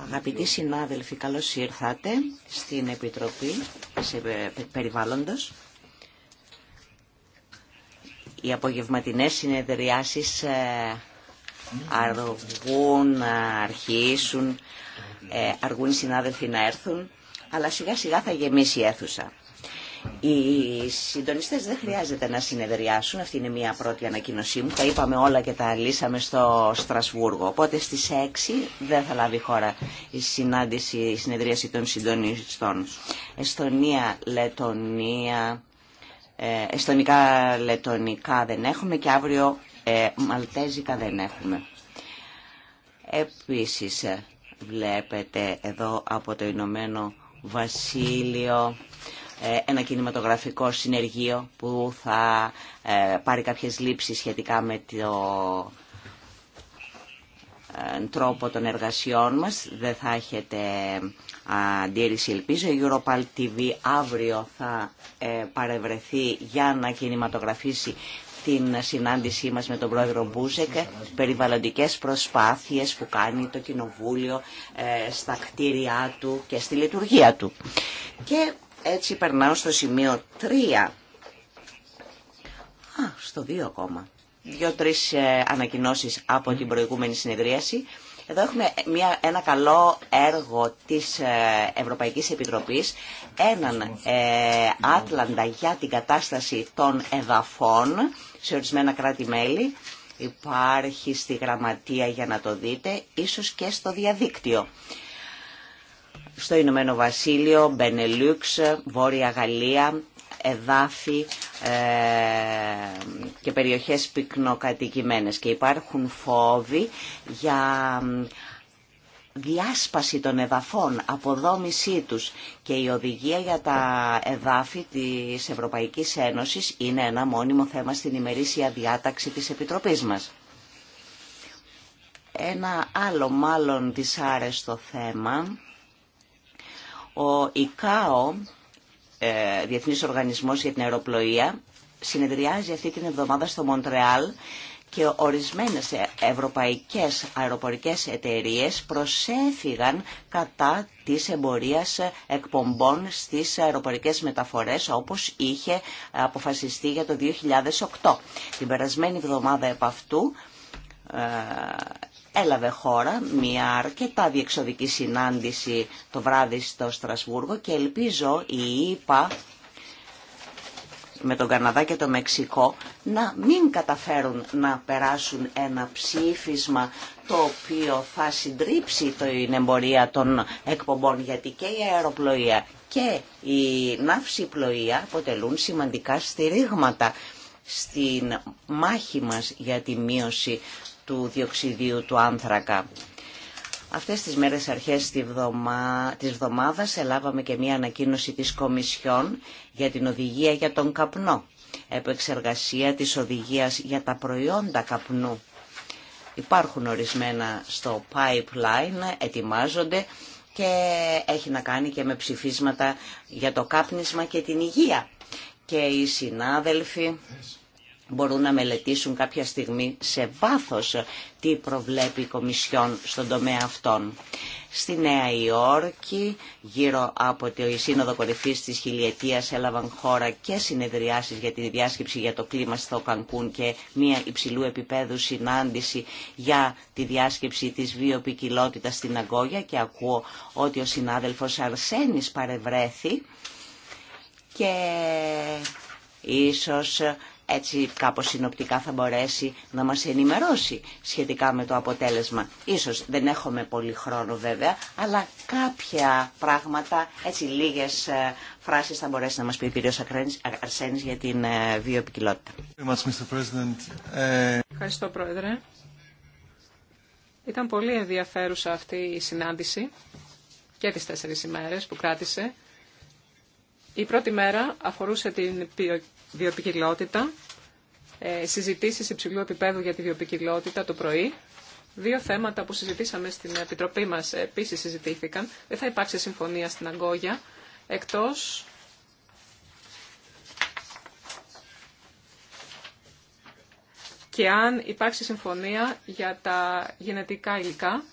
Αγαπητοί συνάδελφοι, καλώ ήρθατε στην Επιτροπή σε Περιβάλλοντος. Οι απογευματινές συνεδριάσεις ε, αργούν να αρχίσουν, ε, αργούν οι συνάδελφοι να έρθουν, αλλά σιγά σιγά θα γεμίσει η αίθουσα. Οι συντονιστές δεν χρειάζεται να συνεδριάσουν, αυτή είναι μια πρώτη ανακοίνωσή μου, τα είπαμε όλα και τα λύσαμε στο Στρασβούργο. Οπότε στις 6 δεν θα λάβει χώρα η συνάντηση, η συνεδρίαση των συντονιστών. Εστονία, Λετωνία, ε, εστονικά, λετωνικά δεν έχουμε και αύριο ε, μαλτέζικα δεν έχουμε. Επίσης ε, βλέπετε εδώ από το Ηνωμένο Βασίλειο ε, ένα κινηματογραφικό συνεργείο που θα ε, πάρει κάποιες λήψεις σχετικά με το ε, τρόπο των εργασιών μας. Δεν θα έχετε αντίρρηση ελπίζω. Η Europal TV αύριο θα παρευρεθεί για να κινηματογραφήσει την συνάντησή μας με τον πρόεδρο Μπούζεκ, περιβαλλοντικές προσπάθειες που κάνει το Κοινοβούλιο στα κτίρια του και στη λειτουργία του. Και έτσι περνάω στο σημείο 3. Α, στο 2 ακόμα. Δύο-τρεις ε, ανακοινώσεις από την προηγούμενη συνεδρίαση. Εδώ έχουμε μια, ένα καλό έργο της ε, Ευρωπαϊκής Επιτροπής, έναν ε, άτλαντα για την κατάσταση των εδαφών σε ορισμένα κράτη-μέλη. Υπάρχει στη γραμματεία για να το δείτε, ίσως και στο διαδίκτυο στο Ηνωμένο Βασίλειο, Μπενελούξ, Βόρεια Γαλλία, εδάφη ε, και περιοχές πυκνοκατοικημένες και υπάρχουν φόβοι για διάσπαση των εδαφών, αποδόμησή τους και η οδηγία για τα εδάφη της Ευρωπαϊκής Ένωσης είναι ένα μόνιμο θέμα στην ημερήσια διάταξη της Επιτροπής μας. Ένα άλλο μάλλον δυσάρεστο θέμα ο ΙΚΑΟ, ε, Διεθνής Οργανισμός για την Αεροπλοεία, συνεδριάζει αυτή την εβδομάδα στο Μοντρεάλ και ορισμένες ε, ευρωπαϊκές αεροπορικές εταιρείες προσέφυγαν κατά της εμπορίας εκπομπών στις αεροπορικές μεταφορές όπως είχε αποφασιστεί για το 2008. Την περασμένη εβδομάδα επ' αυτού ε, έλαβε χώρα μια αρκετά διεξοδική συνάντηση το βράδυ στο Στρασβούργο και ελπίζω η ΕΠΑ με τον Καναδά και το Μεξικό να μην καταφέρουν να περάσουν ένα ψήφισμα το οποίο θα συντρίψει την εμπορία των εκπομπών γιατί και η αεροπλοεία και η ναυσιπλοεία αποτελούν σημαντικά στηρίγματα στην μάχη μας για τη μείωση του διοξιδίου του άνθρακα. Αυτές τις μέρες αρχές της εβδομάδας ελάβαμε και μία ανακοίνωση της Κομισιόν για την οδηγία για τον καπνό. Επεξεργασία της οδηγίας για τα προϊόντα καπνού. Υπάρχουν ορισμένα στο pipeline, ετοιμάζονται και έχει να κάνει και με ψηφίσματα για το κάπνισμα και την υγεία. Και οι συνάδελφοι μπορούν να μελετήσουν κάποια στιγμή σε βάθος τι προβλέπει η Κομισιόν στον τομέα αυτών. Στη Νέα Υόρκη, γύρω από το Σύνοδο Κορυφής της Χιλιετίας, έλαβαν χώρα και συνεδριάσεις για τη διάσκεψη για το κλίμα στο Κανκούν και μια υψηλού επίπεδου συνάντηση για τη διάσκεψη της βιοπικιλότητας στην Αγκόγια και ακούω ότι ο συνάδελφος Αρσένης παρευρέθη και ίσως έτσι κάπως συνοπτικά θα μπορέσει να μας ενημερώσει σχετικά με το αποτέλεσμα. Ίσως δεν έχουμε πολύ χρόνο βέβαια, αλλά κάποια πράγματα, έτσι λίγες ε, φράσεις θα μπορέσει να μας πει ο κύριος Αρσένης για την ε, βιοποικιλότητα. Ευχαριστώ Πρόεδρε. Ήταν πολύ ενδιαφέρουσα αυτή η συνάντηση και τις τέσσερις ημέρες που κράτησε. Η πρώτη μέρα αφορούσε την βιοπικιλότητα, ε, συζητήσεις υψηλού επίπεδου για τη βιοπικιλότητα το πρωί. Δύο θέματα που συζητήσαμε στην Επιτροπή μας επίσης συζητήθηκαν. Δεν θα υπάρξει συμφωνία στην Αγκόγια, εκτός και αν υπάρξει συμφωνία για τα γενετικά υλικά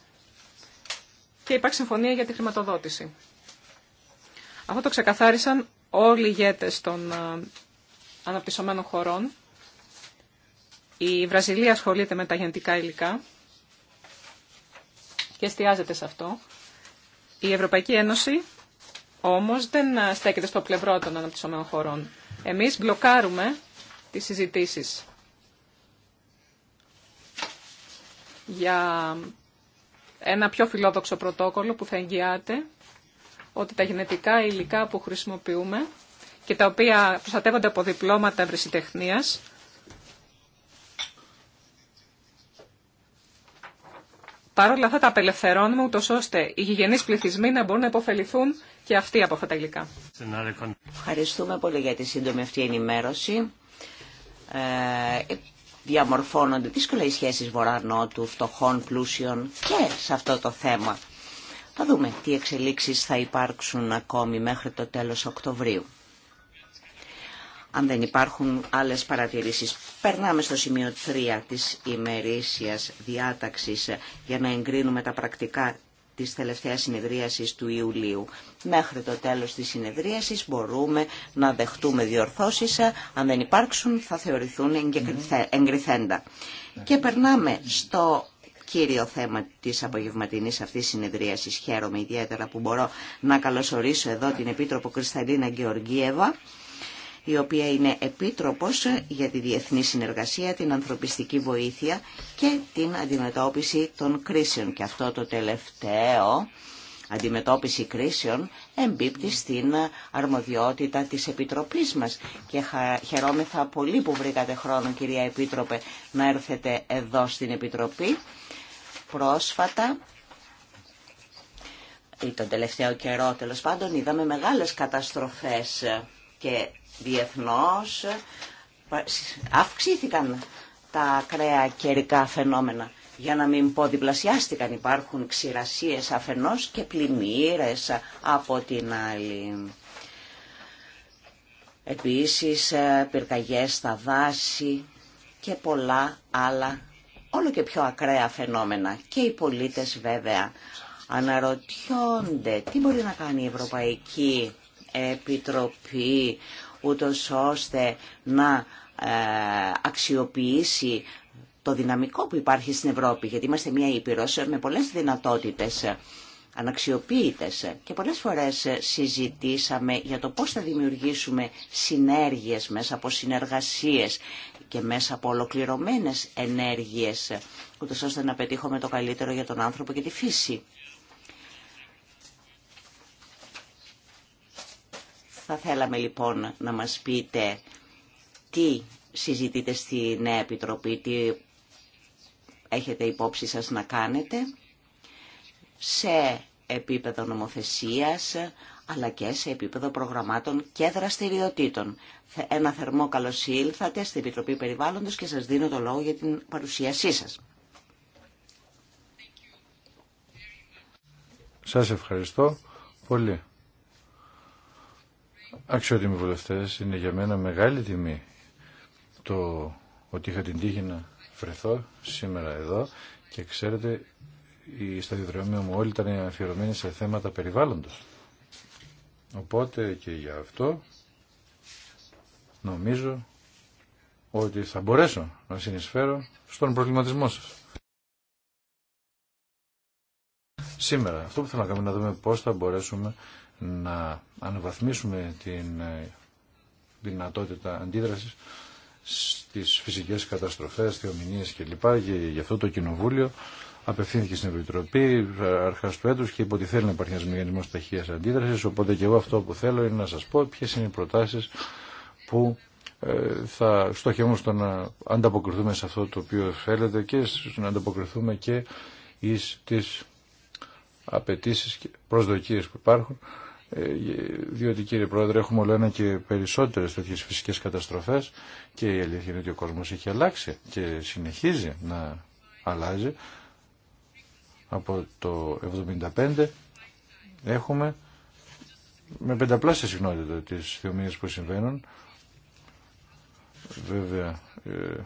και υπάρξει συμφωνία για τη χρηματοδότηση. Αυτό το ξεκαθάρισαν όλοι οι ηγέτες των ε, αναπτυσσομένων χωρών. Η Βραζιλία ασχολείται με τα γεννητικά υλικά και εστιάζεται σε αυτό. Η Ευρωπαϊκή Ένωση όμως δεν ε, στέκεται στο πλευρό των αναπτυσσομένων χωρών. Εμείς μπλοκάρουμε τις συζητήσεις για ένα πιο φιλόδοξο πρωτόκολλο που θα εγγυάται ότι τα γενετικά υλικά που χρησιμοποιούμε και τα οποία προστατεύονται από διπλώματα ευρυσιτεχνίας παρόλα αυτά τα απελευθερώνουμε ούτως ώστε οι γηγενείς πληθυσμοί να μπορούν να υποφεληθούν και αυτοί από αυτά τα υλικά. Ευχαριστούμε πολύ για τη σύντομη αυτή ενημέρωση. Ε, διαμορφώνονται δύσκολα οι σχέσεις βορρά-νότου, φτωχών, πλούσιων και σε αυτό το θέμα. Θα δούμε τι εξελίξεις θα υπάρξουν ακόμη μέχρι το τέλος Οκτωβρίου. Αν δεν υπάρχουν άλλες παρατηρήσεις, περνάμε στο σημείο 3 της ημερήσιας διάταξης για να εγκρίνουμε τα πρακτικά της τελευταίας συνεδρίασης του Ιουλίου. Μέχρι το τέλος της συνεδρίασης μπορούμε να δεχτούμε διορθώσεις. Αν δεν υπάρξουν θα θεωρηθούν εγκριθέντα. Και περνάμε στο κύριο θέμα της απογευματινής αυτής συνεδρίασης. Χαίρομαι ιδιαίτερα που μπορώ να καλωσορίσω εδώ την Επίτροπο Κρυσταλίνα Γεωργίεβα, η οποία είναι Επίτροπος για τη Διεθνή Συνεργασία, την Ανθρωπιστική Βοήθεια και την Αντιμετώπιση των Κρίσεων. Και αυτό το τελευταίο, αντιμετώπιση κρίσεων, εμπίπτει στην αρμοδιότητα της Επιτροπής μας. Και χαιρόμεθα πολύ που βρήκατε χρόνο, κυρία Επίτροπε, να έρθετε εδώ στην Επιτροπή πρόσφατα ή τον τελευταίο καιρό τέλος πάντων είδαμε μεγάλες καταστροφές και διεθνώς αυξήθηκαν τα ακραία καιρικά φαινόμενα. Για να μην πω διπλασιάστηκαν υπάρχουν ξηρασίες αφενός και πλημμύρες από την άλλη. Επίσης ε, πυρκαγιές στα δάση και πολλά άλλα όλο και πιο ακραία φαινόμενα. Και οι πολίτες βέβαια αναρωτιόνται τι μπορεί να κάνει η Ευρωπαϊκή Επιτροπή ούτως ώστε να ε, αξιοποιήσει το δυναμικό που υπάρχει στην Ευρώπη, γιατί είμαστε μια ήπειρος με πολλές δυνατότητες αναξιοποίητες και πολλές φορές συζητήσαμε για το πώς θα δημιουργήσουμε συνέργειες μέσα από συνεργασίες και μέσα από ολοκληρωμένες ενέργειες, ούτως ώστε να πετύχουμε το καλύτερο για τον άνθρωπο και τη φύση. Θα θέλαμε λοιπόν να μας πείτε τι συζητείτε στη Νέα Επιτροπή, τι έχετε υπόψη σας να κάνετε σε επίπεδο νομοθεσίας, αλλά και σε επίπεδο προγραμμάτων και δραστηριοτήτων. Ένα θερμό καλώς ήλθατε στην Επιτροπή Περιβάλλοντος και σας δίνω το λόγο για την παρουσίασή σας. Σας ευχαριστώ πολύ. Αξιότιμοι βουλευτές, είναι για μένα μεγάλη τιμή το ότι είχα την τύχη να βρεθώ σήμερα εδώ και ξέρετε η σταδιοδρομία μου όλη ήταν αφιερωμένη σε θέματα περιβάλλοντος. Οπότε και για αυτό νομίζω ότι θα μπορέσω να συνεισφέρω στον προβληματισμό σας. Σήμερα αυτό που θέλω να κάνουμε να δούμε πώς θα μπορέσουμε να αναβαθμίσουμε την ε, δυνατότητα αντίδρασης στις φυσικές καταστροφές, θεομηνίες κλπ. γι' αυτό το κοινοβούλιο απευθύνθηκε στην Επιτροπή αρχά του έτου και είπε ότι θέλει να υπάρχει ένα μηχανισμό ταχεία αντίδραση. Οπότε και εγώ αυτό που θέλω είναι να σα πω ποιε είναι οι προτάσει που ε, θα στοχεύουν στο να ανταποκριθούμε σε αυτό το οποίο θέλετε και να ανταποκριθούμε και εις τις απαιτήσει και προσδοκίες που υπάρχουν ε, διότι κύριε Πρόεδρε έχουμε όλο ένα και περισσότερες τέτοιες φυσικές καταστροφές και η αλήθεια είναι ότι ο κόσμος έχει αλλάξει και συνεχίζει να αλλάζει από το 1975 έχουμε με πενταπλάσια συχνότητα τις θεομίες που συμβαίνουν βέβαια ε,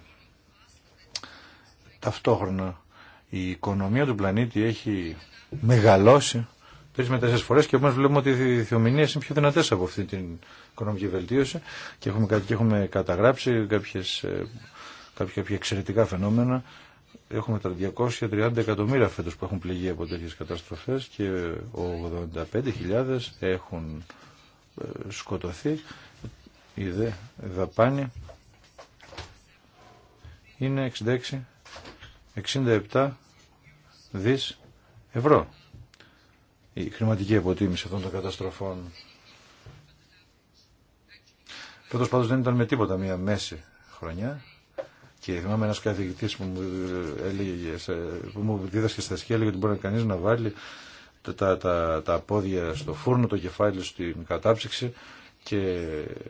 ταυτόχρονα η οικονομία του πλανήτη έχει μεγαλώσει τρεις με τέσσερι φορέ και όμως βλέπουμε ότι οι θεομηνίε είναι πιο δυνατές από αυτή την οικονομική βελτίωση και έχουμε, και έχουμε καταγράψει κάποιες, ε, κάποια, κάποια εξαιρετικά φαινόμενα έχουμε τα 230 εκατομμύρια φέτος που έχουν πληγεί από τέτοιες καταστροφές και 85.000 έχουν ε, σκοτωθεί. Η δαπάνη είναι 66, 67 δις ευρώ. Η χρηματική αποτίμηση αυτών των καταστροφών. Φέτος πάντως δεν ήταν με τίποτα μία μέση χρονιά. Και θυμάμαι ένα καθηγητή που μου ε, έλεγε, που μου δίδασκε στα σχέδια ότι μπορεί κανεί να βάλει τα, τα, τα, πόδια στο φούρνο, το κεφάλι στην κατάψυξη και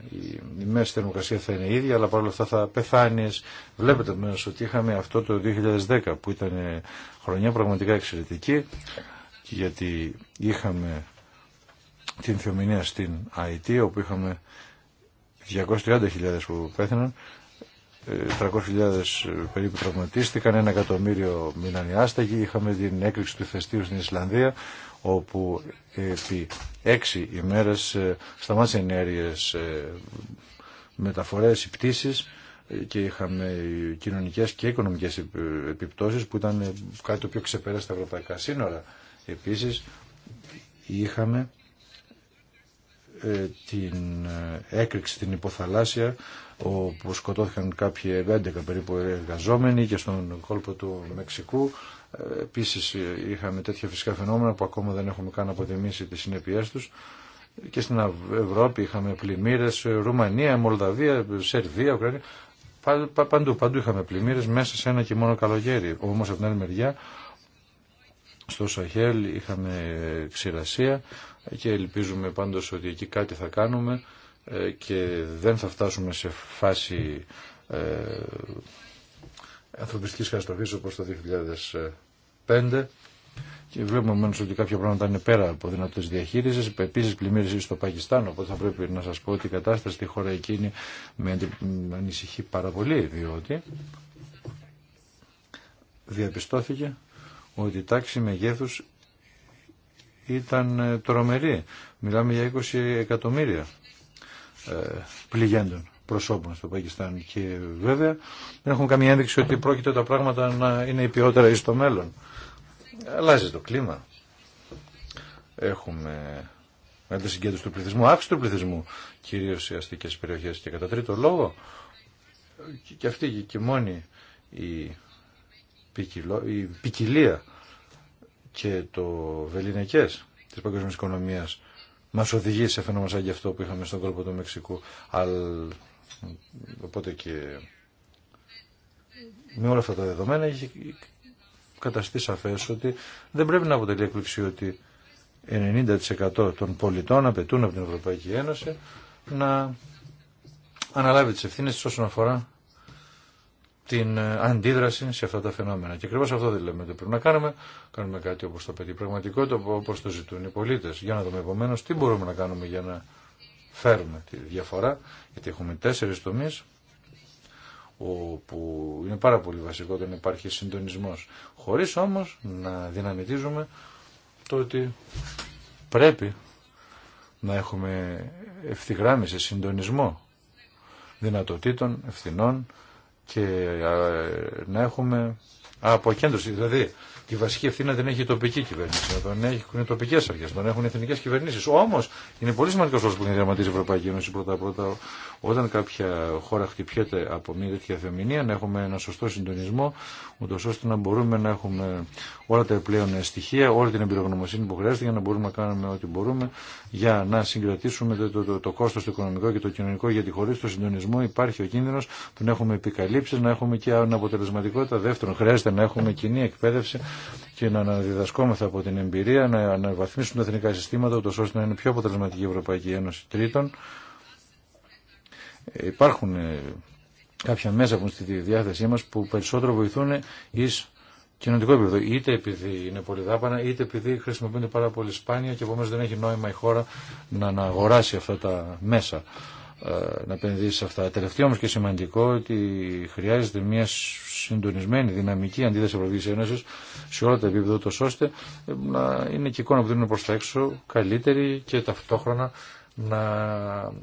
η, η μέση θερμοκρασία θα είναι ίδια, αλλά παρόλα αυτά θα πεθάνει. Βλέπετε μέσα ότι είχαμε αυτό το 2010 που ήταν χρονιά πραγματικά εξαιρετική, γιατί είχαμε την θεομηνία στην ΑΕΤ, όπου είχαμε 230.000 που πέθαναν 300.000 ε, περίπου τραυματίστηκαν, ένα εκατομμύριο μείναν οι Είχαμε την έκρηξη του ηφαιστείου στην Ισλανδία, όπου επί έξι ημέρες ε, σταμάτησαν ενέργειε ε, μεταφορές, οι και είχαμε κοινωνικές και οικονομικές επιπτώσεις που ήταν κάτι το οποίο ξεπέρασε τα ευρωπαϊκά σύνορα. Επίσης είχαμε την έκρηξη, την υποθαλάσσια όπου σκοτώθηκαν κάποιοι 11 περίπου εργαζόμενοι και στον κόλπο του Μεξικού. Ε, επίσης είχαμε τέτοια φυσικά φαινόμενα που ακόμα δεν έχουμε καν αποτιμήσει τις συνέπειές τους. Και στην Ευρώπη είχαμε πλημμύρες, Ρουμανία, Μολδαβία, Σερβία, Ουκρανία. Παντού, παντού είχαμε πλημμύρες μέσα σε ένα και μόνο καλοκαίρι. Όμως από την άλλη μεριά στο Σαχέλ είχαμε ξηρασία και ελπίζουμε πάντως ότι εκεί κάτι θα κάνουμε ε, και δεν θα φτάσουμε σε φάση ε, ανθρωπιστικής καταστροφής όπως το 2005 και βλέπουμε μόνος ότι κάποια πράγματα είναι πέρα από δυνατότητες διαχείριση. Επίση, πλημμύρισε στο Πακιστάν. Οπότε θα πρέπει να σας πω ότι η κατάσταση στη χώρα εκείνη με ανησυχεί πάρα πολύ, διότι διαπιστώθηκε ότι η τάξη μεγέθους ήταν ε, τρομερή. Μιλάμε για 20 εκατομμύρια ε, πληγέντων προσώπων στο Πακιστάν και βέβαια δεν έχουμε καμία ένδειξη ότι πρόκειται τα πράγματα να είναι υπιότερα ή στο μέλλον. Αλλάζει το κλίμα. Έχουμε ένταση συγκέντρωση του πληθυσμού, αύξηση του πληθυσμού, κυρίως σε αστικές περιοχές και κατά τρίτο λόγο και αυτή και μόνη η, η ποικιλία και το βεληνικές της παγκόσμιας οικονομίας μας οδηγεί σε φαινόμενα σαν αυτό που είχαμε στον κόλπο του Μεξικού. Αλλά, οπότε και με όλα αυτά τα δεδομένα έχει καταστεί σαφέ ότι δεν πρέπει να αποτελεί έκπληξη ότι 90% των πολιτών απαιτούν από την Ευρωπαϊκή Ένωση να αναλάβει τις ευθύνες της όσον αφορά την ε, αντίδραση σε αυτά τα φαινόμενα. Και ακριβώ αυτό δεν λέμε ότι πρέπει να κάνουμε. Κάνουμε κάτι όπω το παιδί. πραγματικότητα, όπω το ζητούν οι πολίτε. Για να δούμε επομένω τι μπορούμε να κάνουμε για να φέρουμε τη διαφορά. Γιατί έχουμε τέσσερι τομεί όπου είναι πάρα πολύ βασικό ότι να υπάρχει συντονισμό. Χωρί όμω να δυναμητίζουμε το ότι πρέπει να έχουμε ευθυγράμμιση, συντονισμό δυνατοτήτων, ευθυνών, και ε, να έχουμε αποκέντρωση. Δηλαδή τη βασική ευθύνη δεν έχει η τοπική κυβέρνηση, να τον έχουν οι τοπικέ αρχέ, να έχουν οι εθνικέ κυβερνήσει. Όμω είναι πολύ σημαντικό αυτό που είναι η Ευρωπαϊκή Ένωση πρώτα-πρώτα. Όταν κάποια χώρα χτυπιέται από μια τέτοια θεομηνία, να έχουμε ένα σωστό συντονισμό, ούτω ώστε να μπορούμε να έχουμε όλα τα επιπλέον στοιχεία, όλη την εμπειρογνωμοσύνη που χρειάζεται για να μπορούμε να κάνουμε ό,τι μπορούμε για να συγκρατήσουμε το, το, το, το κόστο το οικονομικό και το κοινωνικό, γιατί χωρί το συντονισμό υπάρχει ο κίνδυνο που να έχουμε επικαλύψει, να έχουμε και αναποτελεσματικότητα. Δεύτερον, χρειάζεται να έχουμε κοινή εκπαίδευση και να αναδιδασκόμεθα από την εμπειρία, να αναβαθμίσουν τα εθνικά συστήματα, ούτως ώστε να είναι πιο αποτελεσματική η Ευρωπαϊκή Ένωση. Τρίτον, υπάρχουν ε, κάποια μέσα που είναι στη διάθεσή μας που περισσότερο βοηθούν εις κοινωνικό επίπεδο. Είτε επειδή είναι πολύ δάπανα, είτε επειδή χρησιμοποιούνται πάρα πολύ σπάνια και επομένως δεν έχει νόημα η χώρα να, να αγοράσει αυτά τα μέσα. Ε, να επενδύσει σε αυτά. Τελευταίο όμω και σημαντικό ότι χρειάζεται μια συντονισμένη δυναμική αντίδραση Ευρωπαϊκή Ένωση σε όλα τα επίπεδα ώστε ε, να είναι και εικόνα που δίνουν προ τα έξω καλύτερη και ταυτόχρονα να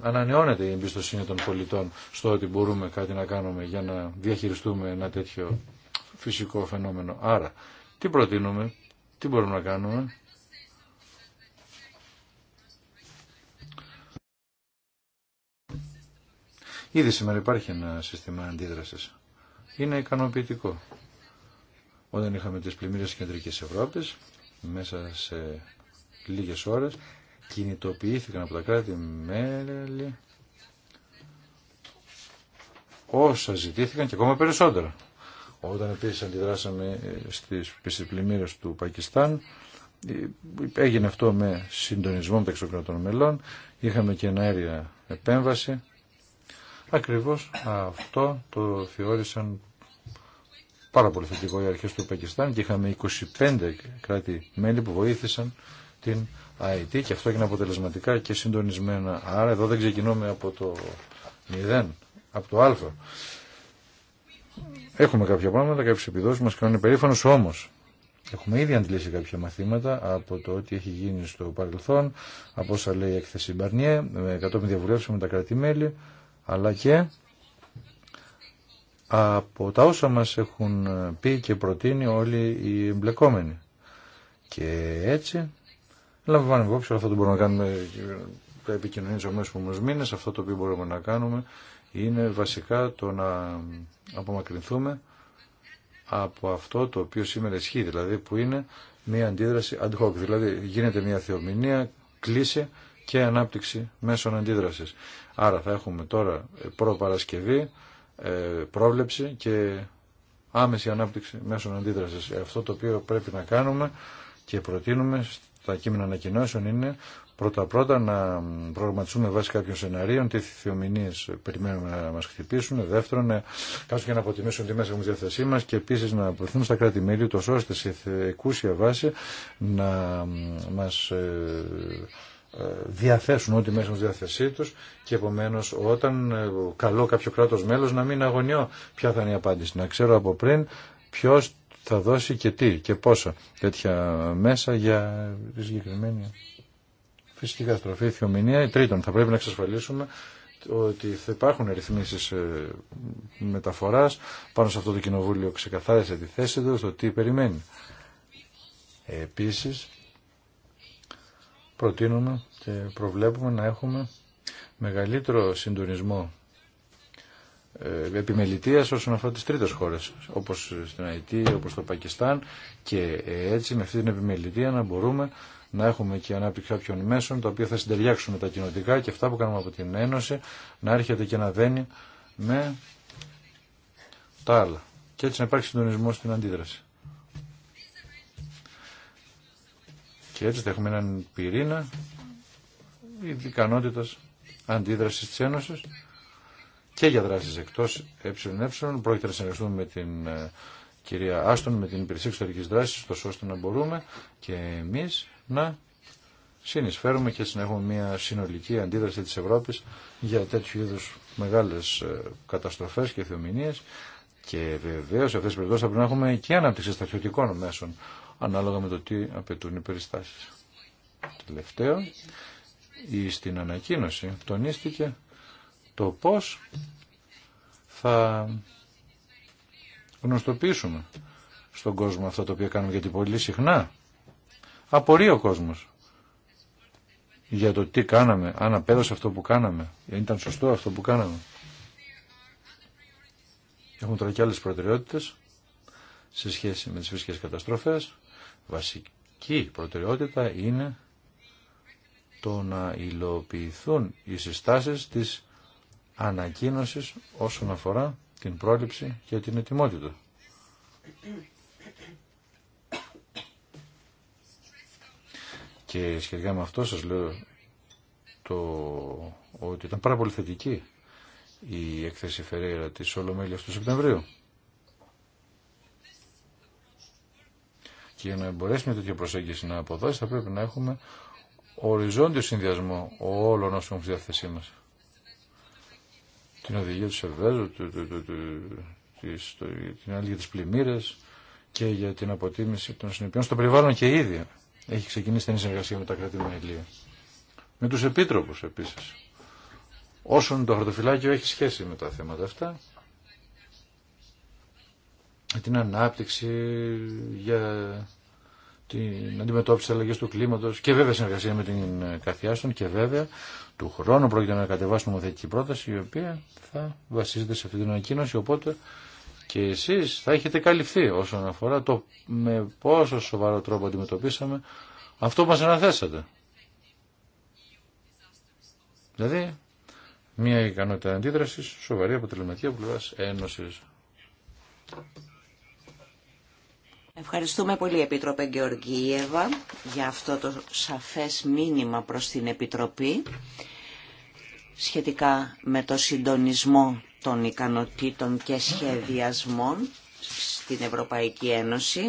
ανανεώνεται η εμπιστοσύνη των πολιτών στο ότι μπορούμε κάτι να κάνουμε για να διαχειριστούμε ένα τέτοιο φυσικό φαινόμενο. Άρα, τι προτείνουμε, τι μπορούμε να κάνουμε Ήδη σήμερα υπάρχει ένα σύστημα αντίδρασης. Είναι ικανοποιητικό. Όταν είχαμε τις πλημμύρε της Κεντρικής Ευρώπης, μέσα σε λίγες ώρες, κινητοποιήθηκαν από τα κράτη μέλη όσα ζητήθηκαν και ακόμα περισσότερα. Όταν επίσης αντιδράσαμε ε, στις, πλημμύρε του Πακιστάν, ε, έγινε αυτό με συντονισμό των μελών, είχαμε και αέρια επέμβαση Ακριβώς αυτό το θεώρησαν πάρα πολύ θετικό οι αρχές του Πακιστάν και είχαμε 25 κράτη-μέλη που βοήθησαν την ΑΕΤ και αυτό έγινε αποτελεσματικά και συντονισμένα. Άρα εδώ δεν ξεκινούμε από το 0, από το α. Έχουμε κάποια πράγματα, κάποιε επιδόσει μας κάνουν περήφανος όμως. έχουμε ήδη αντλήσει κάποια μαθήματα από το ότι έχει γίνει στο παρελθόν, από όσα λέει η έκθεση Μπαρνιέ, με κατόπιν διαβουλεύσεων με τα κράτη-μέλη αλλά και από τα όσα μας έχουν πει και προτείνει όλοι οι εμπλεκόμενοι. Και έτσι λαμβάνουμε υπόψη όλα αυτά το μπορούμε να κάνουμε τα επικοινωνία στους αμέσους μήνες, αυτό το οποίο μπορούμε να κάνουμε είναι βασικά το να απομακρυνθούμε από αυτό το οποίο σήμερα ισχύει, δηλαδή που είναι μια αντίδραση ad hoc. Δηλαδή γίνεται μια θεομηνία, κλίση και ανάπτυξη μέσων αντίδρασης. Άρα θα έχουμε τώρα ε, προπαρασκευή, ε, πρόβλεψη και άμεση ανάπτυξη μέσων αντίδρασης. Ε, αυτό το οποίο πρέπει να κάνουμε και προτείνουμε στα κείμενα ανακοινώσεων είναι πρώτα-πρώτα να προγραμματιστούμε βάσει κάποιων σενάριων τι θεομηνίε περιμένουμε να μα χτυπήσουν. Δεύτερον, να και να αποτιμήσουν τη μέσα έχουμε στη διάθεσή μα και επίση να προωθούμε στα κράτη-μέλη, ώστε σε εκούσια βάση να μα διαθέσουν ό,τι μέσα στη διάθεσή τους και επομένως όταν ε, καλώ κάποιο κράτος μέλος να μην αγωνιώ ποια θα είναι η απάντηση. Να ξέρω από πριν ποιος θα δώσει και τι και πόσα τέτοια μέσα για τη συγκεκριμένη φυσική καταστροφή, θεομηνία. Τρίτον, θα πρέπει να εξασφαλίσουμε ότι θα υπάρχουν ρυθμίσεις ε, μεταφοράς πάνω σε αυτό το κοινοβούλιο ξεκαθάρισε τη θέση του, το τι περιμένει. Ε, επίσης, προτείνουμε και προβλέπουμε να έχουμε μεγαλύτερο συντονισμό ε, επιμελητίας όσον αφορά τις τρίτες χώρες όπως στην Αϊτή, όπως το Πακιστάν και έτσι με αυτή την επιμελητία να μπορούμε να έχουμε και ανάπτυξη κάποιων μέσων τα οποία θα συντεριάξουν με τα κοινοτικά και αυτά που κάνουμε από την Ένωση να έρχεται και να δένει με τα άλλα και έτσι να υπάρχει συντονισμό στην αντίδραση. Και έτσι θα έχουμε έναν πυρήνα ικανότητα αντίδραση τη Ένωση και για δράσει εκτό ΕΕ. Πρόκειται να συνεργαστούμε με την ε, κυρία Άστον, με την υπηρεσία εξωτερική δράση, ώστε να μπορούμε και εμεί να συνεισφέρουμε και να έχουμε μια συνολική αντίδραση τη Ευρώπη για τέτοιου είδου μεγάλες ε, καταστροφέ και θεομηνίε. και βεβαίω σε αυτές τις περιπτώσει θα πρέπει να έχουμε και ανάπτυξη στρατιωτικών μέσων ανάλογα με το τι απαιτούν οι περιστάσεις. Τελευταίο, στην ανακοίνωση τονίστηκε το πώς θα γνωστοποιήσουμε στον κόσμο αυτό το οποία κάνουμε γιατί πολύ συχνά απορεί ο κόσμος για το τι κάναμε, αν απέδωσε αυτό που κάναμε, αν ήταν σωστό αυτό που κάναμε. Έχουμε τώρα και άλλες προτεραιότητες σε σχέση με τις φυσικές καταστροφές βασική προτεραιότητα είναι το να υλοποιηθούν οι συστάσεις της ανακοίνωσης όσον αφορά την πρόληψη και την ετοιμότητα. Και σχετικά με αυτό σας λέω το ότι ήταν πάρα πολύ θετική η έκθεση Φερέιρα της Ολομέλειας του Σεπτεμβρίου. Και για να μπορέσει μια τέτοια προσέγγιση να αποδώσει θα πρέπει να έχουμε οριζόντιο συνδυασμό όλων όσων έχουμε στη διάθεσή μα. Την οδηγία του Σεβέζου, του, του, του, την άλλη για τι πλημμύρε και για την αποτίμηση των συνεπειών στο περιβάλλον και ήδη. Έχει ξεκινήσει την συνεργασία με τα με ηλία. Με του επίτροπου επίση. Όσον το χαρτοφυλάκιο έχει σχέση με τα θέματα αυτά την ανάπτυξη, για την αντιμετώπιση της αλλαγής του κλίματος και βέβαια συνεργασία με την Καθιάστον και βέβαια του χρόνου πρόκειται να κατεβάσουμε νομοθετική πρόταση η οποία θα βασίζεται σε αυτή την ανακοίνωση οπότε και εσείς θα έχετε καλυφθεί όσον αφορά το με πόσο σοβαρό τρόπο αντιμετωπίσαμε αυτό που μα αναθέσατε. Δηλαδή, μια ικανότητα αντίδρασης, σοβαρή αποτελεσματική από πλευράς Ένωσης. Ευχαριστούμε πολύ Επίτροπε Γεωργίευα για αυτό το σαφές μήνυμα προς την Επιτροπή σχετικά με το συντονισμό των ικανοτήτων και σχεδιασμών στην Ευρωπαϊκή Ένωση.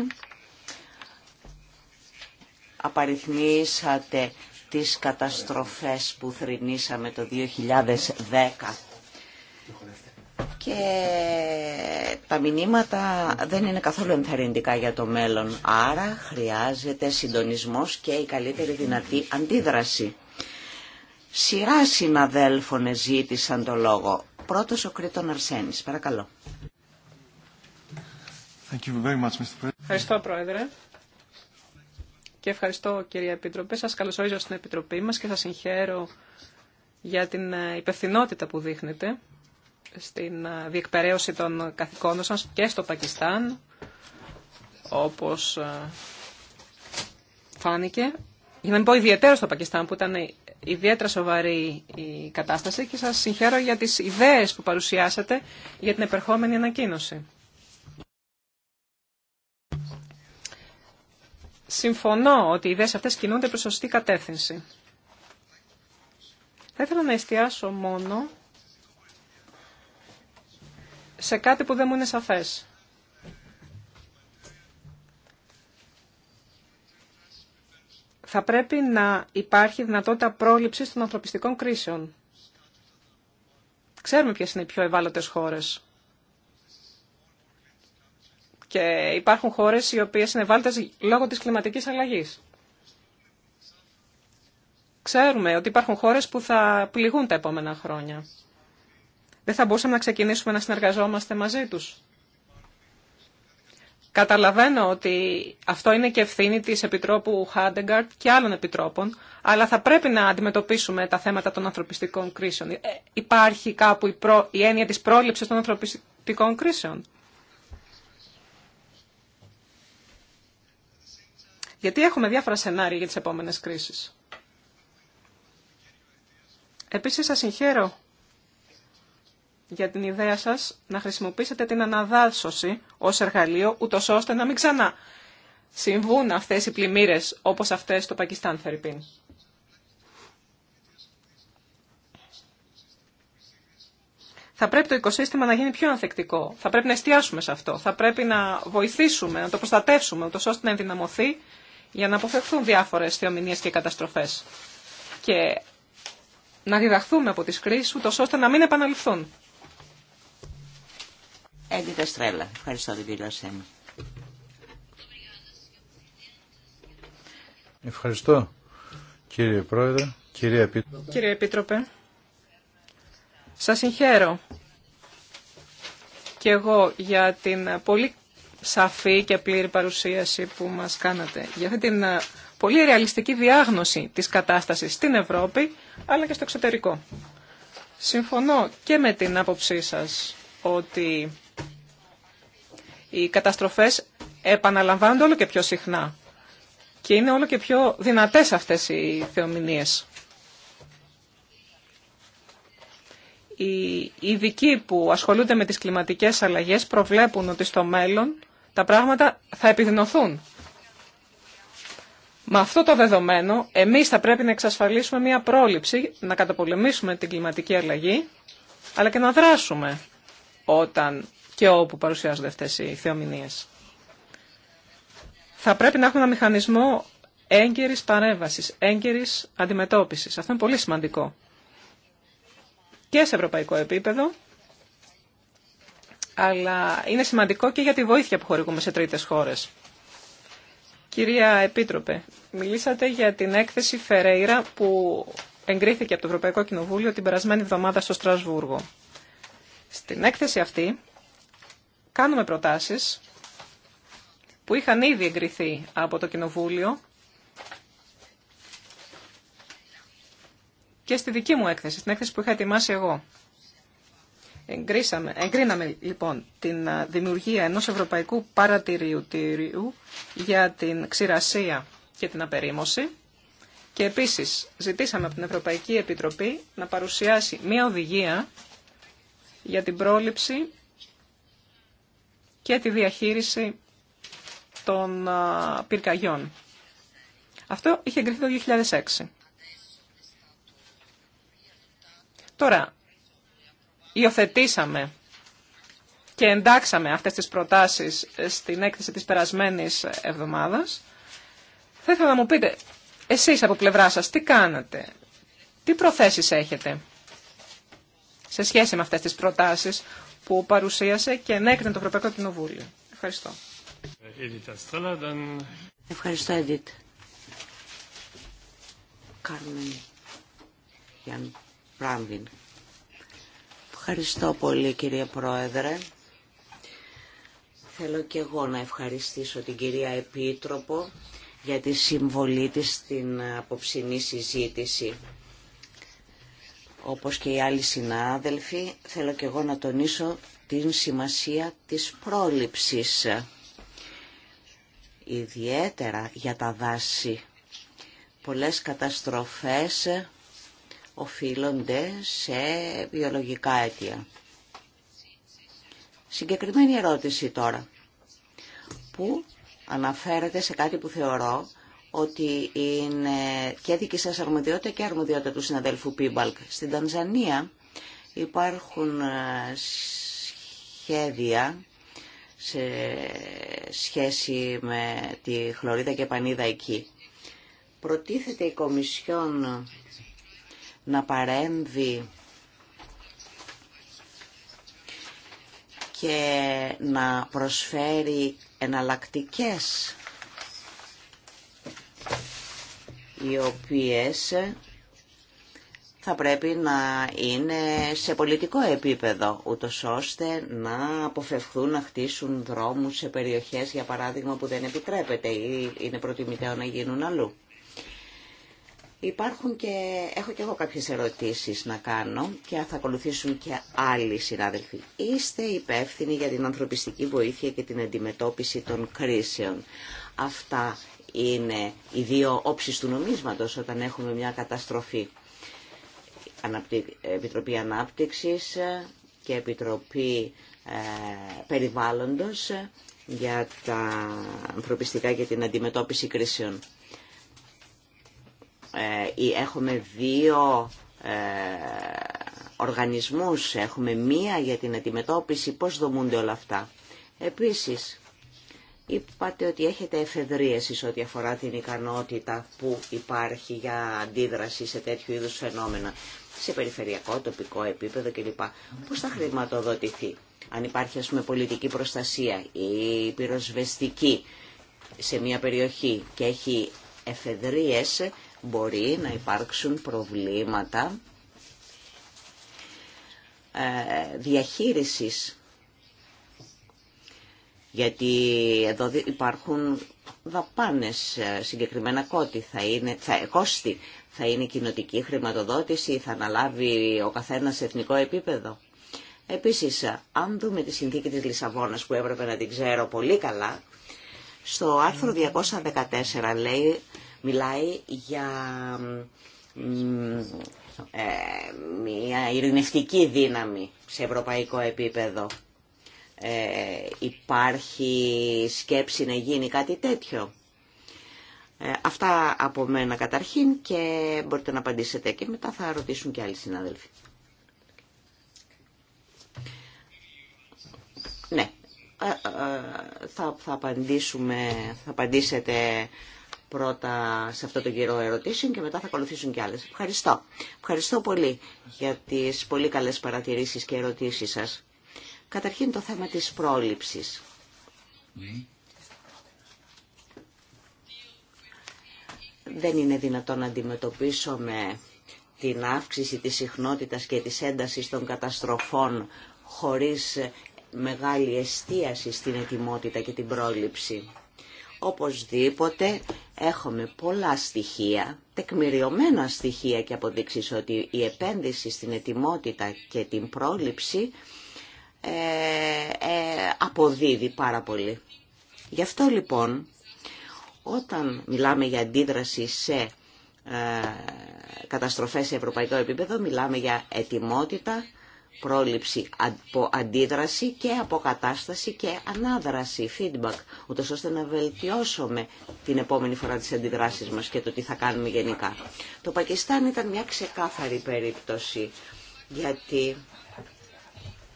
Απαριθμίσατε τις καταστροφές που θρυνήσαμε το 2010 και τα μηνύματα δεν είναι καθόλου ενθαρρυντικά για το μέλλον. Άρα χρειάζεται συντονισμός και η καλύτερη δυνατή αντίδραση. Σειρά συναδέλφων ζήτησαν το λόγο. Πρώτος ο Κρήτον Αρσένης. Παρακαλώ. Thank you very Ευχαριστώ, Πρόεδρε. Και ευχαριστώ, κυρία Επίτροπε. Σας καλωσορίζω στην Επιτροπή μας και σας συγχαίρω για την υπευθυνότητα που δείχνετε στην ε, διεκπαιρέωση των καθηκόντων σας και στο Πακιστάν, όπως ε, φάνηκε. Για να μην πω ιδιαίτερα στο Πακιστάν, που ήταν ιδιαίτερα σοβαρή η κατάσταση και σας συγχαίρω για τις ιδέες που παρουσιάσατε για την επερχόμενη ανακοίνωση. Συμφωνώ ότι οι ιδέες αυτές κινούνται προς σωστή κατεύθυνση. Θα ήθελα να εστιάσω μόνο σε κάτι που δεν μου είναι σαφές. Θα πρέπει να υπάρχει δυνατότητα πρόληψης των ανθρωπιστικών κρίσεων. Ξέρουμε ποιες είναι οι πιο ευάλωτες χώρες. Και υπάρχουν χώρες οι οποίες είναι ευάλωτες λόγω της κλιματικής αλλαγής. Ξέρουμε ότι υπάρχουν χώρες που θα πληγούν τα επόμενα χρόνια δεν θα μπορούσαμε να ξεκινήσουμε να συνεργαζόμαστε μαζί τους. Καταλαβαίνω ότι αυτό είναι και ευθύνη της Επιτρόπου Χάντεγκαρτ και άλλων επιτρόπων, αλλά θα πρέπει να αντιμετωπίσουμε τα θέματα των ανθρωπιστικών κρίσεων. Ε, υπάρχει κάπου η, η έννοια της πρόληψης των ανθρωπιστικών κρίσεων. Γιατί έχουμε διάφορα σενάρια για τις επόμενες κρίσεις. Επίσης σας συγχαίρω για την ιδέα σα να χρησιμοποιήσετε την αναδάσωση ω εργαλείο, ούτω ώστε να μην ξανά συμβούν αυτέ οι πλημμύρε όπω αυτέ στο Πακιστάν, Φερρυπίν. Θα πρέπει το οικοσύστημα να γίνει πιο ανθεκτικό. Θα πρέπει να εστιάσουμε σε αυτό. Θα πρέπει να βοηθήσουμε, να το προστατεύσουμε, ούτω ώστε να ενδυναμωθεί για να αποφευχθούν διάφορε θεομηνίε και καταστροφέ Και να διδαχθούμε από τις κρίσεις, ούτως ώστε να μην επαναληφθούν. Έντιτα Στρέλα. Ευχαριστώ την Σέμι. Ευχαριστώ κύριε Πρόεδρε, κύριε Επίτροπε. Κύριε Επίτροπε, σας συγχαίρω και εγώ για την πολύ σαφή και πλήρη παρουσίαση που μας κάνατε. Για αυτή την πολύ ρεαλιστική διάγνωση της κατάστασης στην Ευρώπη αλλά και στο εξωτερικό. Συμφωνώ και με την άποψή σας ότι οι καταστροφές επαναλαμβάνονται όλο και πιο συχνά και είναι όλο και πιο δυνατές αυτές οι θεομηνίες. Οι ειδικοί που ασχολούνται με τις κλιματικές αλλαγές προβλέπουν ότι στο μέλλον τα πράγματα θα επιδεινωθούν. Με αυτό το δεδομένο, εμείς θα πρέπει να εξασφαλίσουμε μια πρόληψη, να καταπολεμήσουμε την κλιματική αλλαγή, αλλά και να δράσουμε όταν και όπου παρουσιάζονται αυτές οι θεομηνίες. Θα πρέπει να έχουμε ένα μηχανισμό έγκαιρης παρέμβασης, έγκαιρης αντιμετώπισης. Αυτό είναι πολύ σημαντικό. Και σε ευρωπαϊκό επίπεδο, αλλά είναι σημαντικό και για τη βοήθεια που χορηγούμε σε τρίτες χώρες. Κυρία Επίτροπε, μιλήσατε για την έκθεση Φερέιρα που εγκρίθηκε από το Ευρωπαϊκό Κοινοβούλιο την περασμένη εβδομάδα στο Στρασβούργο. Στην έκθεση αυτή Κάνουμε προτάσεις που είχαν ήδη εγκριθεί από το Κοινοβούλιο και στη δική μου έκθεση, στην έκθεση που είχα ετοιμάσει εγώ. Εγκρίσαμε, εγκρίναμε λοιπόν την δημιουργία ενός Ευρωπαϊκού Παρατηρητηρίου για την ξηρασία και την απερίμωση και επίσης ζητήσαμε από την Ευρωπαϊκή Επιτροπή να παρουσιάσει μια οδηγία για την πρόληψη και τη διαχείριση των πυρκαγιών. Αυτό είχε εγκριθεί το 2006. Τώρα, υιοθετήσαμε και εντάξαμε αυτές τις προτάσεις στην έκθεση της περασμένης εβδομάδας. Θα ήθελα να μου πείτε, εσείς από πλευρά σας, τι κάνατε, τι προθέσεις έχετε σε σχέση με αυτές τις προτάσεις που παρουσίασε και ενέκρινε το Ευρωπαϊκό Κοινοβούλιο. Ευχαριστώ. Ευχαριστώ, Edith. Κάρμεν Γιάν Πράμβιν. Ευχαριστώ πολύ, κύριε Πρόεδρε. Θέλω και εγώ να ευχαριστήσω την κυρία Επίτροπο για τη συμβολή της στην απόψινή συζήτηση. Όπως και οι άλλοι συνάδελφοι, θέλω και εγώ να τονίσω την σημασία της πρόληψης, ιδιαίτερα για τα δάση. Πολλές καταστροφές οφείλονται σε βιολογικά αίτια. Συγκεκριμένη ερώτηση τώρα, που αναφέρεται σε κάτι που θεωρώ ότι είναι και δική σας αρμοδιότητα και αρμοδιότητα του συναδέλφου Πίμπαλκ. Στην Τανζανία υπάρχουν ε, σχέδια σε σχέση με τη χλωρίδα και πανίδα εκεί. Προτίθεται η Κομισιόν να παρέμβει και να προσφέρει εναλλακτικές οι οποίες θα πρέπει να είναι σε πολιτικό επίπεδο, ούτω ώστε να αποφευχθούν να χτίσουν δρόμους σε περιοχές, για παράδειγμα, που δεν επιτρέπεται ή είναι προτιμητέο να γίνουν αλλού. Υπάρχουν και, έχω και εγώ κάποιες ερωτήσεις να κάνω και θα ακολουθήσουν και άλλοι συνάδελφοι. Είστε υπεύθυνοι για την ανθρωπιστική βοήθεια και την αντιμετώπιση των κρίσεων. Αυτά είναι οι δύο όψεις του νομίσματος όταν έχουμε μια καταστροφή. Επιτροπή Ανάπτυξης και Επιτροπή ε, Περιβάλλοντος για τα ανθρωπιστικά και την αντιμετώπιση κρίσεων. Ε, έχουμε δύο ε, οργανισμούς, έχουμε μία για την αντιμετώπιση, πώς δομούνται όλα αυτά. Επίσης, Είπατε ότι έχετε εφεδρίες εις ό,τι αφορά την ικανότητα που υπάρχει για αντίδραση σε τέτοιου είδους φαινόμενα σε περιφερειακό, τοπικό επίπεδο κλπ. Πώς θα χρηματοδοτηθεί αν υπάρχει ας πούμε πολιτική προστασία ή πυροσβεστική σε μια περιοχή και έχει εφεδρίες μπορεί να υπάρξουν προβλήματα ε, διαχείρισης γιατί εδώ υπάρχουν δαπάνες ε, συγκεκριμένα κότι θα είναι, θα, κόστη, θα είναι κοινοτική χρηματοδότηση, θα αναλάβει ο καθένας σε εθνικό επίπεδο. Επίσης, ε, αν δούμε τη συνθήκη της Λισαβόνας που έπρεπε να την ξέρω πολύ καλά, στο άρθρο 214 λέει, μιλάει για ε, μια ειρηνευτική δύναμη σε ευρωπαϊκό επίπεδο. Ε, υπάρχει σκέψη να γίνει κάτι τέτοιο. Ε, αυτά από μένα καταρχήν και μπορείτε να απαντήσετε και μετά θα ρωτήσουν και άλλοι συνάδελφοι. Ναι, ε, ε, θα, θα, απαντήσουμε, θα απαντήσετε πρώτα σε αυτό το γύρο ερωτήσεων και μετά θα ακολουθήσουν και άλλες. Ευχαριστώ. Ευχαριστώ πολύ για τις πολύ καλές παρατηρήσεις και ερωτήσεις σας. Καταρχήν το θέμα της πρόληψης. Δεν είναι δυνατόν να αντιμετωπίσουμε την αύξηση της συχνότητας και της έντασης των καταστροφών χωρίς μεγάλη εστίαση στην ετοιμότητα και την πρόληψη. Οπωσδήποτε έχουμε πολλά στοιχεία, τεκμηριωμένα στοιχεία και αποδείξεις ότι η επένδυση στην ετοιμότητα και την πρόληψη ε, ε, αποδίδει πάρα πολύ. Γι' αυτό λοιπόν όταν μιλάμε για αντίδραση σε ε, καταστροφές σε ευρωπαϊκό επίπεδο μιλάμε για ετοιμότητα, πρόληψη από αντίδραση και αποκατάσταση και ανάδραση, feedback, ούτως ώστε να βελτιώσουμε την επόμενη φορά τις αντιδράσεις μας και το τι θα κάνουμε γενικά. Το Πακιστάν ήταν μια ξεκάθαρη περίπτωση, γιατί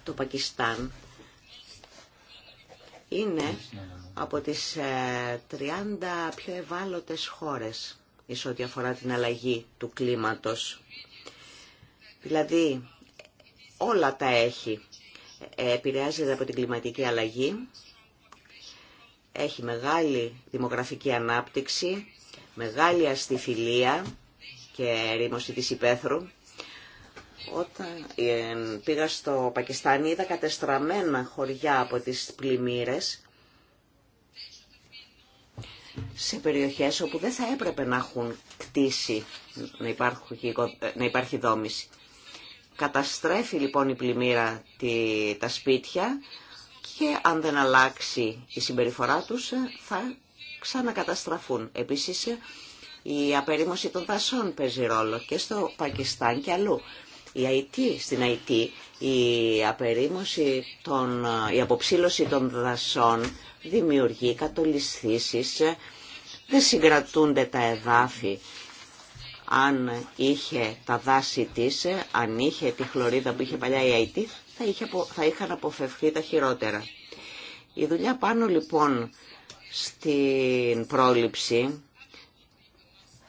το Πακιστάν είναι από τις 30 ε, πιο ευάλωτες χώρες εις ό,τι αφορά την αλλαγή του κλίματος. Δηλαδή, όλα τα έχει. Ε, επηρεάζεται από την κλιματική αλλαγή, έχει μεγάλη δημογραφική ανάπτυξη, μεγάλη αστιφιλία και ρήμωση της υπαίθρου, όταν ε, πήγα στο Πακιστάν είδα κατεστραμμένα χωριά από τις πλημμύρες σε περιοχές όπου δεν θα έπρεπε να έχουν κτίσει, να, υπάρχει, ε, να υπάρχει δόμηση. Καταστρέφει λοιπόν η πλημμύρα τη, τα σπίτια και αν δεν αλλάξει η συμπεριφορά τους ε, θα ξανακαταστραφούν. Επίσης η απερίμωση των δασών παίζει ρόλο και στο Πακιστάν και αλλού. Η IT, στην IT η απερίμωση, των, η αποψήλωση των δασών δημιουργεί κατολισθήσεις, δεν συγκρατούνται τα εδάφη. Αν είχε τα δάση της, αν είχε τη χλωρίδα που είχε παλιά η IT, θα, είχε, θα είχαν αποφευχθεί τα χειρότερα. Η δουλειά πάνω λοιπόν στην πρόληψη,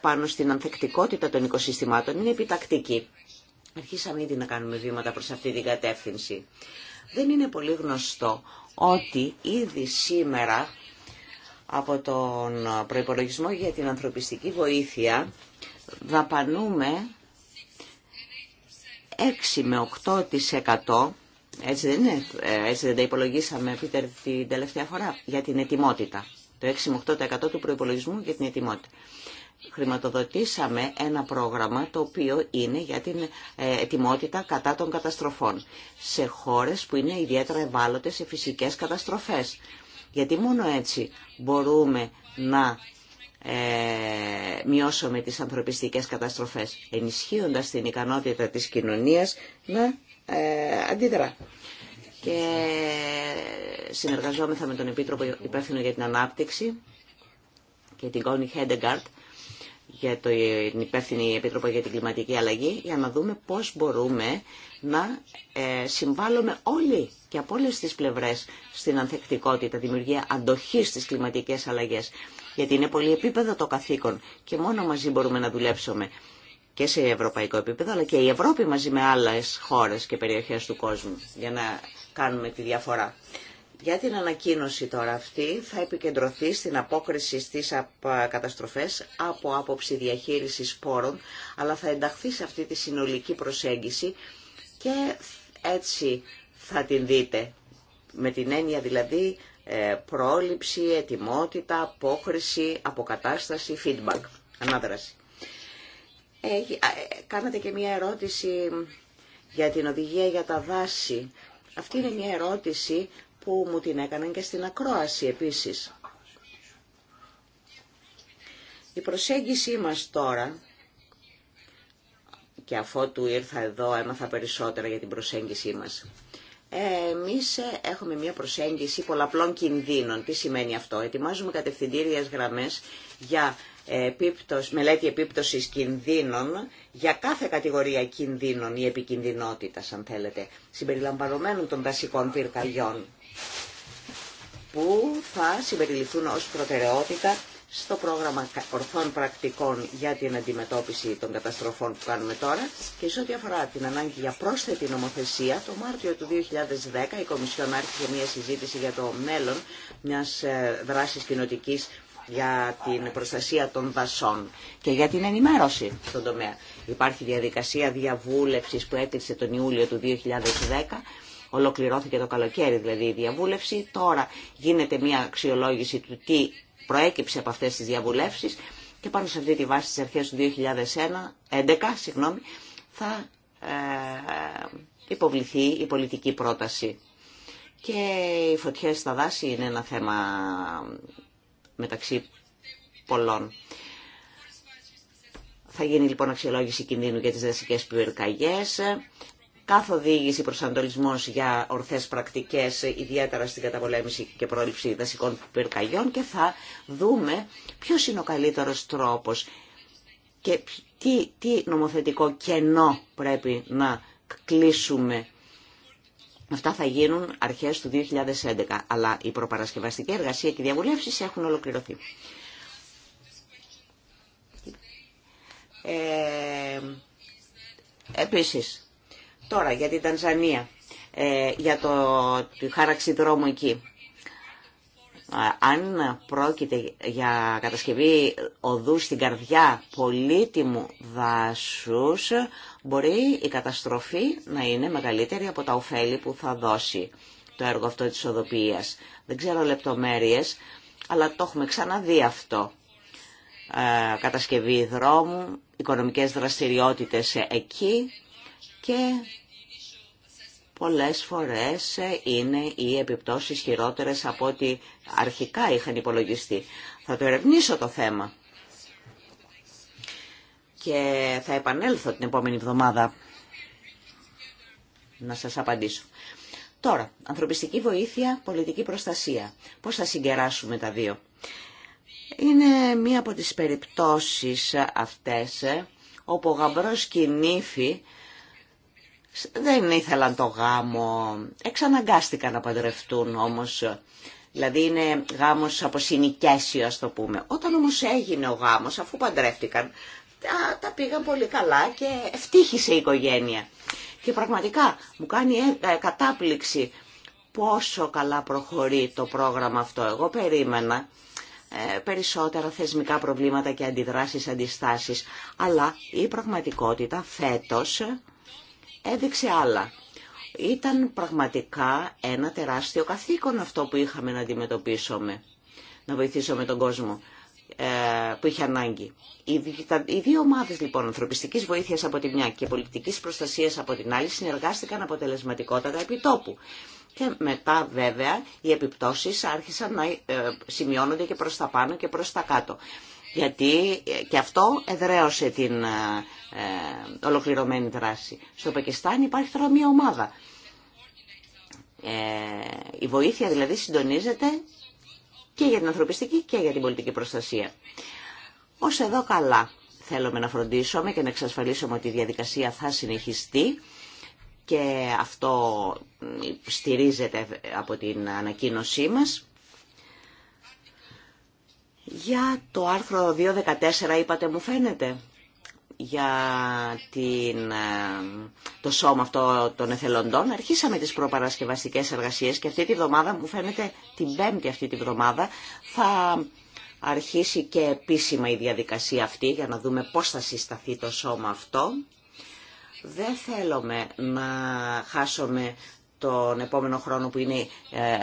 πάνω στην ανθεκτικότητα των οικοσυστημάτων, είναι επιτακτική. Αρχίσαμε ήδη να κάνουμε βήματα προς αυτή την κατεύθυνση. Δεν είναι πολύ γνωστό ότι ήδη σήμερα από τον προϋπολογισμό για την ανθρωπιστική βοήθεια δαπανούμε 6 με 8% έτσι δεν είναι, έτσι δεν τα υπολογίσαμε Πίτερ την τελευταία φορά για την ετοιμότητα. Το 6 με 8% του προϋπολογισμού για την ετοιμότητα χρηματοδοτήσαμε ένα πρόγραμμα το οποίο είναι για την ε, ετοιμότητα κατά των καταστροφών σε χώρες που είναι ιδιαίτερα ευάλωτες σε φυσικές καταστροφές. Γιατί μόνο έτσι μπορούμε να ε, μειώσουμε τις ανθρωπιστικές καταστροφές, ενισχύοντας την ικανότητα της κοινωνίας να ε, αντιδρά. Και συνεργαζόμεθα με τον Επίτροπο Υπεύθυνο για την Ανάπτυξη και την Κόνι Χέντεγκαρτ για την υπεύθυνη Επίτροπο για την Κλιματική Αλλαγή για να δούμε πώς μπορούμε να ε, συμβάλλουμε όλοι και από όλες τις πλευρές στην ανθεκτικότητα, δημιουργία αντοχής στις κλιματικές αλλαγές. Γιατί είναι πολύ επίπεδο το καθήκον και μόνο μαζί μπορούμε να δουλέψουμε και σε ευρωπαϊκό επίπεδο, αλλά και η Ευρώπη μαζί με άλλες χώρες και περιοχές του κόσμου για να κάνουμε τη διαφορά. Για την ανακοίνωση τώρα αυτή θα επικεντρωθεί στην απόκριση στις καταστροφές από άποψη διαχείρισης πόρων αλλά θα ενταχθεί σε αυτή τη συνολική προσέγγιση και έτσι θα την δείτε, με την έννοια δηλαδή ε, πρόληψη, ετοιμότητα, απόκριση, αποκατάσταση, feedback, ανάδραση. Ε, κάνατε και μια ερώτηση για την οδηγία για τα δάση. Αυτή είναι μια ερώτηση που μου την έκαναν και στην ακρόαση επίσης. Η προσέγγιση μας τώρα, και αφότου ήρθα εδώ έμαθα περισσότερα για την προσέγγιση μας, ε, εμείς ε, έχουμε μια προσέγγιση πολλαπλών κινδύνων. Τι σημαίνει αυτό. Ετοιμάζουμε κατευθυντήριες γραμμές για ε, μελέτη επίπτωσης κινδύνων για κάθε κατηγορία κινδύνων ή επικινδυνότητας, αν θέλετε, συμπεριλαμβανομένων των δασικών πυρκαγιών που θα συμπεριληφθούν ως προτεραιότητα στο πρόγραμμα ορθών πρακτικών για την αντιμετώπιση των καταστροφών που κάνουμε τώρα και σε ό,τι αφορά την ανάγκη για πρόσθετη νομοθεσία, το Μάρτιο του 2010 η Κομισιόν άρχισε μια συζήτηση για το μέλλον μιας ε, δράσης κοινοτική για την προστασία των δασών και για την ενημέρωση στον τομέα. Υπάρχει διαδικασία διαβούλευσης που έκλεισε τον Ιούλιο του 2010 ολοκληρώθηκε το καλοκαίρι δηλαδή η διαβούλευση. Τώρα γίνεται μια αξιολόγηση του τι προέκυψε από αυτές τις διαβουλεύσεις και πάνω σε αυτή τη βάση στις αρχές του 2011 συγγνώμη, θα ε, υποβληθεί η πολιτική πρόταση. Και οι φωτιές στα δάση είναι ένα θέμα μεταξύ πολλών. Θα γίνει λοιπόν αξιολόγηση κινδύνου για τις δασικές πυρκαγιές καθοδήγηση αντολισμός για ορθές πρακτικές, ιδιαίτερα στην καταπολέμηση και πρόληψη δασικών πυρκαγιών και θα δούμε ποιος είναι ο καλύτερος τρόπος και τι, τι νομοθετικό κενό πρέπει να κλείσουμε. Αυτά θα γίνουν αρχές του 2011, αλλά η προπαρασκευαστική εργασία και οι διαβουλεύσεις έχουν ολοκληρωθεί. Ε, επίσης, Τώρα για την Τανζανία, ε, για το, τη χάραξη δρόμου εκεί. Αν πρόκειται για κατασκευή οδού στην καρδιά πολύτιμου δάσους, μπορεί η καταστροφή να είναι μεγαλύτερη από τα ωφέλη που θα δώσει το έργο αυτό της οδοποιίας. Δεν ξέρω λεπτομέρειες, αλλά το έχουμε ξαναδεί αυτό. Ε, κατασκευή δρόμου, οικονομικές δραστηριότητες εκεί και πολλές φορές ε, είναι οι επιπτώσεις χειρότερες από ό,τι αρχικά είχαν υπολογιστεί. Θα το ερευνήσω το θέμα και θα επανέλθω την επόμενη εβδομάδα να σας απαντήσω. Τώρα, ανθρωπιστική βοήθεια, πολιτική προστασία. Πώς θα συγκεράσουμε τα δύο. Είναι μία από τις περιπτώσεις αυτές ε, όπου ο γαμπρός νύφη δεν ήθελαν το γάμο, εξαναγκάστηκαν να παντρευτούν όμως. Δηλαδή είναι γάμος από συνοικέσιο ας το πούμε. Όταν όμως έγινε ο γάμος, αφού παντρεύτηκαν, τα, πήγαν πολύ καλά και ευτύχησε η οικογένεια. Και πραγματικά μου κάνει ε, ε, κατάπληξη πόσο καλά προχωρεί το πρόγραμμα αυτό. Εγώ περίμενα ε, περισσότερα θεσμικά προβλήματα και αντιδράσεις, αντιστάσεις. Αλλά η πραγματικότητα φέτος έδειξε άλλα. Ήταν πραγματικά ένα τεράστιο καθήκον αυτό που είχαμε να αντιμετωπίσουμε, να βοηθήσουμε τον κόσμο ε, που είχε ανάγκη. Οι δύο ομάδες λοιπόν ανθρωπιστικής βοήθειας από τη μια και πολιτικής προστασίας από την άλλη συνεργάστηκαν αποτελεσματικότατα επί τόπου. Και μετά βέβαια οι επιπτώσεις άρχισαν να ε, σημειώνονται και προς τα πάνω και προς τα κάτω γιατί και αυτό εδραίωσε την ε, ε, ολοκληρωμένη δράση. Στο Πακιστάν υπάρχει τώρα μια ομάδα. Ε, η βοήθεια δηλαδή συντονίζεται και για την ανθρωπιστική και για την πολιτική προστασία. Ως εδώ καλά θέλουμε να φροντίσουμε και να εξασφαλίσουμε ότι η διαδικασία θα συνεχιστεί και αυτό στηρίζεται από την ανακοίνωσή μας. Για το άρθρο 2.14 είπατε μου φαίνεται για την, ε, το σώμα αυτό των εθελοντών. Αρχίσαμε τις προπαρασκευαστικές εργασίες και αυτή τη βδομάδα, μου φαίνεται την πέμπτη αυτή τη βδομάδα, θα αρχίσει και επίσημα η διαδικασία αυτή για να δούμε πώς θα συσταθεί το σώμα αυτό. Δεν θέλουμε να χάσουμε τον επόμενο χρόνο που είναι ε,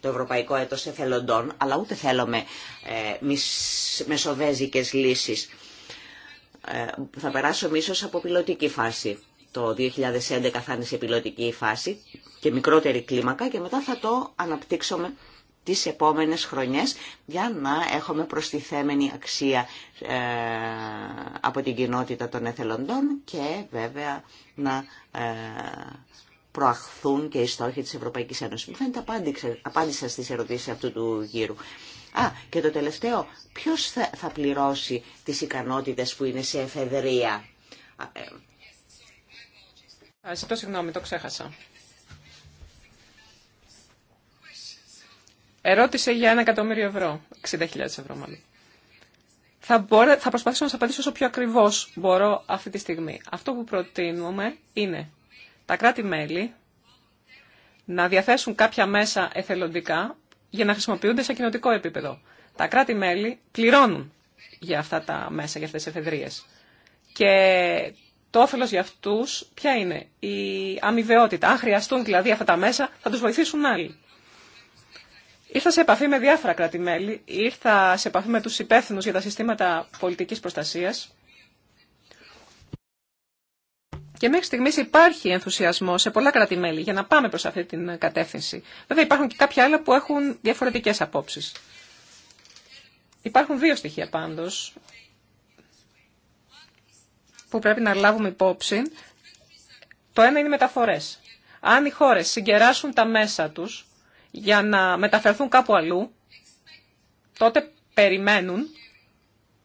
το Ευρωπαϊκό Έτος Εθελοντών, αλλά ούτε θέλουμε ε, μεσοβέζικες λύσεις. Ε, θα περάσω μίσος από πιλωτική φάση. Το 2011 θα είναι σε πιλωτική φάση και μικρότερη κλίμακα και μετά θα το αναπτύξουμε τις επόμενες χρονιές για να έχουμε προστιθέμενη αξία ε, από την κοινότητα των εθελοντών και βέβαια να ε, προαχθούν και οι στόχοι της Ευρωπαϊκής Ένωσης. Μου φαίνεται απάντησα στις ερωτήσεις αυτού του γύρου. Α, και το τελευταίο, ποιος θα, θα πληρώσει τις ικανότητες που είναι σε εφεδρεία. Α, ε, ζητώ συγγνώμη, το ξέχασα. Ερώτησε για ένα εκατομμύριο ευρώ, 60.000 ευρώ μάλλον. Θα, μπορέ, θα προσπαθήσω να σας απαντήσω όσο πιο ακριβώς μπορώ αυτή τη στιγμή. Αυτό που προτείνουμε είναι τα κράτη-μέλη να διαθέσουν κάποια μέσα εθελοντικά για να χρησιμοποιούνται σε κοινοτικό επίπεδο. Τα κράτη-μέλη πληρώνουν για αυτά τα μέσα, για αυτές τις εφεδρίες. Και το όφελο για αυτού ποια είναι, η αμοιβαιότητα. Αν χρειαστούν δηλαδή αυτά τα μέσα, θα του βοηθήσουν άλλοι. Ήρθα σε επαφή με διάφορα κράτη-μέλη, ήρθα σε επαφή με του υπεύθυνου για τα συστήματα πολιτική προστασία και μέχρι στιγμής υπάρχει ενθουσιασμό σε πολλά κράτη-μέλη για να πάμε προς αυτή την κατεύθυνση. Βέβαια υπάρχουν και κάποια άλλα που έχουν διαφορετικές απόψεις. Υπάρχουν δύο στοιχεία πάντως που πρέπει να λάβουμε υπόψη. Το ένα είναι οι μεταφορές. Αν οι χώρες συγκεράσουν τα μέσα τους για να μεταφερθούν κάπου αλλού, τότε περιμένουν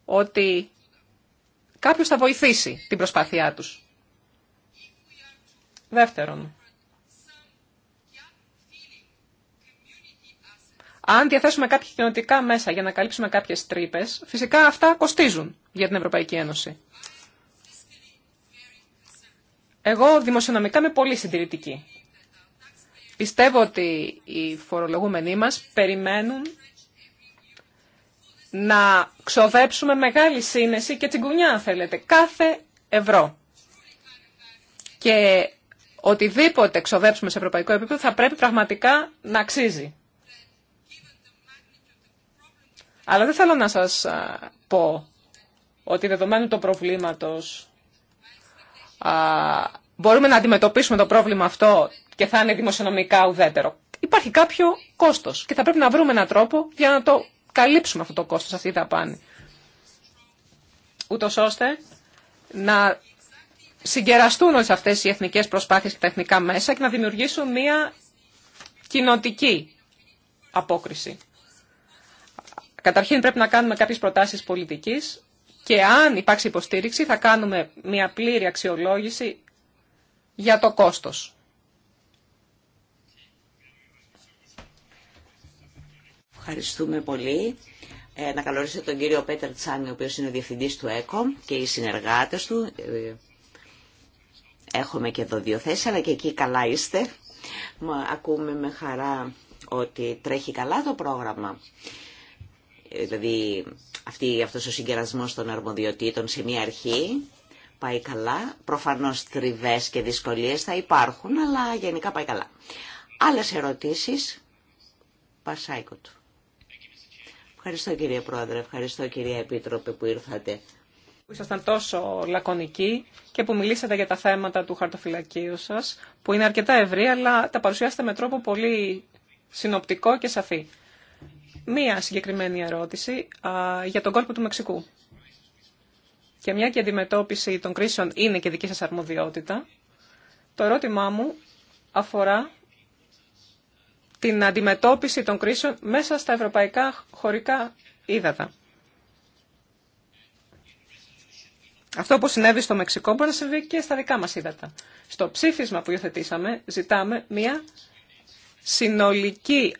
ότι κάποιος θα βοηθήσει την προσπάθειά τους. Δεύτερον, αν διαθέσουμε κάποια κοινωτικά μέσα για να καλύψουμε κάποιες τρύπε, φυσικά αυτά κοστίζουν για την Ευρωπαϊκή Ένωση. Εγώ δημοσιονομικά είμαι πολύ συντηρητική. Πιστεύω ότι οι φορολογούμενοι μας περιμένουν να ξοδέψουμε μεγάλη σύνεση και τσιγκουνιά, αν θέλετε, κάθε ευρώ. Και οτιδήποτε ξοδέψουμε σε ευρωπαϊκό επίπεδο θα πρέπει πραγματικά να αξίζει. Αλλά δεν θέλω να σας πω ότι δεδομένου το προβλήματος μπορούμε να αντιμετωπίσουμε το πρόβλημα αυτό και θα είναι δημοσιονομικά ουδέτερο. Υπάρχει κάποιο κόστος και θα πρέπει να βρούμε έναν τρόπο για να το καλύψουμε αυτό το κόστος, αυτή η δαπάνη. Ούτως ώστε να συγκεραστούν όλες αυτές οι εθνικές προσπάθειες και τα εθνικά μέσα και να δημιουργήσουν μία κοινοτική απόκριση. Καταρχήν πρέπει να κάνουμε κάποιες προτάσεις πολιτικής και αν υπάρξει υποστήριξη θα κάνουμε μία πλήρη αξιολόγηση για το κόστος. Ευχαριστούμε πολύ. Ε, να καλωρίσω τον κύριο Πέτερ Τσάνι, ο οποίος είναι ο διευθυντής του ΕΚΟ και οι συνεργάτες του, ε, Έχουμε και εδώ δύο θέσεις, αλλά και εκεί καλά είστε. ακούμε με χαρά ότι τρέχει καλά το πρόγραμμα. Ε, δηλαδή αυτή, αυτός ο συγκερασμός των αρμοδιοτήτων σε μία αρχή πάει καλά. Προφανώς τριβές και δυσκολίες θα υπάρχουν, αλλά γενικά πάει καλά. Άλλες ερωτήσεις, πασάικο του. Ευχαριστώ κύριε Πρόεδρε, ευχαριστώ κυρία Επίτροπε που ήρθατε που ήσασταν τόσο λακωνικοί και που μιλήσατε για τα θέματα του χαρτοφυλακίου σας, που είναι αρκετά ευρύ, αλλά τα παρουσιάσατε με τρόπο πολύ συνοπτικό και σαφή. Μία συγκεκριμένη ερώτηση για τον κόλπο του Μεξικού. Και μια και αντιμετώπιση των κρίσεων είναι και δική σας αρμοδιότητα, το ερώτημά μου αφορά την αντιμετώπιση των κρίσεων μέσα στα ευρωπαϊκά χωρικά ύδατα. Αυτό που συνέβη στο Μεξικό μπορεί να συμβεί και στα δικά μας ύδατα. Στο ψήφισμα που υιοθετήσαμε ζητάμε μια συνολική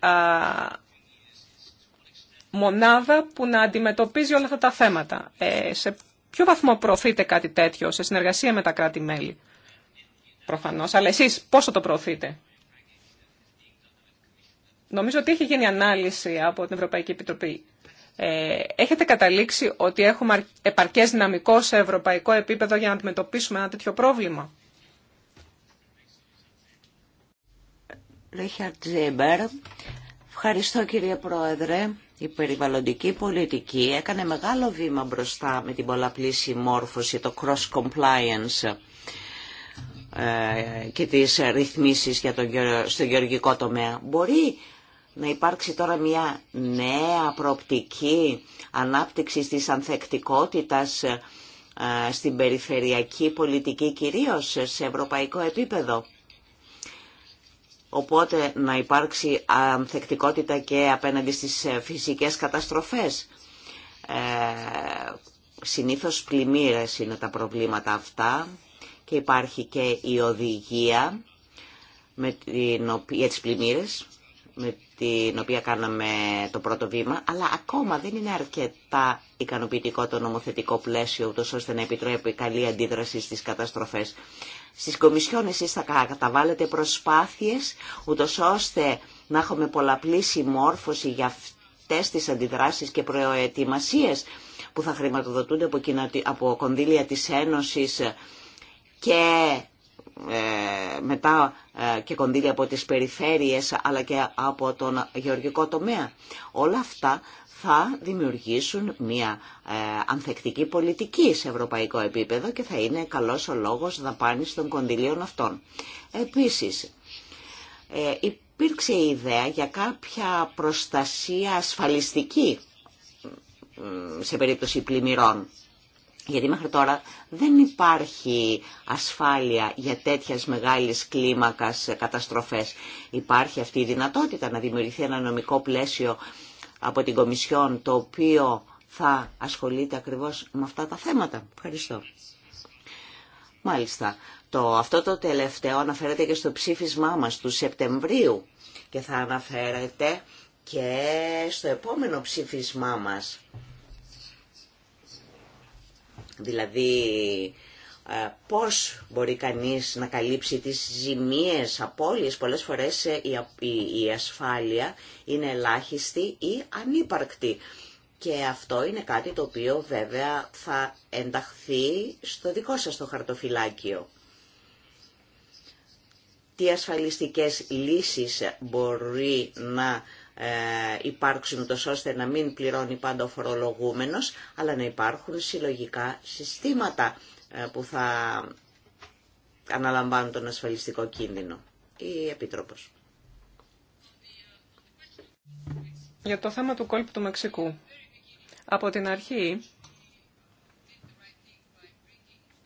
μονάδα που να αντιμετωπίζει όλα αυτά τα θέματα. Ε, σε ποιο βαθμό προωθείτε κάτι τέτοιο σε συνεργασία με τα κράτη-μέλη, προφανώς, αλλά εσείς πόσο το προωθείτε. Νομίζω ότι έχει γίνει ανάλυση από την Ευρωπαϊκή Επιτροπή ε, έχετε καταλήξει ότι έχουμε επαρκές δυναμικό σε ευρωπαϊκό επίπεδο για να αντιμετωπίσουμε ένα τέτοιο πρόβλημα. Ευχαριστώ κύριε Πρόεδρε. Η περιβαλλοντική πολιτική έκανε μεγάλο βήμα μπροστά με την πολλαπλή συμμόρφωση, το cross compliance ε, και τις ρυθμίσεις για τον, στο γεωργικό τομέα. Μπορεί να υπάρξει τώρα μια νέα προοπτική ανάπτυξης της ανθεκτικότητας ε, στην περιφερειακή πολιτική κυρίως σε ευρωπαϊκό επίπεδο. Οπότε να υπάρξει ανθεκτικότητα και απέναντι στις ε, φυσικές καταστροφές. Ε, συνήθως πλημμύρες είναι τα προβλήματα αυτά και υπάρχει και η οδηγία με την οποία, για τις πλημμύρες με την οποία κάναμε το πρώτο βήμα, αλλά ακόμα δεν είναι αρκετά ικανοποιητικό το νομοθετικό πλαίσιο, ούτως ώστε να επιτρέπει καλή αντίδραση στις καταστροφές. Στις κομισιόν εσείς θα καταβάλλετε προσπάθειες, ούτως ώστε να έχουμε πολλαπλή συμμόρφωση για αυτές τις αντιδράσεις και προετοιμασίες που θα χρηματοδοτούνται από κονδύλια της Ένωσης και ε, μετά ε, και κονδύλια από τις περιφέρειες αλλά και από τον γεωργικό τομέα. Όλα αυτά θα δημιουργήσουν μια ε, ανθεκτική πολιτική σε ευρωπαϊκό επίπεδο και θα είναι καλός ο λόγος να πάνε των κονδυλίων αυτών. Επίσης, υπήρξε η ιδέα για κάποια προστασία ασφαλιστική σε περίπτωση πλημμυρών γιατί μέχρι τώρα δεν υπάρχει ασφάλεια για τέτοιας μεγάλης κλίμακας καταστροφές. Υπάρχει αυτή η δυνατότητα να δημιουργηθεί ένα νομικό πλαίσιο από την Κομισιόν το οποίο θα ασχολείται ακριβώς με αυτά τα θέματα. Ευχαριστώ. Μάλιστα. Το, αυτό το τελευταίο αναφέρεται και στο ψήφισμά μας του Σεπτεμβρίου και θα αναφέρεται και στο επόμενο ψήφισμά μας δηλαδή ε, πώς μπορεί κανείς να καλύψει τις ζημίες, απώλειες. Πολλές φορές ε, η ασφάλεια είναι ελάχιστη ή ανύπαρκτη. Και αυτό είναι κάτι το οποίο βέβαια θα ενταχθεί στο δικό σας το χαρτοφυλάκιο. Τι ασφαλιστικές λύσεις μπορεί να ε, υπάρξουν τόσο ώστε να μην πληρώνει πάντα ο φορολογούμενος, αλλά να υπάρχουν συλλογικά συστήματα ε, που θα αναλαμβάνουν τον ασφαλιστικό κίνδυνο. Η Επίτροπος. Για το θέμα του κόλπου του Μεξικού. Από την αρχή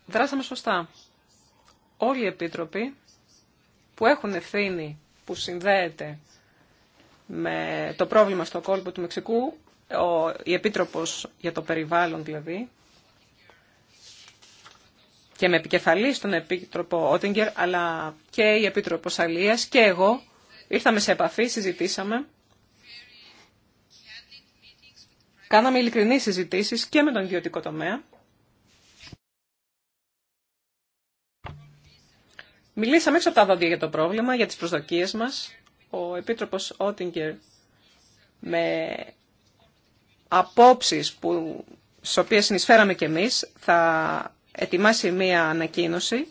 δράσαμε σωστά. Όλοι οι επίτροποι που έχουν ευθύνη που συνδέεται με το πρόβλημα στο κόλπο του Μεξικού, ο, η Επίτροπος για το Περιβάλλον δηλαδή, και με επικεφαλή στον Επίτροπο Ότιγκερ, αλλά και η Επίτροπος Αλίας και εγώ ήρθαμε σε επαφή, συζητήσαμε. Κάναμε ειλικρινείς συζητήσεις και με τον ιδιωτικό τομέα. Μιλήσαμε έξω από τα δόντια για το πρόβλημα, για τις προσδοκίες μας, ο Επίτροπος Ότιγκερ με απόψεις που, στις οποίες συνεισφέραμε και εμείς θα ετοιμάσει μία ανακοίνωση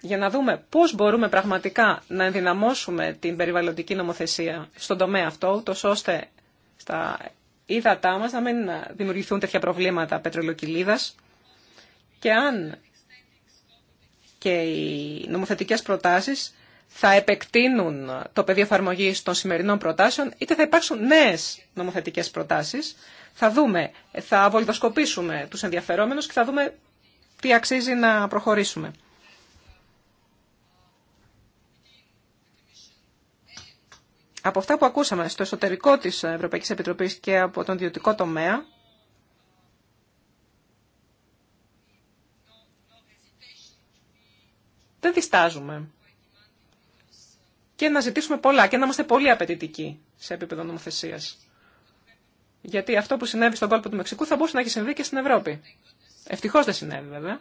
για να δούμε πώς μπορούμε πραγματικά να ενδυναμώσουμε την περιβαλλοντική νομοθεσία στον τομέα αυτό, τόσο ώστε στα ύδατά μας να μην δημιουργηθούν τέτοια προβλήματα πετρελοκυλίδας και αν και οι νομοθετικές προτάσεις θα επεκτείνουν το πεδίο εφαρμογή των σημερινών προτάσεων, είτε θα υπάρξουν νέε νομοθετικέ προτάσει. Θα δούμε, θα βολιδοσκοπήσουμε του ενδιαφερόμενου και θα δούμε τι αξίζει να προχωρήσουμε. Από αυτά που ακούσαμε στο εσωτερικό της Ευρωπαϊκής Επιτροπής και από τον ιδιωτικό τομέα, δεν διστάζουμε και να ζητήσουμε πολλά και να είμαστε πολύ απαιτητικοί σε επίπεδο νομοθεσία. Γιατί αυτό που συνέβη στον κόλπο του Μεξικού θα μπορούσε να έχει συμβεί και στην Ευρώπη. Ευτυχώ δεν συνέβη βέβαια.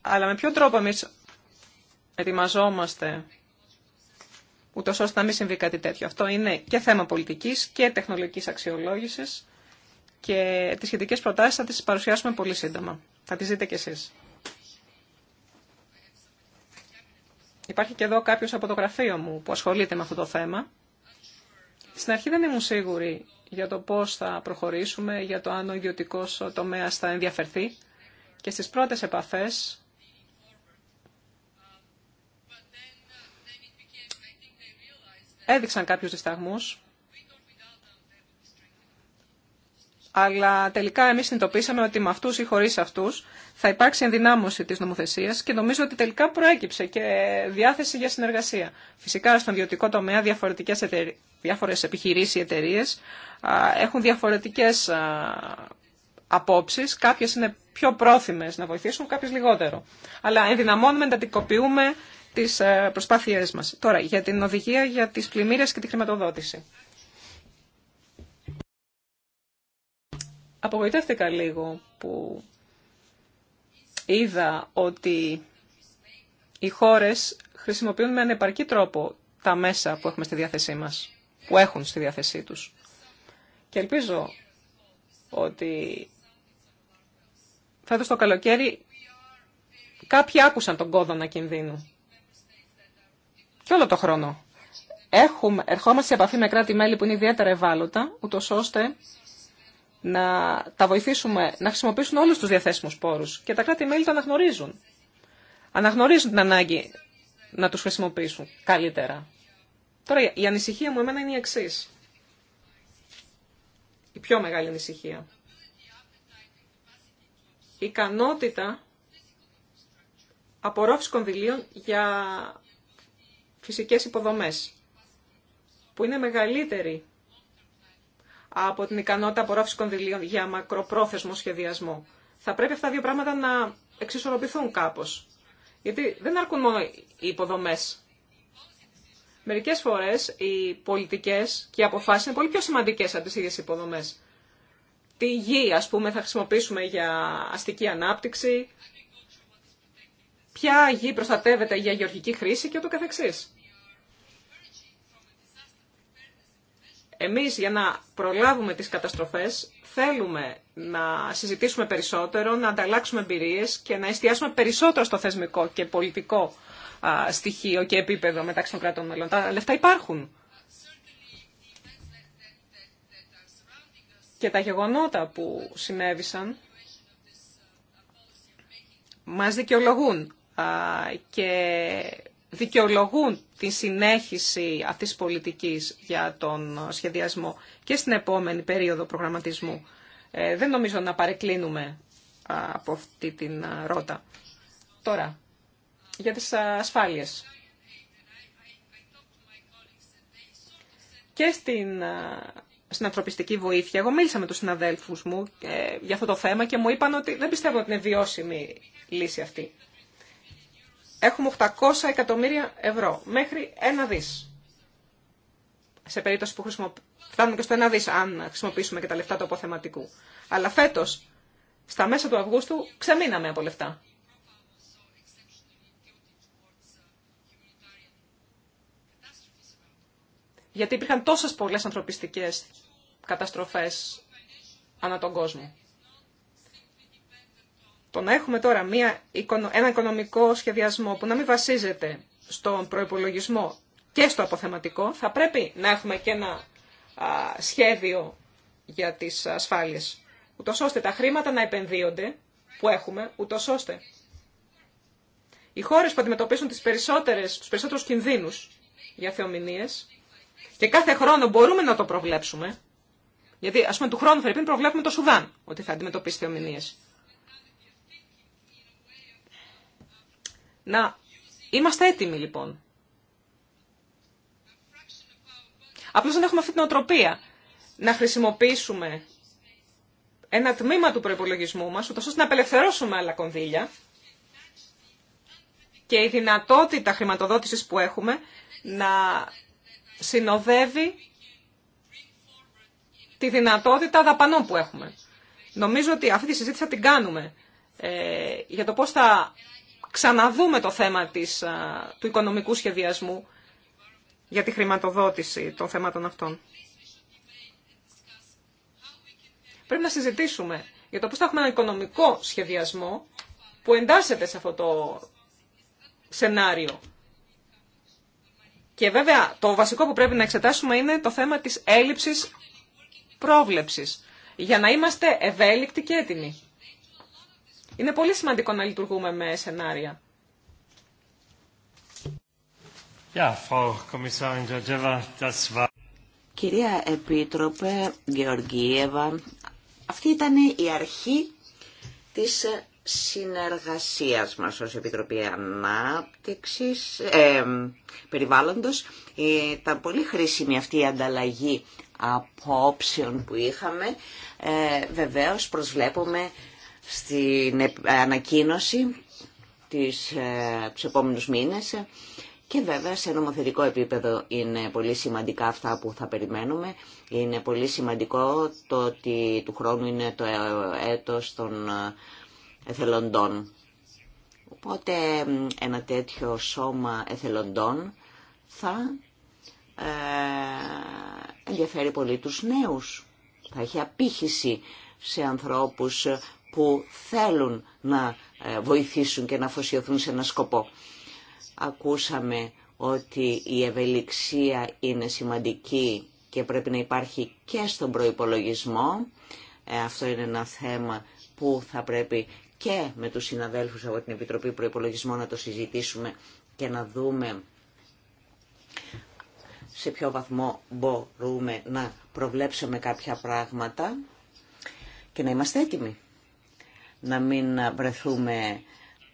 Αλλά με ποιο τρόπο εμεί ετοιμαζόμαστε ούτω ώστε να μην συμβεί κάτι τέτοιο. Αυτό είναι και θέμα πολιτική και τεχνολογική αξιολόγηση και τι σχετικέ προτάσει θα τι παρουσιάσουμε πολύ σύντομα. Θα τι δείτε κι εσείς. Υπάρχει και εδώ κάποιος από το γραφείο μου που ασχολείται με αυτό το θέμα. Στην αρχή δεν ήμουν σίγουρη για το πώς θα προχωρήσουμε, για το αν ο ιδιωτικό τομέα θα ενδιαφερθεί. Και στις πρώτες επαφές έδειξαν κάποιους δισταγμούς, αλλά τελικά εμείς συνειδητοποίησαμε ότι με αυτούς ή χωρίς αυτούς θα υπάρξει ενδυνάμωση της νομοθεσίας και νομίζω ότι τελικά προέκυψε και διάθεση για συνεργασία. Φυσικά στον ιδιωτικό τομέα διαφορετικές εταιρε... διάφορες επιχειρήσεις ή εταιρείε έχουν διαφορετικές απόψεις. Κάποιες είναι πιο πρόθυμες να βοηθήσουν, κάποιες λιγότερο. Αλλά ενδυναμώνουμε, εντατικοποιούμε τις ε, προσπάθειές μας. Τώρα, για την οδηγία για τις πλημμύρες και τη χρηματοδότηση. απογοητεύτηκα λίγο που είδα ότι οι χώρες χρησιμοποιούν με ανεπαρκή τρόπο τα μέσα που έχουμε στη διάθεσή μας, που έχουν στη διάθεσή τους. Και ελπίζω ότι φέτος το καλοκαίρι κάποιοι άκουσαν τον κόδωνα κινδύνου. Και όλο το χρόνο. Έχουμε, ερχόμαστε σε επαφή με κράτη-μέλη που είναι ιδιαίτερα ευάλωτα, ούτω ώστε να τα βοηθήσουμε να χρησιμοποιήσουν όλους τους διαθέσιμους πόρους. Και τα κράτη-μέλη το αναγνωρίζουν. Αναγνωρίζουν την ανάγκη να τους χρησιμοποιήσουν καλύτερα. Τώρα η ανησυχία μου εμένα είναι η εξή. Η πιο μεγάλη ανησυχία. Η ικανότητα απορρόφηση κονδυλίων για φυσικές υποδομές, που είναι μεγαλύτερη από την ικανότητα απορρόφηση κονδυλίων για μακροπρόθεσμο σχεδιασμό. Θα πρέπει αυτά τα δύο πράγματα να εξισορροπηθούν κάπως. Γιατί δεν αρκούν μόνο οι υποδομές. Μερικές φορές οι πολιτικές και οι αποφάσεις είναι πολύ πιο σημαντικές από τις ίδιες υποδομές. Τι γη, α πούμε, θα χρησιμοποιήσουμε για αστική ανάπτυξη, ποια γη προστατεύεται για γεωργική χρήση και ούτω καθεξής. Εμείς για να προλάβουμε τις καταστροφές θέλουμε να συζητήσουμε περισσότερο, να ανταλλάξουμε εμπειρίες και να εστιάσουμε περισσότερο στο θεσμικό και πολιτικό στοιχείο και επίπεδο μεταξύ των κρατών μελών. Τα λεφτά υπάρχουν. Και τα γεγονότα που συνέβησαν μας δικαιολογούν και δικαιολογούν τη συνέχιση αυτής της πολιτικής για τον σχεδιασμό και στην επόμενη περίοδο προγραμματισμού. Ε, δεν νομίζω να παρεκκλίνουμε από αυτή την ρότα. Τώρα, για τις ασφάλειες. Και στην, ανθρωπιστική βοήθεια, εγώ μίλησα με τους συναδέλφους μου ε, για αυτό το θέμα και μου είπαν ότι δεν πιστεύω ότι είναι βιώσιμη λύση αυτή. Έχουμε 800 εκατομμύρια ευρώ μέχρι ένα δις. Σε περίπτωση που χρησιμο... φτάνουμε και στο ένα δις αν χρησιμοποιήσουμε και τα λεφτά του αποθεματικού. Αλλά φέτος, στα μέσα του Αυγούστου, ξεμείναμε από λεφτά. Γιατί υπήρχαν τόσες πολλές ανθρωπιστικές καταστροφές ανά τον κόσμο. Το να έχουμε τώρα μια, ένα οικονομικό σχεδιασμό που να μην βασίζεται στον προϋπολογισμό και στο αποθεματικό, θα πρέπει να έχουμε και ένα σχέδιο για τις ασφάλειες, ούτως ώστε τα χρήματα να επενδύονται που έχουμε, ούτως ώστε οι χώρες που αντιμετωπίσουν τις περισσότερες, τους περισσότερους κινδύνους για θεομηνίες και κάθε χρόνο μπορούμε να το προβλέψουμε, γιατί ας πούμε του χρόνου θα πρέπει να προβλέπουμε το Σουδάν ότι θα αντιμετωπίσει θεομηνίες. Να είμαστε έτοιμοι λοιπόν. Απλώς δεν έχουμε αυτή την οτροπία να χρησιμοποιήσουμε ένα τμήμα του προϋπολογισμού μας, ούτως ώστε να απελευθερώσουμε άλλα κονδύλια και η δυνατότητα χρηματοδότησης που έχουμε να συνοδεύει τη δυνατότητα δαπανών που έχουμε. Νομίζω ότι αυτή τη συζήτηση θα την κάνουμε ε, για το πώς θα ξαναδούμε το θέμα του οικονομικού σχεδιασμού για τη χρηματοδότηση των θέματων αυτών. Πρέπει να συζητήσουμε για το πώς θα έχουμε ένα οικονομικό σχεδιασμό που εντάσσεται σε αυτό το σενάριο. Και βέβαια το βασικό που πρέπει να εξετάσουμε είναι το θέμα της έλλειψης πρόβλεψης για να είμαστε ευέλικτοι και έτοιμοι. Είναι πολύ σημαντικό να λειτουργούμε με σενάρια. Frau das war... Κυρία Επίτροπε Γεωργίευα, αυτή ήταν η αρχή της συνεργασίας μας ως Επιτροπή Ανάπτυξης, ε, περιβάλλοντος. Ήταν πολύ χρήσιμη αυτή η ανταλλαγή απόψεων που είχαμε. Ε, βεβαίως προσβλέπουμε στην ανακοίνωση τις, ε, τους επόμενους μήνες και βέβαια σε νομοθετικό επίπεδο είναι πολύ σημαντικά αυτά που θα περιμένουμε. Είναι πολύ σημαντικό το ότι του χρόνου είναι το ε, έτος των ε, εθελοντών. Οπότε ένα τέτοιο σώμα εθελοντών θα ενδιαφέρει πολύ τους νέους. Θα έχει απήχηση σε ανθρώπους που θέλουν να ε, βοηθήσουν και να αφοσιωθούν σε ένα σκοπό. Ακούσαμε ότι η ευελιξία είναι σημαντική και πρέπει να υπάρχει και στον προϋπολογισμό. Ε, αυτό είναι ένα θέμα που θα πρέπει και με τους συναδέλφους από την Επιτροπή Προϋπολογισμών να το συζητήσουμε και να δούμε σε ποιο βαθμό μπορούμε να προβλέψουμε κάποια πράγματα και να είμαστε έτοιμοι να μην βρεθούμε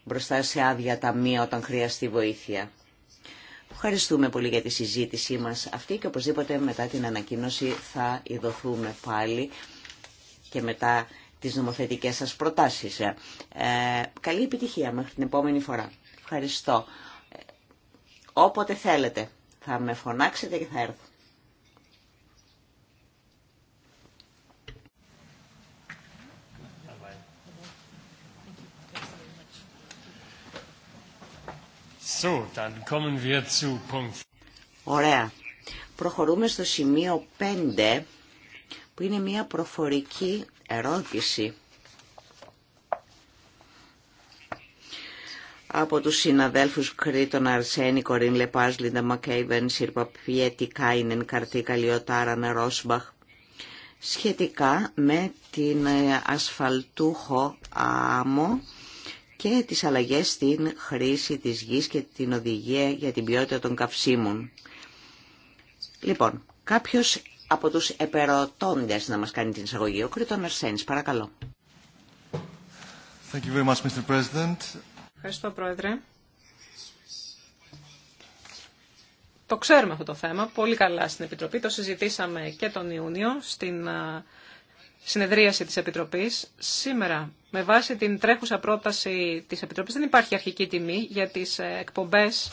μπροστά σε άδεια ταμεία όταν χρειαστεί βοήθεια. Ευχαριστούμε πολύ για τη συζήτησή μας αυτή και οπωσδήποτε μετά την ανακοίνωση θα ειδωθούμε πάλι και μετά τις νομοθετικές σας προτάσεις. Ε, καλή επιτυχία μέχρι την επόμενη φορά. Ευχαριστώ. Ε, όποτε θέλετε θα με φωνάξετε και θα έρθω. Ωραία. Προχωρούμε στο σημείο 5 που είναι μια προφορική ερώτηση από τους συναδέλφους Κρήτων Αρσένη, Κορίν Λεπάζ, Λίντα Μακέιβεν, Σύρπα Πιέτη Κάινεν, Καρτί Καλιοτάρα, Ρόσμπαχ, σχετικά με την ε, ασφαλτούχο άμμο και τις αλλαγές στην χρήση της γης και την οδηγία για την ποιότητα των καυσίμων. Λοιπόν, κάποιος από τους επερωτώντες να μας κάνει την εισαγωγή. Ο Κρήτον Αρσένης, παρακαλώ. Thank you Mr. President. Ευχαριστώ, Πρόεδρε. Το ξέρουμε αυτό το θέμα πολύ καλά στην Επιτροπή. Το συζητήσαμε και τον Ιούνιο στην συνεδρίαση της Επιτροπής. Σήμερα, με βάση την τρέχουσα πρόταση της Επιτροπής, δεν υπάρχει αρχική τιμή για τις ε, εκπομπές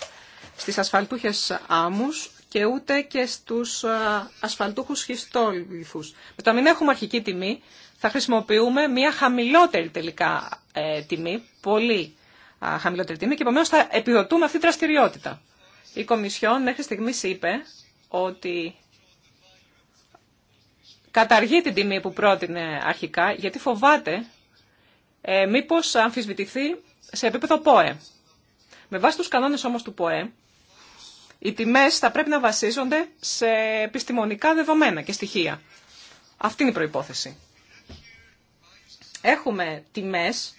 στις ασφαλτούχες άμμους και ούτε και στους ε, ασφαλτούχους χιστόλυφους. Με το να μην έχουμε αρχική τιμή, θα χρησιμοποιούμε μια χαμηλότερη τελικά ε, τιμή, πολύ χαμηλότερη τιμή και επομένω θα επιδοτούμε αυτή τη δραστηριότητα. Η Κομισιόν μέχρι στιγμής είπε ότι καταργεί την τιμή που πρότεινε αρχικά, γιατί φοβάται ε, μήπως αμφισβητηθεί σε επίπεδο ΠΟΕ. Με βάση τους κανόνες όμως του ΠΟΕ, οι τιμές θα πρέπει να βασίζονται σε επιστημονικά δεδομένα και στοιχεία. Αυτή είναι η προϋπόθεση. Έχουμε τιμές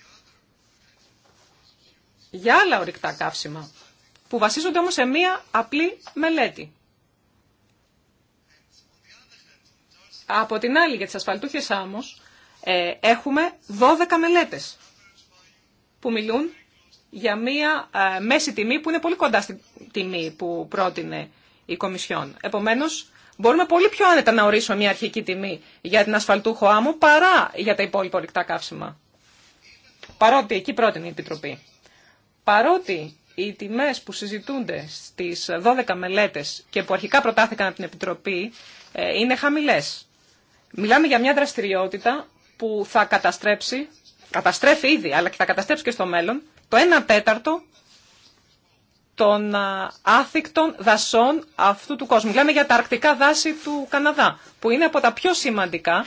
για άλλα ορυκτά καύσιμα, που βασίζονται όμως σε μία απλή μελέτη. Από την άλλη, για τις ασφαλτούχες άμμος, ε, έχουμε 12 μελέτες που μιλούν για μία ε, μέση τιμή που είναι πολύ κοντά στην τιμή που πρότεινε η Κομισιόν. Επομένως, μπορούμε πολύ πιο άνετα να ορίσουμε μία αρχική τιμή για την ασφαλτούχο άμμο παρά για τα υπόλοιπα ορυκτά καύσιμα. Παρότι εκεί πρότεινε η Επιτροπή. Παρότι οι τιμές που συζητούνται στις 12 μελέτες και που αρχικά προτάθηκαν από την Επιτροπή ε, είναι χαμηλές Μιλάμε για μια δραστηριότητα που θα καταστρέψει, καταστρέφει ήδη, αλλά και θα καταστρέψει και στο μέλλον, το 1 τέταρτο των άθικτων δασών αυτού του κόσμου. Μιλάμε για τα αρκτικά δάση του Καναδά, που είναι από τα πιο σημαντικά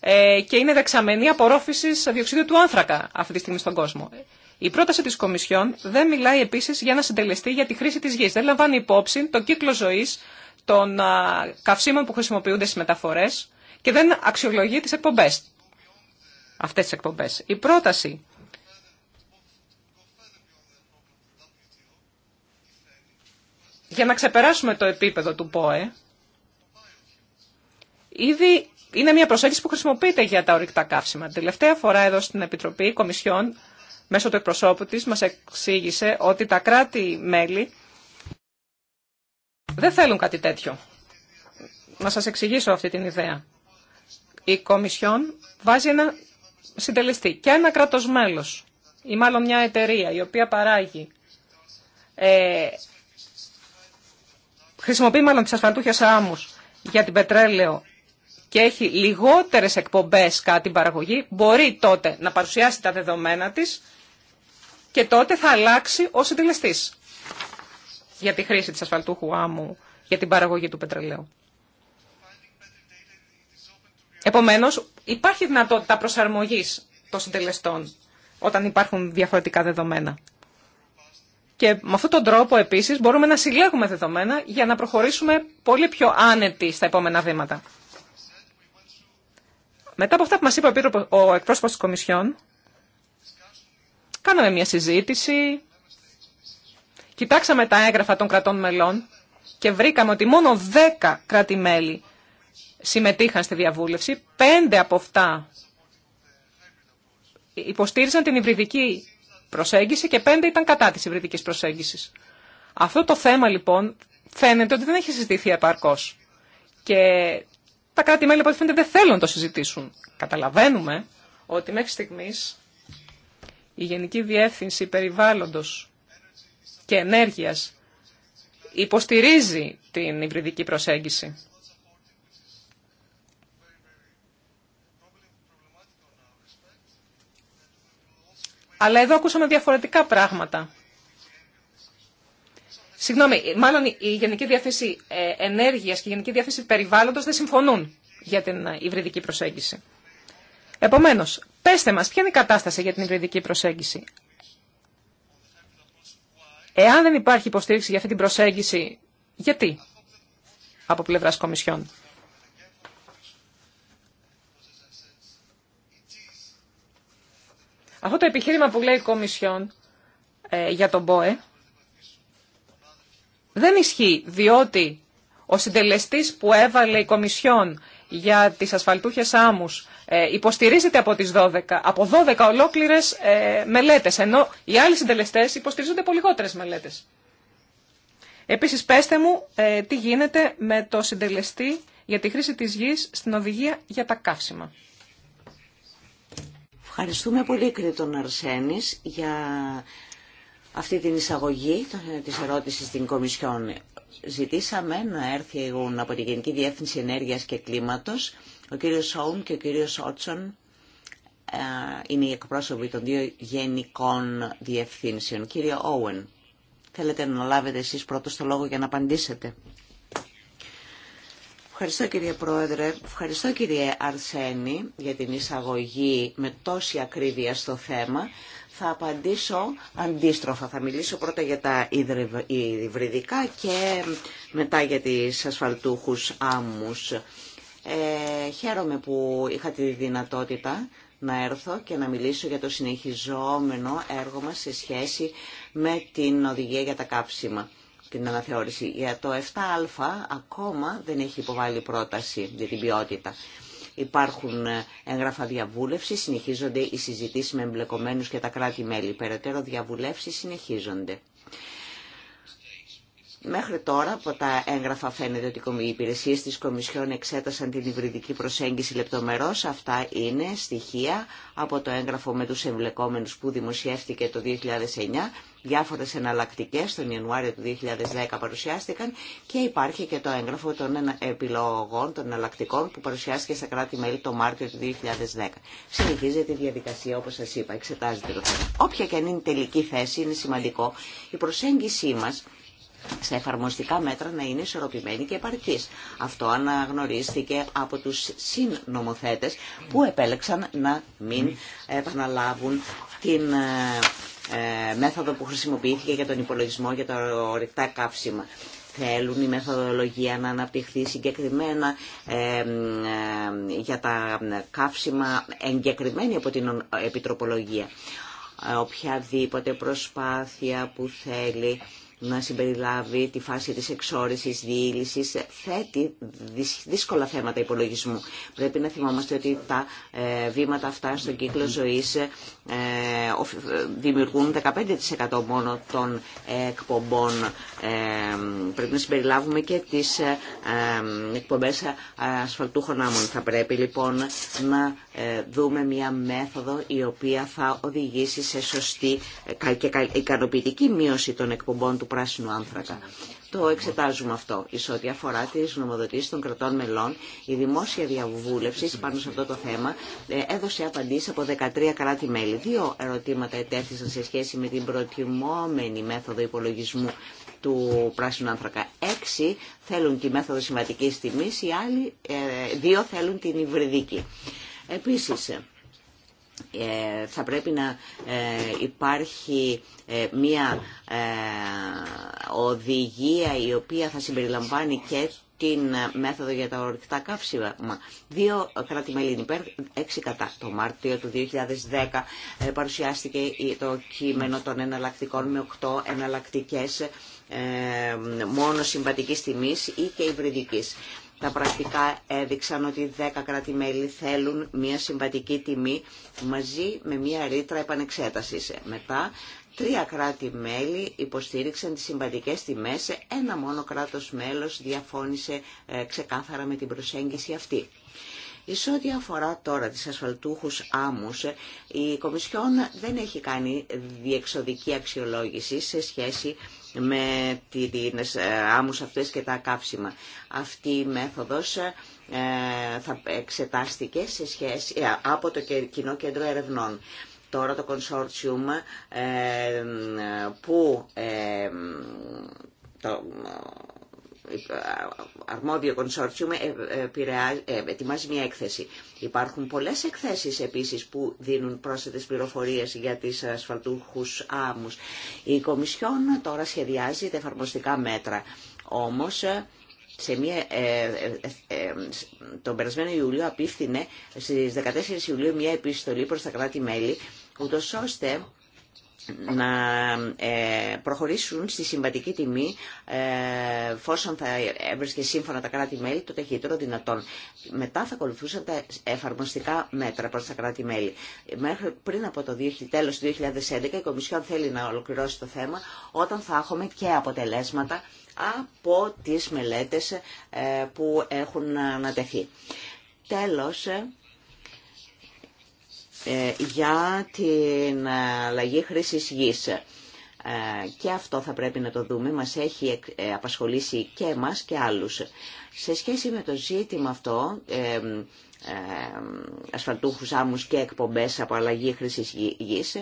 ε, και είναι δεξαμενή απορρόφησης διοξιδίου του άνθρακα αυτή τη στιγμή στον κόσμο. Η πρόταση τη Κομισιόν δεν μιλάει επίση για να συντελεστεί για τη χρήση τη γη. Δεν λαμβάνει υπόψη το κύκλο ζωή των καυσίμων που χρησιμοποιούνται στι μεταφορέ και δεν αξιολογεί τις εκπομπές, αυτές τις εκπομπές. Η πρόταση για να ξεπεράσουμε το επίπεδο του ΠΟΕ, ήδη είναι μια προσέγγιση που χρησιμοποιείται για τα ορυκτά καύσιμα. Την τελευταία φορά εδώ στην Επιτροπή η Κομισιόν, μέσω του εκπροσώπου της, μας εξήγησε ότι τα κράτη-μέλη δεν θέλουν κάτι τέτοιο. Να σας εξηγήσω αυτή την ιδέα η Κομισιόν βάζει ένα συντελεστή και ένα κράτος μέλος ή μάλλον μια εταιρεία η οποία παράγει ε, χρησιμοποιεί μάλλον τις ασφαλτούχες άμμους για την πετρέλαιο και έχει λιγότερες εκπομπές κατά την παραγωγή, μπορεί τότε να παρουσιάσει τα δεδομένα της και τότε θα αλλάξει ο συντελεστής για τη χρήση της ασφαλτούχου άμμου για την παραγωγή του πετρελαίου. Επομένως, υπάρχει δυνατότητα προσαρμογής των συντελεστών όταν υπάρχουν διαφορετικά δεδομένα. Και με αυτόν τον τρόπο επίσης μπορούμε να συλλέγουμε δεδομένα για να προχωρήσουμε πολύ πιο άνετοι στα επόμενα βήματα. Μετά από αυτά που μας είπε ο εκπρόσωπος της Κομισιόν, κάναμε μια συζήτηση, κοιτάξαμε τα έγγραφα των κρατών μελών και βρήκαμε ότι μόνο 10 κράτη-μέλη συμμετείχαν στη διαβούλευση. Πέντε από αυτά υποστήριζαν την υβριδική προσέγγιση και πέντε ήταν κατά της υβριδικής προσέγγισης. Αυτό το θέμα λοιπόν φαίνεται ότι δεν έχει συζητηθεί επαρκώς. Και τα κράτη-μέλη από ό,τι φαίνεται δεν θέλουν να το συζητήσουν. Καταλαβαίνουμε ότι μέχρι στιγμής η Γενική Διεύθυνση Περιβάλλοντος και Ενέργειας υποστηρίζει την υβριδική προσέγγιση. Αλλά εδώ ακούσαμε διαφορετικά πράγματα. Συγγνώμη, μάλλον η Γενική Διαθέση ε, Ενέργειας και η Γενική Διαθέση Περιβάλλοντος δεν συμφωνούν για την ε, υβριδική προσέγγιση. Επομένως, πέστε μας, ποια είναι η κατάσταση για την υβριδική προσέγγιση. Εάν δεν υπάρχει υποστήριξη για αυτή την προσέγγιση, γιατί από πλευράς Κομισιόν. Αυτό το επιχείρημα που λέει η Κομισιόν ε, για τον ΠΟΕ δεν ισχύει, διότι ο συντελεστής που έβαλε η Κομισιόν για τις ασφαλτούχες άμμους ε, υποστηρίζεται από, τις 12, από 12 ολόκληρες ε, μελέτες, ενώ οι άλλοι συντελεστές υποστηρίζονται από λιγότερες μελέτες. Επίσης, πέστε μου τι γίνεται με το συντελεστή για τη χρήση της γης στην οδηγία για τα καύσιμα. Ευχαριστούμε πολύ κύριε τον Αρσένης για αυτή την εισαγωγή της ερώτησης στην Κομισιόν. Ζητήσαμε να έρθει από την Γενική Διεύθυνση Ενέργειας και Κλίματος ο κύριος Σόουν και ο κύριος Ότσον ε, είναι οι εκπρόσωποι των δύο γενικών διευθύνσεων. Κύριε Όουεν, θέλετε να λάβετε εσείς πρώτος το λόγο για να απαντήσετε. Ευχαριστώ κύριε Πρόεδρε, ευχαριστώ κύριε Αρσένη για την εισαγωγή με τόση ακρίβεια στο θέμα. Θα απαντήσω αντίστροφα. Θα μιλήσω πρώτα για τα υβριδικά και μετά για τις ασφαλτούχους άμμους. Ε, χαίρομαι που είχα τη δυνατότητα να έρθω και να μιλήσω για το συνεχιζόμενο έργο μας σε σχέση με την οδηγία για τα κάψιμα την αναθεώρηση. Για το 7α ακόμα δεν έχει υποβάλει πρόταση για την ποιότητα. Υπάρχουν ε, έγγραφα διαβούλευση, συνεχίζονται οι συζητήσεις με εμπλεκομένους και τα κράτη-μέλη. Περαιτέρω διαβουλεύσεις συνεχίζονται. Μέχρι τώρα από τα έγγραφα φαίνεται ότι οι υπηρεσίε τη Κομισιόν εξέτασαν την υβριδική προσέγγιση λεπτομερώ. Αυτά είναι στοιχεία από το έγγραφο με του εμπλεκόμενου που δημοσιεύτηκε το 2009 Διάφορε εναλλακτικέ τον Ιανουάριο του 2010 παρουσιάστηκαν και υπάρχει και το έγγραφο των επιλογών των εναλλακτικών που παρουσιάστηκε στα κράτη-μέλη το Μάρτιο του 2010. Συνεχίζεται η διαδικασία όπως σας είπα, εξετάζεται το θέμα. Όποια και αν είναι η τελική θέση είναι σημαντικό η προσέγγιση μας στα εφαρμοστικά μέτρα να είναι ισορροπημένη και επαρκή. Αυτό αναγνωρίστηκε από του συνομοθέτε που επέλεξαν να μην επαναλάβουν την ε, ε, μέθοδο που χρησιμοποιήθηκε για τον υπολογισμό για τα ορυκτά καύσιμα. Θέλουν η μεθοδολογία να αναπτυχθεί συγκεκριμένα ε, ε, για τα καύσιμα εγκεκριμένη από την Επιτροπολογία. Οποιαδήποτε προσπάθεια που θέλει να συμπεριλάβει τη φάση της εξόρισης, διήλυσης, θέτει δύσκολα θέματα υπολογισμού. Πρέπει να θυμόμαστε ότι τα ε, βήματα αυτά στον κύκλο ζωής ε, δημιουργούν 15% μόνο των ε, εκπομπών. Πρέπει να συμπεριλάβουμε και τις εκπομπές ασφαλτού χωνάμων. Θα πρέπει λοιπόν να δούμε μια μέθοδο η οποία θα οδηγήσει σε σωστή και ικανοποιητική μείωση των εκπομπών του πράσινου άνθρακα. Το εξετάζουμε αυτό. ισότι ό,τι αφορά τι νομοδοτήσει των κρατών μελών, η δημόσια διαβούλευση πάνω σε αυτό το θέμα ε, έδωσε απαντήσει από 13 κράτη-μέλη. Δύο ερωτήματα ετέθησαν σε σχέση με την προτιμόμενη μέθοδο υπολογισμού του πράσινου άνθρακα. Έξι θέλουν τη μέθοδο σημαντική τιμή, οι άλλοι ε, δύο θέλουν την υβριδική. Επίσης, ε, θα πρέπει να ε, υπάρχει ε, μια οδηγία η οποία θα συμπεριλαμβάνει και την μέθοδο για τα ορυκτά καύσιμα. Δύο κράτη-μέλη υπέρ, έξι κατά. Το Μάρτιο του 2010 παρουσιάστηκε το κείμενο των εναλλακτικών με οκτώ εναλλακτικέ μόνο συμβατικής τιμής ή και υβριδικής. Τα πρακτικά έδειξαν ότι 10 κράτη-μέλη θέλουν μια συμβατική τιμή μαζί με μια ρήτρα επανεξέτασης. Μετά, τρία κράτη-μέλη υποστήριξαν τις συμβατικές τιμές. Ένα μόνο κράτος-μέλος διαφώνησε ε, ξεκάθαρα με την προσέγγιση αυτή. Εις ό,τι αφορά τώρα τις ασφαλτούχους άμμους, η Κομισιόν δεν έχει κάνει διεξοδική αξιολόγηση σε σχέση με τις ε, άμμους αυτές και τα κάψιμα. Αυτή η μέθοδος ε, θα εξετάστηκε σε σχέση, ε, από το Κοινό Κέντρο Ερευνών. Τώρα το κονσόρτσιουμ που αρμόδιο κονσόρτσιουμ ε, ε, ετοιμάζει μια έκθεση. Υπάρχουν πολλές εκθέσεις επίσης που δίνουν πρόσθετες πληροφορίες για τις ασφαλτούχους άμμους. Η Κομισιόν τώρα σχεδιάζει τα εφαρμοστικά μέτρα. Όμως σε μια, ε, τον περασμένο Ιούλιο απίφθινε στις 14 Ιουλίου μια επιστολή προς τα κράτη-μέλη ούτως ώστε να ε, προχωρήσουν στη συμβατική τιμή ε, φόσον θα έβρισκε σύμφωνα τα κράτη-μέλη το ταχύτερο δυνατόν. Μετά θα ακολουθούσαν τα εφαρμοστικά μέτρα προς τα κράτη-μέλη. Μέχρι πριν από το τέλος του 2011 η Κομισιόν θέλει να ολοκληρώσει το θέμα όταν θα έχουμε και αποτελέσματα από τις μελέτες ε, που έχουν ανατεθεί. Τέλος, ε, ε, για την αλλαγή χρήσης γης. Ε, και αυτό θα πρέπει να το δούμε, μας έχει ε, απασχολήσει και εμάς και άλλους. Σε σχέση με το ζήτημα αυτό, ασφαλτούχους άμμους και εκπομπές από αλλαγή χρήσης γης,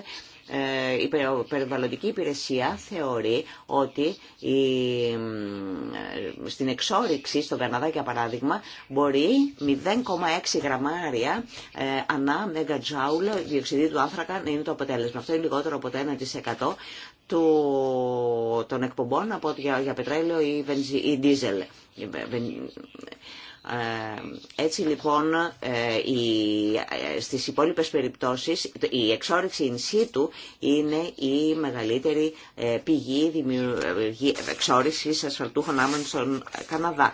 ε, η περιβαλλοντική υπηρεσία θεωρεί ότι η, ε, στην εξόριξη, στον Καναδά για παράδειγμα, μπορεί 0,6 γραμμάρια ε, ανά μεγατζάουλ διοξιδίου του άνθρακα να είναι το αποτέλεσμα. Αυτό είναι λιγότερο από το 1% του, των εκπομπών από, για, για πετρέλαιο ή, βενζι, ή δίζελ. Ε, έτσι λοιπόν ε, στις υπόλοιπες περιπτώσεις η εξόρυξη in situ είναι η μεγαλύτερη ε, πηγή εξόρυξης ασφαλτούχων άμμων στον Καναδά.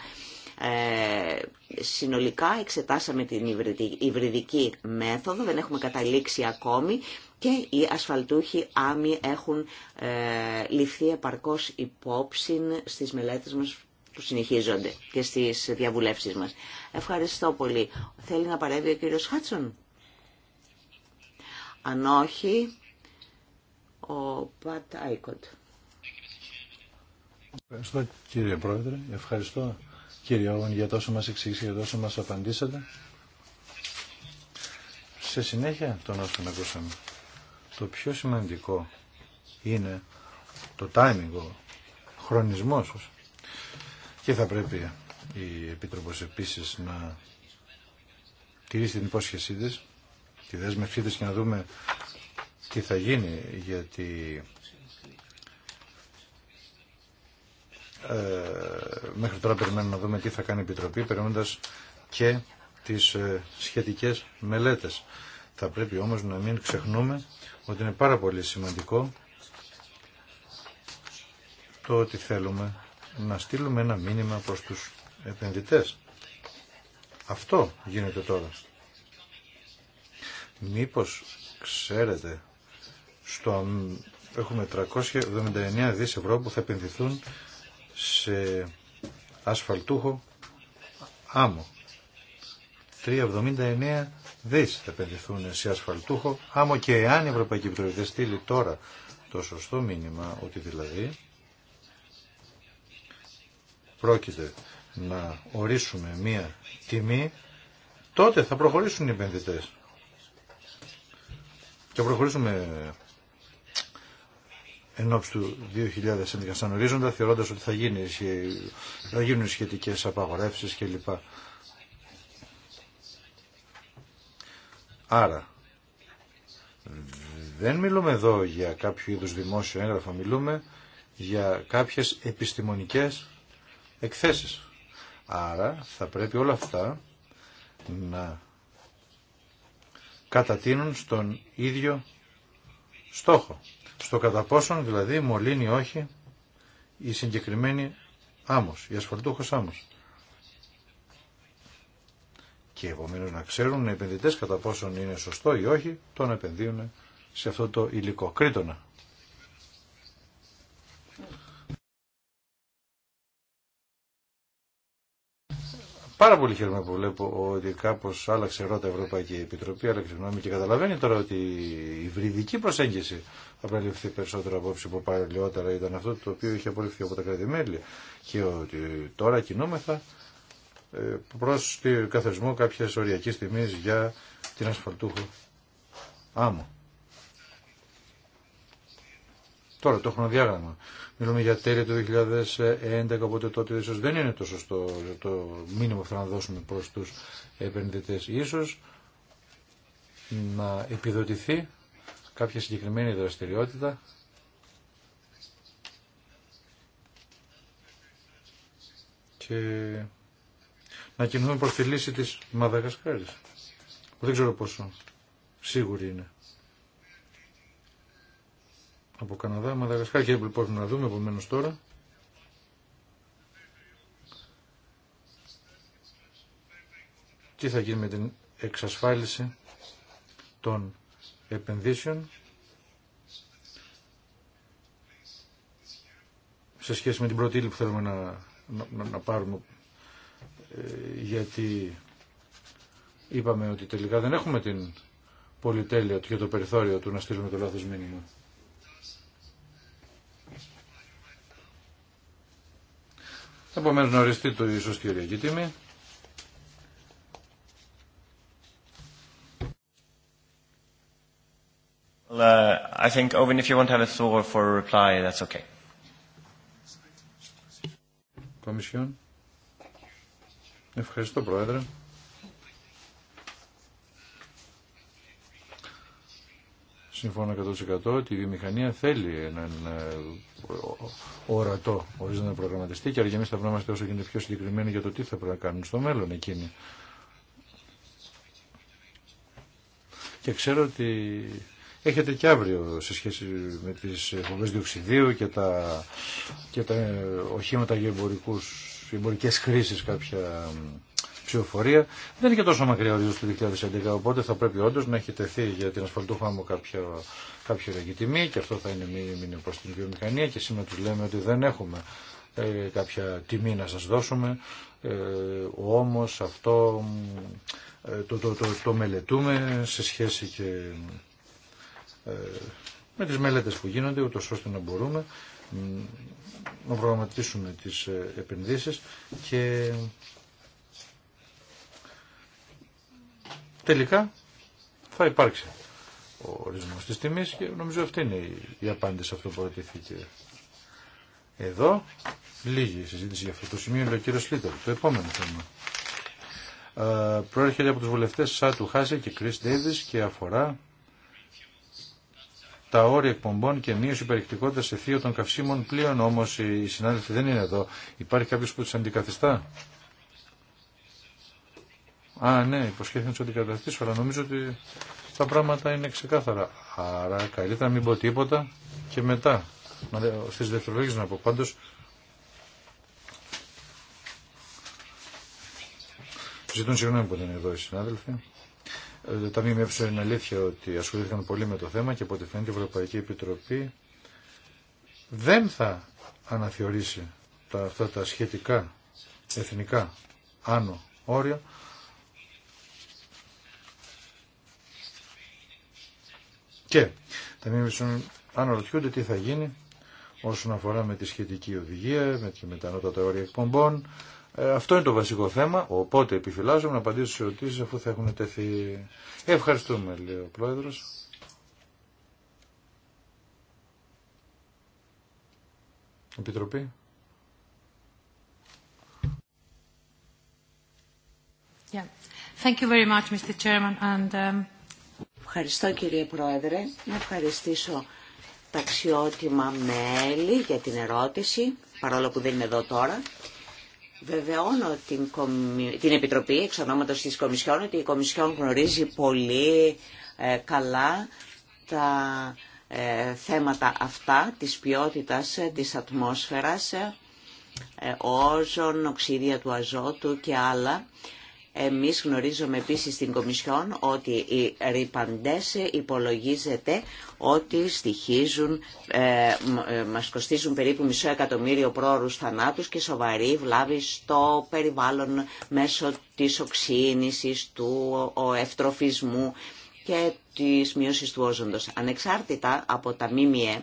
συνολικά εξετάσαμε την υβριδική μέθοδο, δεν έχουμε καταλήξει ακόμη και οι ασφαλτούχοι άμοι έχουν ε, ληφθεί επαρκώς υπόψη στις μελέτες μας που συνεχίζονται και στις διαβουλεύσεις μας. Ευχαριστώ πολύ. Θέλει να παρέμβει ο κύριος Χάτσον. Αν όχι, ο Πατ Άικοντ. Ευχαριστώ κύριε Πρόεδρε, ευχαριστώ κύριε Όγον για τόσο μας εξήγησε, για τόσο μας απαντήσατε. Σε συνέχεια τον όσων ακούσαμε, το πιο σημαντικό είναι το timing, ο χρονισμός και θα πρέπει η Επίτροπος επίσης να τηρήσει την υπόσχεσή της, τη δέσμευσή της και να δούμε τι θα γίνει, γιατί ε, μέχρι τώρα περιμένουμε να δούμε τι θα κάνει η Επιτροπή, περιμένοντας και τις ε, σχετικές μελέτες. Θα πρέπει όμως να μην ξεχνούμε ότι είναι πάρα πολύ σημαντικό το ότι θέλουμε να στείλουμε ένα μήνυμα προς τους επενδυτές. Αυτό γίνεται τώρα. Μήπως ξέρετε, στο, έχουμε 379 δις ευρώ που θα επενδυθούν σε ασφαλτούχο άμμο. 3,79 δις θα επενδυθούν σε ασφαλτούχο άμμο και εάν η Ευρωπαϊκή Επιτροπή στείλει τώρα το σωστό μήνυμα ότι δηλαδή πρόκειται να ορίσουμε μία τιμή, τότε θα προχωρήσουν οι επενδυτές. Και προχωρήσουμε εν ώψη του 2011 σαν ορίζοντα, θεωρώντας ότι θα, γίνει, γίνουν σχετικές απαγορεύσεις κλπ. Άρα, δεν μιλούμε εδώ για κάποιο είδους δημόσιο έγγραφο, μιλούμε για κάποιες επιστημονικές εκθέσεις. Άρα θα πρέπει όλα αυτά να κατατείνουν στον ίδιο στόχο. Στο κατά πόσον δηλαδή μολύνει όχι η συγκεκριμένη άμμος, η ασφαλτούχος άμμος. Και επομένως να ξέρουν οι επενδυτές κατά πόσον είναι σωστό ή όχι το να επενδύουν σε αυτό το υλικό. Κρήτονα. Πάρα πολύ χαίρομαι που βλέπω ότι κάπω άλλαξε ρότα η Ευρωπαϊκή Επιτροπή, άλλαξε γνώμη και καταλαβαίνει τώρα ότι η βρυδική προσέγγιση θα προληφθεί περισσότερο απόψη που παλιότερα ήταν αυτό το οποίο είχε απορριφθεί από τα κράτη-μέλη και ότι τώρα κινούμεθα ε, προ καθεσμό κάποια οριακή τιμή για την ασφαλτούχο άμμο. Τώρα το χρονοδιάγραμμα. Μιλούμε για τέλη του 2011, οπότε τότε ίσως δεν είναι το σωστό το μήνυμα που θα να δώσουμε προς τους επενδυτέ Ίσως να επιδοτηθεί κάποια συγκεκριμένη δραστηριότητα και να κινούμε προς τη λύση της Μαδαγασκάρης. Δεν ξέρω πόσο σίγουρη είναι από Καναδά, Μαδαγασκάρ και λοιπόν που να δούμε επομένω τώρα. Τι θα γίνει με την εξασφάλιση των επενδύσεων σε σχέση με την πρώτη ύλη που θέλουμε να, να, να πάρουμε ε, γιατί είπαμε ότι τελικά δεν έχουμε την πολυτέλεια και το περιθώριο του να στείλουμε το λάθος μήνυμα. Επομένως να οριστεί το ίσως κύριε οριακή τιμή. Well, uh, I think, Owen, if you want to have a floor for a reply, that's okay. Commission. Ευχαριστώ, Πρόεδρε. Συμφωνώ 100% ότι η βιομηχανία θέλει έναν ε, ορατό ορίζοντα να προγραμματιστεί και άρα θα βρούμε όσο γίνεται πιο συγκεκριμένοι για το τι θα πρέπει να κάνουν στο μέλλον εκείνοι. Και ξέρω ότι έχετε και αύριο σε σχέση με τις φοβές διοξιδίου και τα, και τα οχήματα για εμπορικούς, εμπορικές κάποια ψηφοφορία. Δεν είναι και τόσο μακριά ο του 2011, οπότε θα πρέπει όντω να έχει τεθεί για την ασφαλτούχα μου κάποιο, κάποιο τιμή και αυτό θα είναι μήνυμα προ την βιομηχανία και σήμερα του λέμε ότι δεν έχουμε ε, κάποια τιμή να σα δώσουμε, ε, όμως αυτό ε, το, το, το, το, μελετούμε σε σχέση και ε, με τις μελέτες που γίνονται, ούτως ώστε να μπορούμε να προγραμματίσουμε τις ε, επενδύσεις και τελικά θα υπάρξει ο ορισμός της τιμής και νομίζω αυτή είναι η απάντηση σε αυτό που ρωτήθηκε. Εδώ λίγη συζήτηση για αυτό το σημείο είναι ο κύριο Λίτερ. Το επόμενο θέμα. Ε, προέρχεται από τους βουλευτές Σάτου Χάσε και Κρίς Ντέιβις και αφορά τα όρια εκπομπών και μείωση σε θείο των καυσίμων πλοίων. Όμως οι συνάδελφοι δεν είναι εδώ. Υπάρχει κάποιος που τους αντικαθιστά. Α, ναι, υποσχέθηκαν ότι αντικαταστήσω, αλλά νομίζω ότι τα πράγματα είναι ξεκάθαρα. Άρα καλύτερα να μην πω τίποτα και μετά στις δευτερολογίες να πω. πάντω. ζητούν συγγνώμη που δεν είναι εδώ οι συνάδελφοι. Ε, τα ΜΜΕ είναι αλήθεια ότι ασχολήθηκαν πολύ με το θέμα και από ό,τι φαίνεται η Ευρωπαϊκή Επιτροπή δεν θα αναθεωρήσει τα, αυτά τα σχετικά εθνικά άνω όρια Και τα αν αναρωτιούνται τι θα γίνει όσον αφορά με τη σχετική οδηγία, με τη μετανότατα όρια εκπομπών. Ε, αυτό είναι το βασικό θέμα, οπότε επιφυλάζομαι να απαντήσω σε ερωτήσεις αφού θα έχουν τεθεί. Ευχαριστούμε, λέει ο Πρόεδρος. Επιτροπή. Yeah. Thank you very much, Mr. Chairman, and um, Ευχαριστώ κύριε Πρόεδρε. Να ευχαριστήσω τα αξιότιμα μέλη για την ερώτηση, παρόλο που δεν είναι εδώ τώρα. Βεβαιώνω την, Επιτροπή εξ ονόματος της Κομισιόν ότι η Κομισιόν γνωρίζει πολύ ε, καλά τα ε, θέματα αυτά της ποιότητας ε, της ατμόσφαιρας, ε, όζων, οξύδια του αζότου και άλλα εμείς γνωρίζουμε επίσης στην Κομισιόν ότι οι ρηπαντές υπολογίζεται ότι στοιχίζουν, ε, ε, μας κοστίζουν περίπου μισό εκατομμύριο πρόωρους θανάτους και σοβαρή βλάβη στο περιβάλλον μέσω της οξύνησης, του ευτροφισμού και της μείωσης του όζοντος. Ανεξάρτητα από τα ΜΜΕ,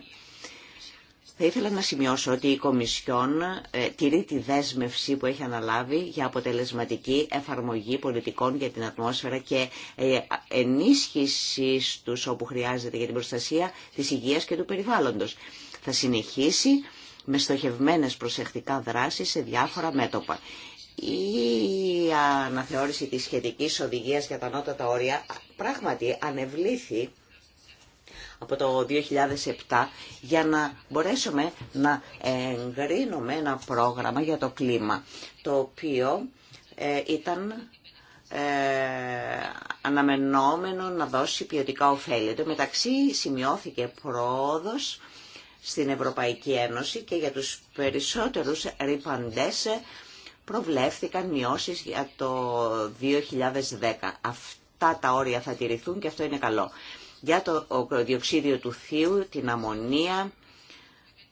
θα ήθελα να σημειώσω ότι η Κομισιόν ε, τηρεί τη δέσμευση που έχει αναλάβει για αποτελεσματική εφαρμογή πολιτικών για την ατμόσφαιρα και ε, ενίσχυση τους όπου χρειάζεται για την προστασία της υγείας και του περιβάλλοντος. Θα συνεχίσει με στοχευμένες προσεκτικά δράσεις σε διάφορα μέτωπα. Η αναθεώρηση της σχετικής οδηγίας για τα νότατα όρια πράγματι ανεβλήθη από το 2007 για να μπορέσουμε να εγκρίνουμε ένα πρόγραμμα για το κλίμα το οποίο ε, ήταν ε, αναμενόμενο να δώσει ποιοτικά ωφέλη. Το μεταξύ σημειώθηκε πρόοδος στην Ευρωπαϊκή Ένωση και για τους περισσότερους ρηπαντές προβλέφθηκαν μειώσεις για το 2010. Αυτά τα όρια θα τηρηθούν και αυτό είναι καλό για το διοξίδιο του θείου, την αμμονία.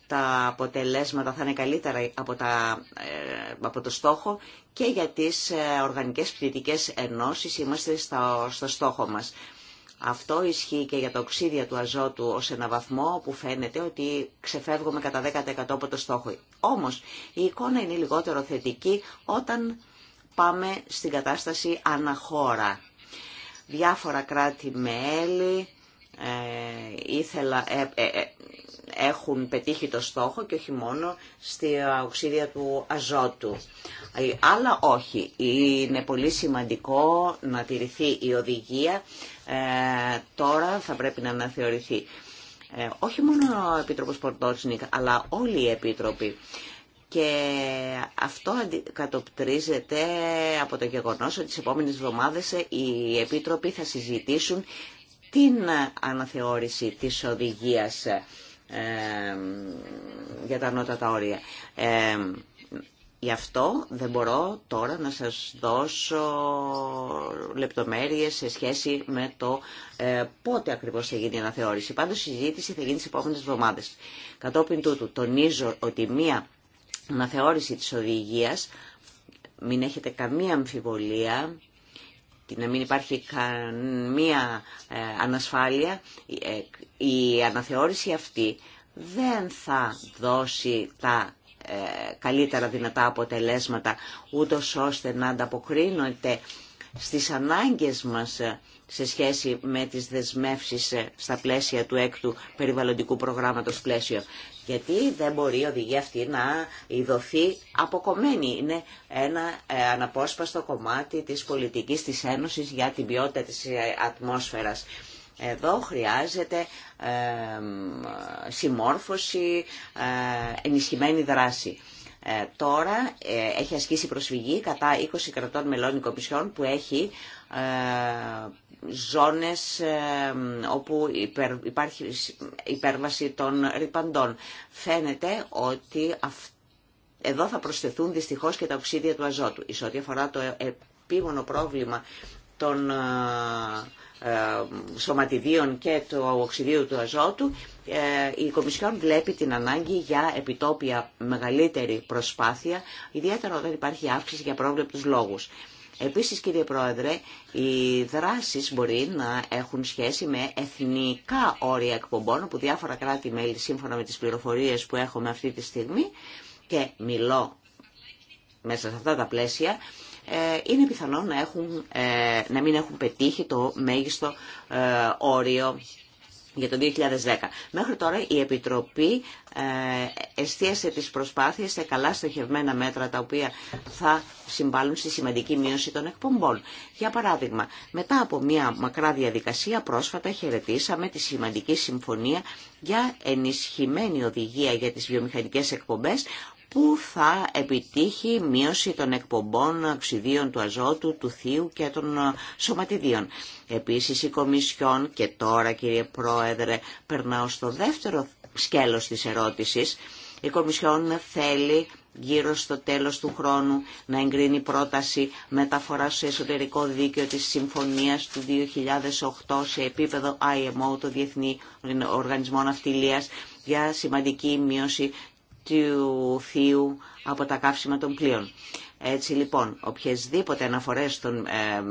Τα αποτελέσματα θα είναι καλύτερα από, ε, από το στόχο και για τις ε, οργανικές πληθυντικές ενώσεις είμαστε στο, στόχο μας. Αυτό ισχύει και για τα οξύδια του αζότου ως ένα βαθμό που φαίνεται ότι ξεφεύγουμε κατά 10% από το στόχο. Όμως η εικόνα είναι λιγότερο θετική όταν πάμε στην κατάσταση αναχώρα. Διάφορα κράτη-μέλη ε, ήθελα, ε, ε, έχουν πετύχει το στόχο και όχι μόνο στη οξύδια του αζότου. Αλλά όχι, είναι πολύ σημαντικό να τηρηθεί η οδηγία, τώρα θα πρέπει να αναθεωρηθεί. όχι μόνο ο Επίτροπος Πορτότσνικ, αλλά όλοι οι Επίτροποι. Και αυτό κατοπτρίζεται από το γεγονός ότι τις επόμενες εβδομάδες οι Επίτροποι θα συζητήσουν την αναθεώρηση της οδηγίας ε, για τα ανώτατα όρια. Ε, γι' αυτό δεν μπορώ τώρα να σας δώσω λεπτομέρειες σε σχέση με το ε, πότε ακριβώς θα γίνει η αναθεώρηση. Πάντως η συζήτηση θα γίνει τις επόμενες εβδομάδες. Κατόπιν τούτου τονίζω ότι μία αναθεώρηση της οδηγίας, μην έχετε καμία αμφιβολία, να μην υπάρχει καμία ε, ανασφάλεια, ε, η αναθεώρηση αυτή δεν θα δώσει τα ε, καλύτερα δυνατά αποτελέσματα, ούτω ώστε να ανταποκρίνονται στις ανάγκες μας σε σχέση με τις δεσμεύσεις στα πλαίσια του έκτου περιβαλλοντικού προγράμματος πλαίσιο γιατί δεν μπορεί η οδηγία αυτή να ειδωθεί αποκομμένη. Είναι ένα ε, αναπόσπαστο κομμάτι της πολιτικής της Ένωσης για την ποιότητα της ε, ατμόσφαιρας. Εδώ χρειάζεται ε, συμμόρφωση, ενισχυμένη δράση. τώρα έχει ασκήσει προσφυγή κατά 20 κρατών μελών οικοπισιών που έχει ζώνες ε, όπου υπάρχει υπέρβαση των ρηπαντών. Φαίνεται ότι εδώ θα προσθεθούν δυστυχώς και τα οξύδια του αζότου. η ό,τι αφορά το επίμονο πρόβλημα των ε, ε, σωματιδίων και του οξυδίου του αζότου, ε, η Κομισιόν βλέπει την ανάγκη για επιτόπια μεγαλύτερη προσπάθεια, ιδιαίτερα όταν υπάρχει αύξηση για πρόβλεπτους λόγους. Επίσης, κύριε Πρόεδρε, οι δράσεις μπορεί να έχουν σχέση με εθνικά όρια εκπομπών, που διάφορα κράτη-μέλη, σύμφωνα με τις πληροφορίες που έχουμε αυτή τη στιγμή, και μιλώ μέσα σε αυτά τα πλαίσια, ε, είναι πιθανό να, έχουν, ε, να μην έχουν πετύχει το μέγιστο ε, όριο για το 2010. Μέχρι τώρα η Επιτροπή εστίασε τις προσπάθειες σε καλά στοχευμένα μέτρα τα οποία θα συμβάλλουν στη σημαντική μείωση των εκπομπών. Για παράδειγμα, μετά από μια μακρά διαδικασία πρόσφατα χαιρετήσαμε τη σημαντική συμφωνία για ενισχυμένη οδηγία για τις βιομηχανικές εκπομπές που θα επιτύχει μείωση των εκπομπών οξυδίων του αζότου, του θείου και των ε, σωματιδίων. Επίσης η Κομισιόν και τώρα κύριε Πρόεδρε περνάω στο δεύτερο σκέλος της ερώτησης. Η Κομισιόν θέλει γύρω στο τέλος του χρόνου να εγκρίνει πρόταση μεταφοράς στο εσωτερικό δίκαιο της Συμφωνίας του 2008 σε επίπεδο IMO, το Διεθνή Οργανισμό Ναυτιλίας, για σημαντική μείωση του θείου από τα καύσιμα των πλοίων. Έτσι λοιπόν, οποιασδήποτε αναφορές των ε,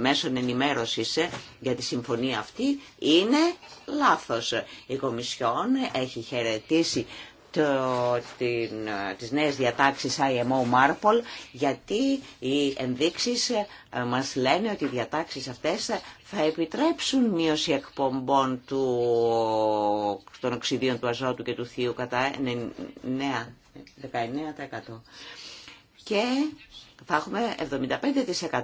μέσων ενημέρωσης ε, για τη συμφωνία αυτή είναι λάθος. Η Κομισιόν έχει χαιρετήσει το, την, τις νέες διατάξεις IMO Marple γιατί οι ενδείξεις ε, μας λένε ότι οι διατάξεις αυτές θα επιτρέψουν μείωση εκπομπών του, των οξυδίων του αζότου και του θείου κατά 9, 19%. Και θα έχουμε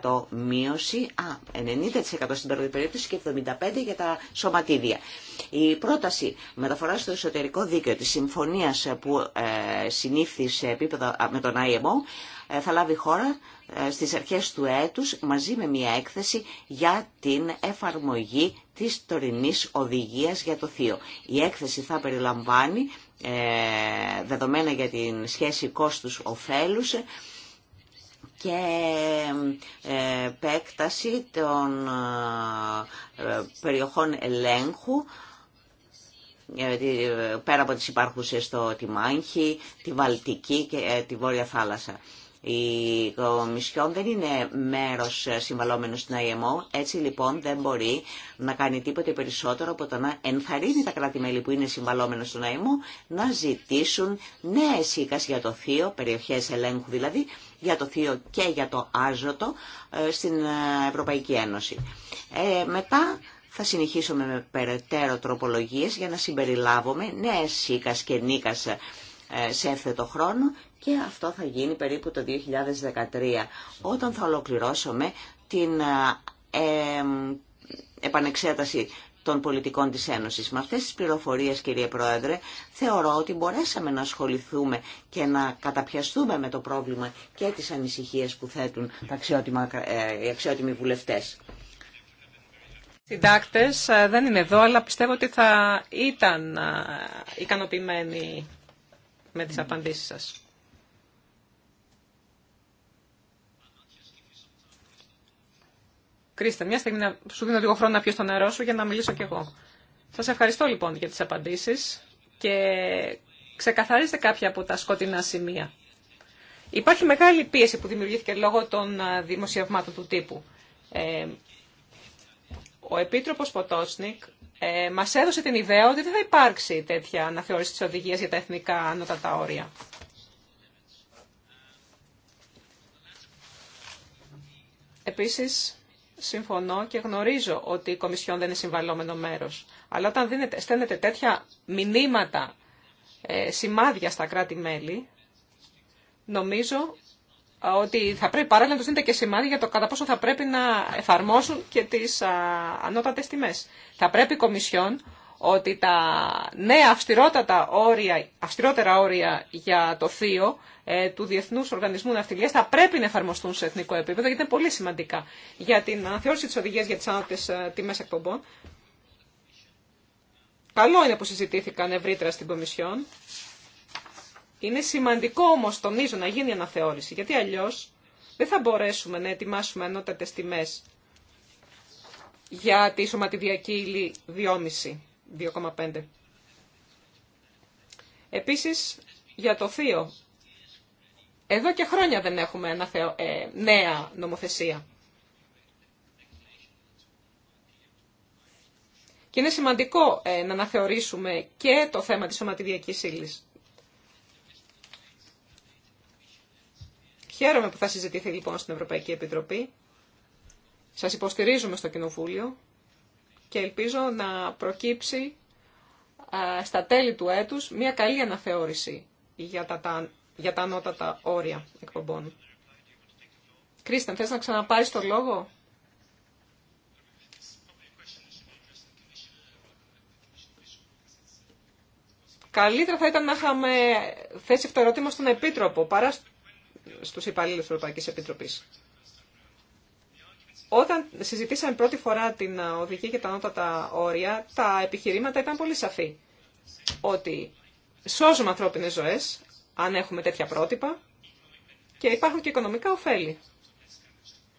75% μείωση, α, 90% στην πρώτη περίπτωση και 75% για τα σωματίδια. Η πρόταση μεταφοράς στο εσωτερικό δίκαιο της συμφωνίας που ε, σε επίπεδο με τον IMO ε, θα λάβει χώρα ε, στις αρχές του έτους μαζί με μια έκθεση για την εφαρμογή της τωρινής οδηγίας για το θείο. Η έκθεση θα περιλαμβάνει ε, δεδομένα για την σχέση κόστους-οφέλους, και ε, επέκταση των ε, περιοχών ελέγχου ε, πέρα από τις υπάρχουσες στο Τιμάνχη, τη Βαλτική και τη Βόρεια Θάλασσα. Η Κομισιόν δεν είναι μέρος συμβαλόμενο στην ΑΕΜΟ, έτσι λοιπόν δεν μπορεί να κάνει τίποτε περισσότερο από το να ενθαρρύνει τα κράτη-μέλη που είναι συμβαλόμενο στον ΑΕΜΟ να ζητήσουν νέες οίκας για το θείο, περιοχές ελέγχου δηλαδή, για το θείο και για το άζωτο ε, στην ε, Ευρωπαϊκή Ένωση. Ε, μετά θα συνεχίσουμε με περαιτέρω τροπολογίες για να συμπεριλάβουμε νέες οίκα και νίκα. Ε, σε το χρόνο και αυτό θα γίνει περίπου το 2013 όταν θα ολοκληρώσουμε την ε, επανεξέταση των πολιτικών της Ένωσης. Με αυτές τις πληροφορίες, κύριε Πρόεδρε, θεωρώ ότι μπορέσαμε να ασχοληθούμε και να καταπιαστούμε με το πρόβλημα και τις ανησυχίες που θέτουν τα ε, οι αξιότιμοι βουλευτές. Συντάκτες, δεν είναι εδώ, αλλά πιστεύω ότι θα ήταν ικανοποιημένοι με τις απαντήσεις σας. Κρίστε, μια στιγμή να σου δίνω λίγο χρόνο να πιω στο νερό σου για να μιλήσω κι εγώ. Σας ευχαριστώ λοιπόν για τις απαντήσεις και ξεκαθαρίστε κάποια από τα σκοτεινά σημεία. Υπάρχει μεγάλη πίεση που δημιουργήθηκε λόγω των ε, δημοσιευμάτων του τύπου. Ε, ο Επίτροπος Ποτόσνικ ε, μας έδωσε την ιδέα ότι δεν θα υπάρξει τέτοια αναθεώρηση τη οδηγία για τα εθνικά ανώτατα όρια. Επίσης, συμφωνώ και γνωρίζω ότι η Κομισιόν δεν είναι συμβαλόμενο μέρος. Αλλά όταν δίνετε, στέλνετε τέτοια μηνύματα, ε, σημάδια στα κράτη-μέλη, νομίζω ότι θα πρέπει παράλληλα να του δίνετε και σημάδι για το κατά πόσο θα πρέπει να εφαρμόσουν και τι ανώτατε τιμέ. Θα πρέπει η Κομισιόν ότι τα νέα αυστηρότατα όρια, αυστηρότερα όρια για το θείο ε, του Διεθνούς Οργανισμού Ναυτιλίας θα πρέπει να εφαρμοστούν σε εθνικό επίπεδο γιατί είναι πολύ σημαντικά για την αναθεώρηση της οδηγίας για τις άνωτες ε, τιμές εκπομπών. Καλό είναι που συζητήθηκαν ευρύτερα στην Κομισιόν είναι σημαντικό όμως, τονίζω, να γίνει αναθεώρηση, γιατί αλλιώς δεν θα μπορέσουμε να ετοιμάσουμε ανώτατε τιμέ για τη σωματιδιακή ύλη 2,5. Επίσης, για το θείο. Εδώ και χρόνια δεν έχουμε ε, νέα νομοθεσία. Και είναι σημαντικό ε, να αναθεωρήσουμε και το θέμα της σωματιδιακής ύλης. Χαίρομαι που θα συζητηθεί λοιπόν στην Ευρωπαϊκή Επιτροπή. Σας υποστηρίζουμε στο Κοινοβούλιο και ελπίζω να προκύψει στα τέλη του έτους μια καλή αναθεώρηση για τα, για τα ανώτατα όρια εκπομπών. Κρίστεν, θες να ξαναπάρεις το λόγο? Καλύτερα θα ήταν να είχαμε θέσει αυτό το ερώτημα στον Επίτροπο παρά Στου υπαλλήλου της Ευρωπαϊκής Επιτροπής. Όταν συζητήσαμε πρώτη φορά την ε, οδηγία για τα ανώτατα όρια, τα επιχειρήματα ήταν πολύ σαφή. Ότι σώζουμε ανθρώπινε ζωές, αν έχουμε τέτοια πρότυπα, και υπάρχουν και οικονομικά ωφέλη.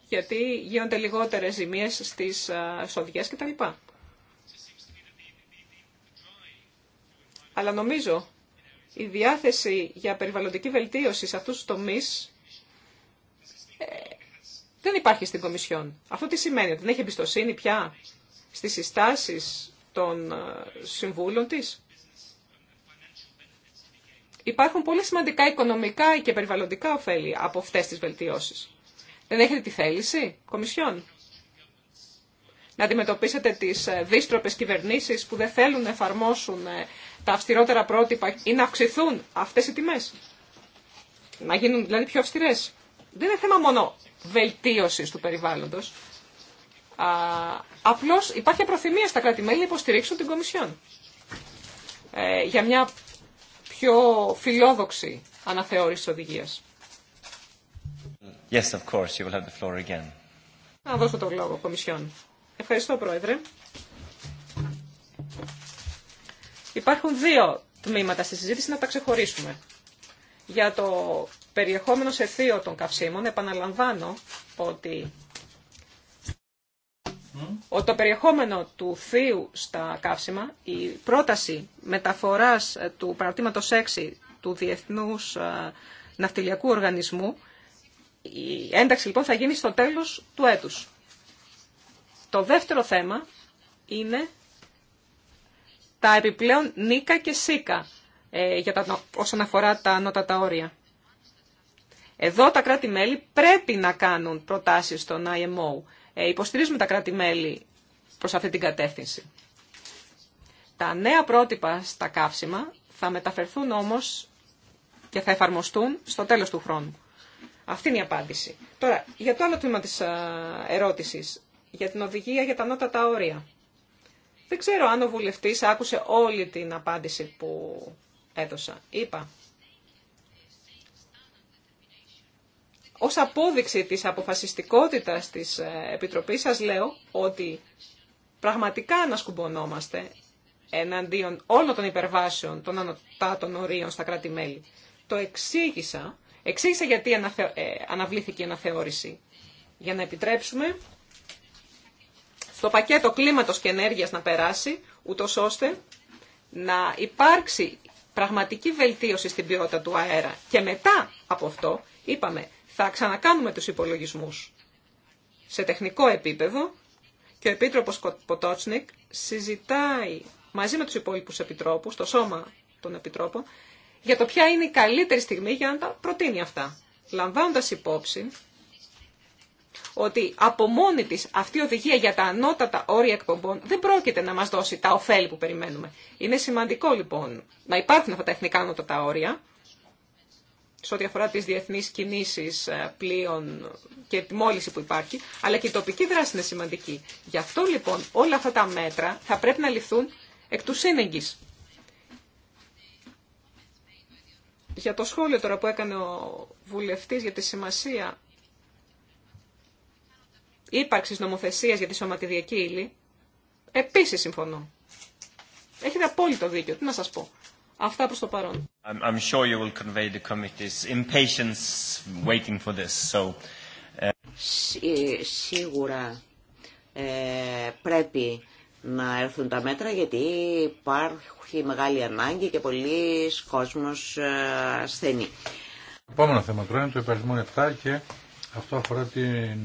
Γιατί γίνονται λιγότερε ζημίες στις ε, σοδιές κτλ. Αλλά νομίζω η διάθεση για περιβαλλοντική βελτίωση σε αυτούς τους τομείς ε, δεν υπάρχει στην Κομισιόν. Αυτό τι σημαίνει, ότι δεν έχει εμπιστοσύνη πια στις συστάσεις των ε, συμβούλων της. Υπάρχουν πολύ σημαντικά οικονομικά και περιβαλλοντικά ωφέλη από αυτές τις βελτιώσεις. Δεν έχετε τη θέληση, Κομισιόν, να αντιμετωπίσετε τις ε, δίστροπες κυβερνήσεις που δεν θέλουν να εφαρμόσουν τα αυστηρότερα πρότυπα ή να αυξηθούν αυτές οι τιμές. Να γίνουν δηλαδή πιο αυστηρές. Δεν είναι θέμα μόνο βελτίωσης του περιβάλλοντος. Απλώ υπάρχει προθυμία στα κράτη-μέλη να υποστηρίξουν την Κομισιόν. Ε, για μια πιο φιλόδοξη αναθεώρηση οδηγίας. Yes, of course, you will have the floor again. Να δώσω το λόγο, Κομισιόν. Ευχαριστώ, Πρόεδρε. Υπάρχουν δύο τμήματα στη συζήτηση να τα ξεχωρίσουμε. Για το περιεχόμενο σε θείο των καυσίμων, επαναλαμβάνω ότι ο το περιεχόμενο του θείου στα καύσιμα, η πρόταση μεταφοράς ε, του παρατήματος 6 του Διεθνούς ε, Ναυτιλιακού Οργανισμού, η ένταξη λοιπόν θα γίνει στο τέλος του έτους. Το δεύτερο θέμα είναι τα επιπλέον νίκα και σίκα ε, για τα, όσον αφορά τα ανώτατα όρια. Εδώ τα κράτη-μέλη πρέπει να κάνουν προτάσεις στον IMO. Ε, υποστηρίζουμε τα κράτη-μέλη προς αυτή την κατεύθυνση. Τα νέα πρότυπα στα καύσιμα θα μεταφερθούν όμως και θα εφαρμοστούν στο τέλος του χρόνου. Αυτή είναι η απάντηση. Τώρα, για το άλλο τμήμα της ε, ερώτησης, για την οδηγία για τα ανώτατα όρια. Δεν ξέρω αν ο βουλευτής άκουσε όλη την απάντηση που έδωσα. Είπα. Ως απόδειξη της αποφασιστικότητας της ε, Επιτροπής σας λέω ότι πραγματικά ανασκουμπωνόμαστε εναντίον όλων των υπερβάσεων των ανωτάτων ορίων στα κρατη Το εξήγησα. Εξήγησα γιατί ε, αναβλήθηκε η αναθεώρηση. Για να επιτρέψουμε στο πακέτο κλίματος και ενέργειας να περάσει, ούτως ώστε να υπάρξει πραγματική βελτίωση στην ποιότητα του αέρα. Και μετά από αυτό, είπαμε, θα ξανακάνουμε τους υπολογισμούς σε τεχνικό επίπεδο και ο Επίτροπος Ποτότσνικ συζητάει μαζί με τους υπόλοιπους επιτρόπους, το σώμα των επιτρόπων, για το ποια είναι η καλύτερη στιγμή για να τα προτείνει αυτά. Λαμβάνοντας υπόψη ότι από μόνη της αυτή η οδηγία για τα ανώτατα όρια εκπομπών δεν πρόκειται να μας δώσει τα ωφέλη που περιμένουμε. Είναι σημαντικό λοιπόν να υπάρχουν αυτά τα εθνικά ανώτατα όρια σε ό,τι αφορά τις διεθνείς κινήσεις ε, πλοίων και τη μόλιση που υπάρχει, αλλά και η τοπική δράση είναι σημαντική. Γι' αυτό λοιπόν όλα αυτά τα μέτρα θα πρέπει να ληφθούν εκ του σύνεγγης. Για το σχόλιο τώρα που έκανε ο βουλευτής για τη σημασία ύπαρξης νομοθεσίας για τη σωματιδιακή ύλη, επίσης συμφωνώ. Έχετε απόλυτο δίκιο, τι να σας πω. Αυτά προς το παρόν. I'm, σίγουρα ε, πρέπει να έρθουν τα μέτρα γιατί υπάρχει μεγάλη ανάγκη και πολλοί κόσμος Το ε, Επόμενο θέμα τώρα είναι το υπαρισμό 7 και αυτό αφορά την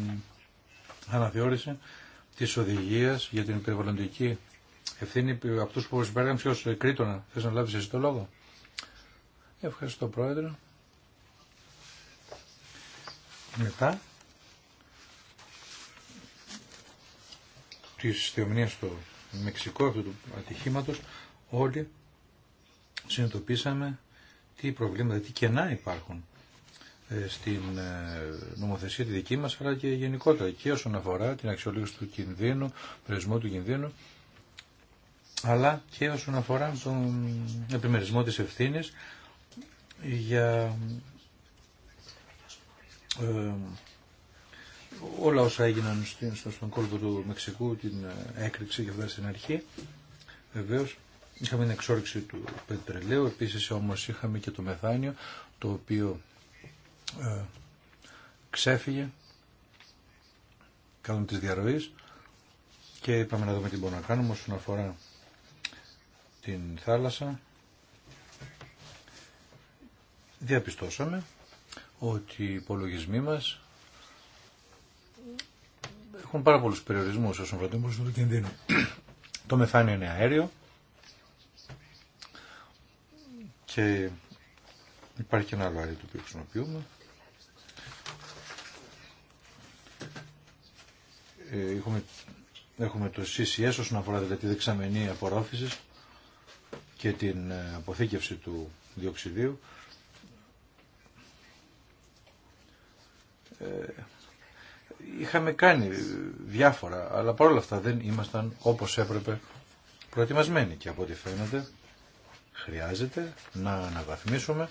αναθεώρηση τη οδηγία για την περιβαλλοντική ευθύνη από τους που συμπέραγαν ποιο ε, Κρήτονα. Θε να λάβει εσύ το λόγο. Ευχαριστώ Πρόεδρε. Μετά τη θεομηνία στο Μεξικό αυτού του ατυχήματο, όλοι συνειδητοποίησαμε τι προβλήματα, τι κενά υπάρχουν ε, στην ε, νομοθεσία τη δική μας αλλά και γενικότερα και όσον αφορά την αξιολόγηση του κινδύνου, πρεσμό του κινδύνου αλλά και όσον αφορά τον επιμερισμό της ευθύνης για ε, όλα όσα έγιναν στον κόλπο του Μεξικού, την έκρηξη και αυτά στην αρχή. Βεβαίω είχαμε την εξόρυξη του πετρελαίου, επίσης όμως είχαμε και το μεθάνιο, το οποίο ε, ξέφυγε κάνουμε τις διαρροής και είπαμε να δούμε τι μπορούμε να κάνουμε όσον αφορά την θάλασσα. Διαπιστώσαμε ότι οι υπολογισμοί μας έχουν πάρα πολλούς περιορισμούς όσον αφορά την του Το μεθάνιο είναι αέριο και υπάρχει και ένα άλλο αέριο το οποίο χρησιμοποιούμε. Ε, έχουμε, έχουμε το CCS όσον αφορά δηλαδή τη δεξαμενή απορρόφηση και την ε, αποθήκευση του διοξιδίου. Ε, είχαμε κάνει διάφορα, αλλά παρόλα αυτά δεν ήμασταν όπως έπρεπε προετοιμασμένοι και από ό,τι φαίνεται χρειάζεται να αναβαθμίσουμε,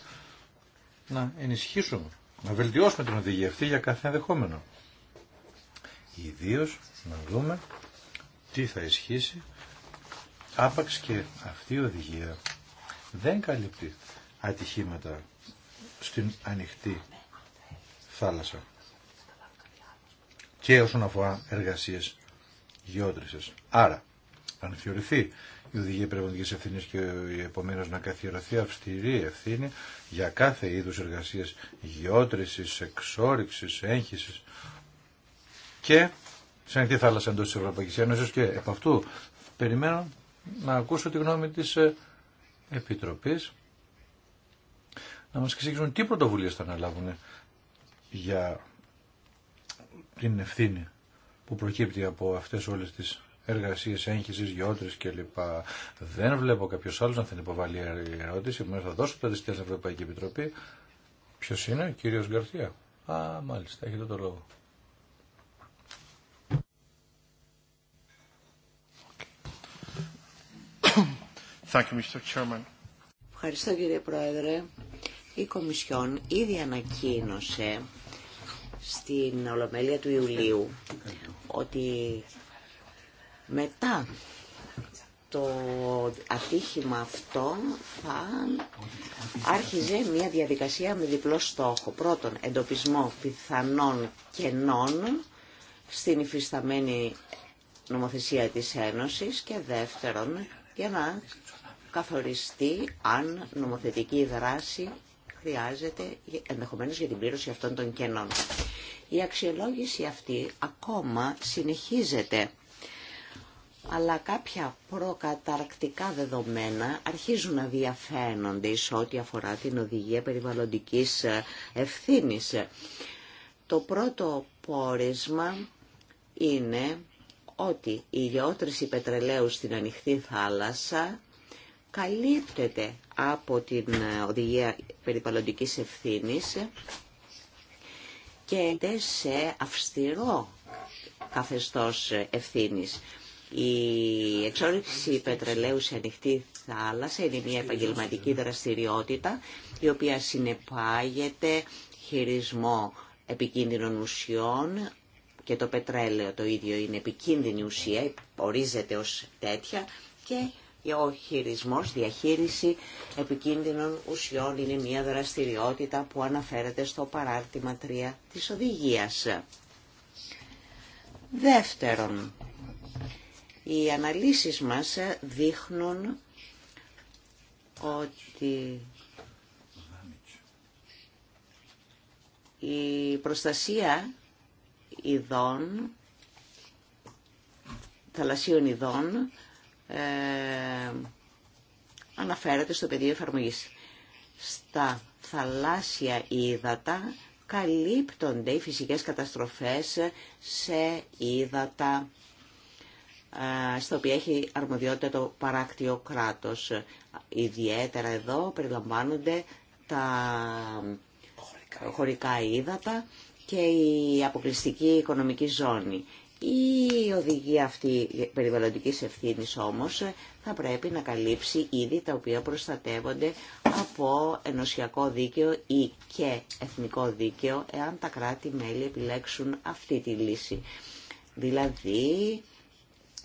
να ενισχύσουμε, να βελτιώσουμε την οδηγία αυτή για κάθε ενδεχόμενο. Ιδίω να δούμε τι θα ισχύσει άπαξ και αυτή η οδηγία δεν καλύπτει ατυχήματα στην ανοιχτή θάλασσα και όσον αφορά εργασίες γεώτρησης. Άρα, αν θεωρηθεί η οδηγία πνευματική ευθύνη και επομένω να καθιερωθεί αυστηρή ευθύνη για κάθε είδου εργασίες γεώτρηση, εξόριξη, έγχυση, και σε ανοιχτή θάλασσα εντό τη Ευρωπαϊκή Ένωση και επ' αυτού περιμένω να ακούσω τη γνώμη τη ε, Επιτροπή να μα εξηγήσουν τι πρωτοβουλίε θα αναλάβουν για την ευθύνη που προκύπτει από αυτέ όλε τι εργασίε, έγχυση, γεώτρε κλπ. Δεν βλέπω κάποιο άλλο να θέλει υποβάλει ερώτηση, επομένως θα δώσω τα δυστυχία στην Ευρωπαϊκή Επιτροπή. Ποιο είναι, ο κύριος Γκαρθία. Α, μάλιστα, έχετε το λόγο. Ευχαριστώ κύριε Πρόεδρε. Η Κομισιόν ήδη ανακοίνωσε στην Ολομέλεια του Ιουλίου ότι μετά το ατύχημα αυτό θα άρχιζε μια διαδικασία με διπλό στόχο. Πρώτον, εντοπισμό πιθανών κενών στην υφισταμένη νομοθεσία της Ένωσης και δεύτερον, για να καθοριστεί αν νομοθετική δράση χρειάζεται ενδεχομένως για την πλήρωση αυτών των κενών. Η αξιολόγηση αυτή ακόμα συνεχίζεται, αλλά κάποια προκαταρκτικά δεδομένα αρχίζουν να διαφαίνονται σε ό,τι αφορά την οδηγία περιβαλλοντικής ε, ευθύνης. Το πρώτο πόρισμα είναι ότι η γεώτρηση πετρελαίου στην ανοιχτή θάλασσα καλύπτεται από την οδηγία περιβαλλοντικής ευθύνης και σε αυστηρό καθεστώς ευθύνης. Η εξόρυξη πετρελαίου σε ανοιχτή θάλασσα είναι μια επαγγελματική δραστηριότητα η οποία συνεπάγεται χειρισμό επικίνδυνων ουσιών και το πετρέλαιο το ίδιο είναι επικίνδυνη ουσία, ορίζεται ως τέτοια και ο χειρισμός, διαχείριση επικίνδυνων ουσιών είναι μια δραστηριότητα που αναφέρεται στο παράρτημα 3 της οδηγίας. Δεύτερον, οι αναλύσεις μας δείχνουν ότι η προστασία ειδών, θαλασσίων ειδών, ε, αναφέρεται στο πεδίο εφαρμογής. Στα θαλάσσια ύδατα καλύπτονται οι φυσικές καταστροφές σε ύδατα ε, στο οποίο έχει αρμοδιότητα το παράκτιο κράτος. Ιδιαίτερα εδώ περιλαμβάνονται τα χωρικά ύδατα και η αποκλειστική οικονομική ζώνη. Η οδηγία αυτή περιβαλλοντικής ευθύνης όμως θα πρέπει να καλύψει είδη τα οποία προστατεύονται από ενωσιακό δίκαιο ή και εθνικό δίκαιο εάν τα κράτη-μέλη επιλέξουν αυτή τη λύση. Δηλαδή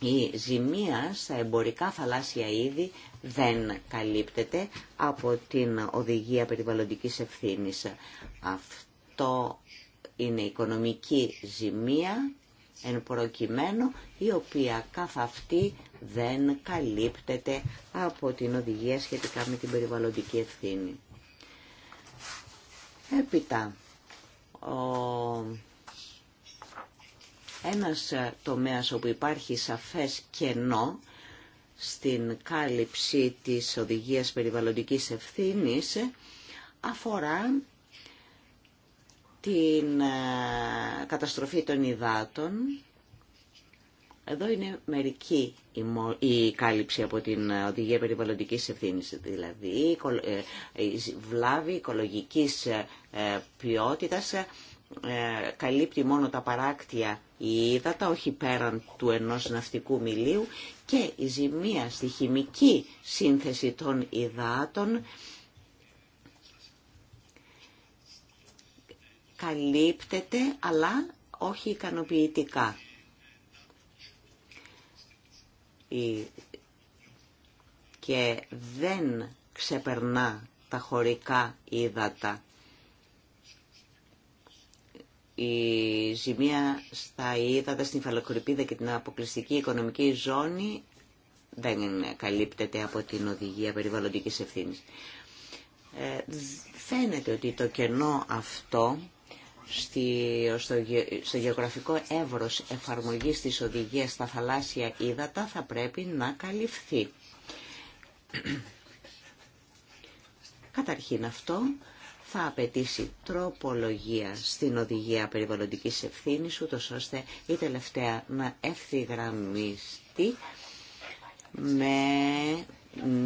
η ζημία στα εμπορικά θαλάσσια είδη δεν καλύπτεται από την οδηγία περιβαλλοντικής ευθύνης. Αυτό είναι οικονομική ζημία εν προκειμένου η οποία καθ' αυτή δεν καλύπτεται από την οδηγία σχετικά με την περιβαλλοντική ευθύνη. Έπειτα, ο... ένας τομέας όπου υπάρχει σαφές κενό στην κάλυψη της οδηγίας περιβαλλοντικής ευθύνης αφορά την ε, καταστροφή των υδάτων. Εδώ είναι μερική η κάλυψη από την ε, Οδηγία Περιβαλλοντικής Ευθύνης, δηλαδή ε, η βλάβη οικολογικής ποιότητας καλύπτει μόνο τα παράκτια ύδατα, όχι πέραν του ενός ναυτικού μιλίου και η ζημία στη χημική σύνθεση των υδάτων καλύπτεται αλλά όχι ικανοποιητικά. Και δεν ξεπερνά τα χωρικά ύδατα. Η ζημία στα ύδατα, στην φαλοκρηπίδα και την αποκλειστική οικονομική ζώνη δεν καλύπτεται από την οδηγία περιβαλλοντικής ευθύνης. Ε, φαίνεται ότι το κενό αυτό στο γεωγραφικό εύρος εφαρμογής της οδηγίας στα θαλάσσια ύδατα θα πρέπει να καλυφθεί. Καταρχήν αυτό θα απαιτήσει τροπολογία στην οδηγία περιβαλλοντικής ευθύνης, ούτως ώστε η τελευταία να ευθυγραμμιστεί με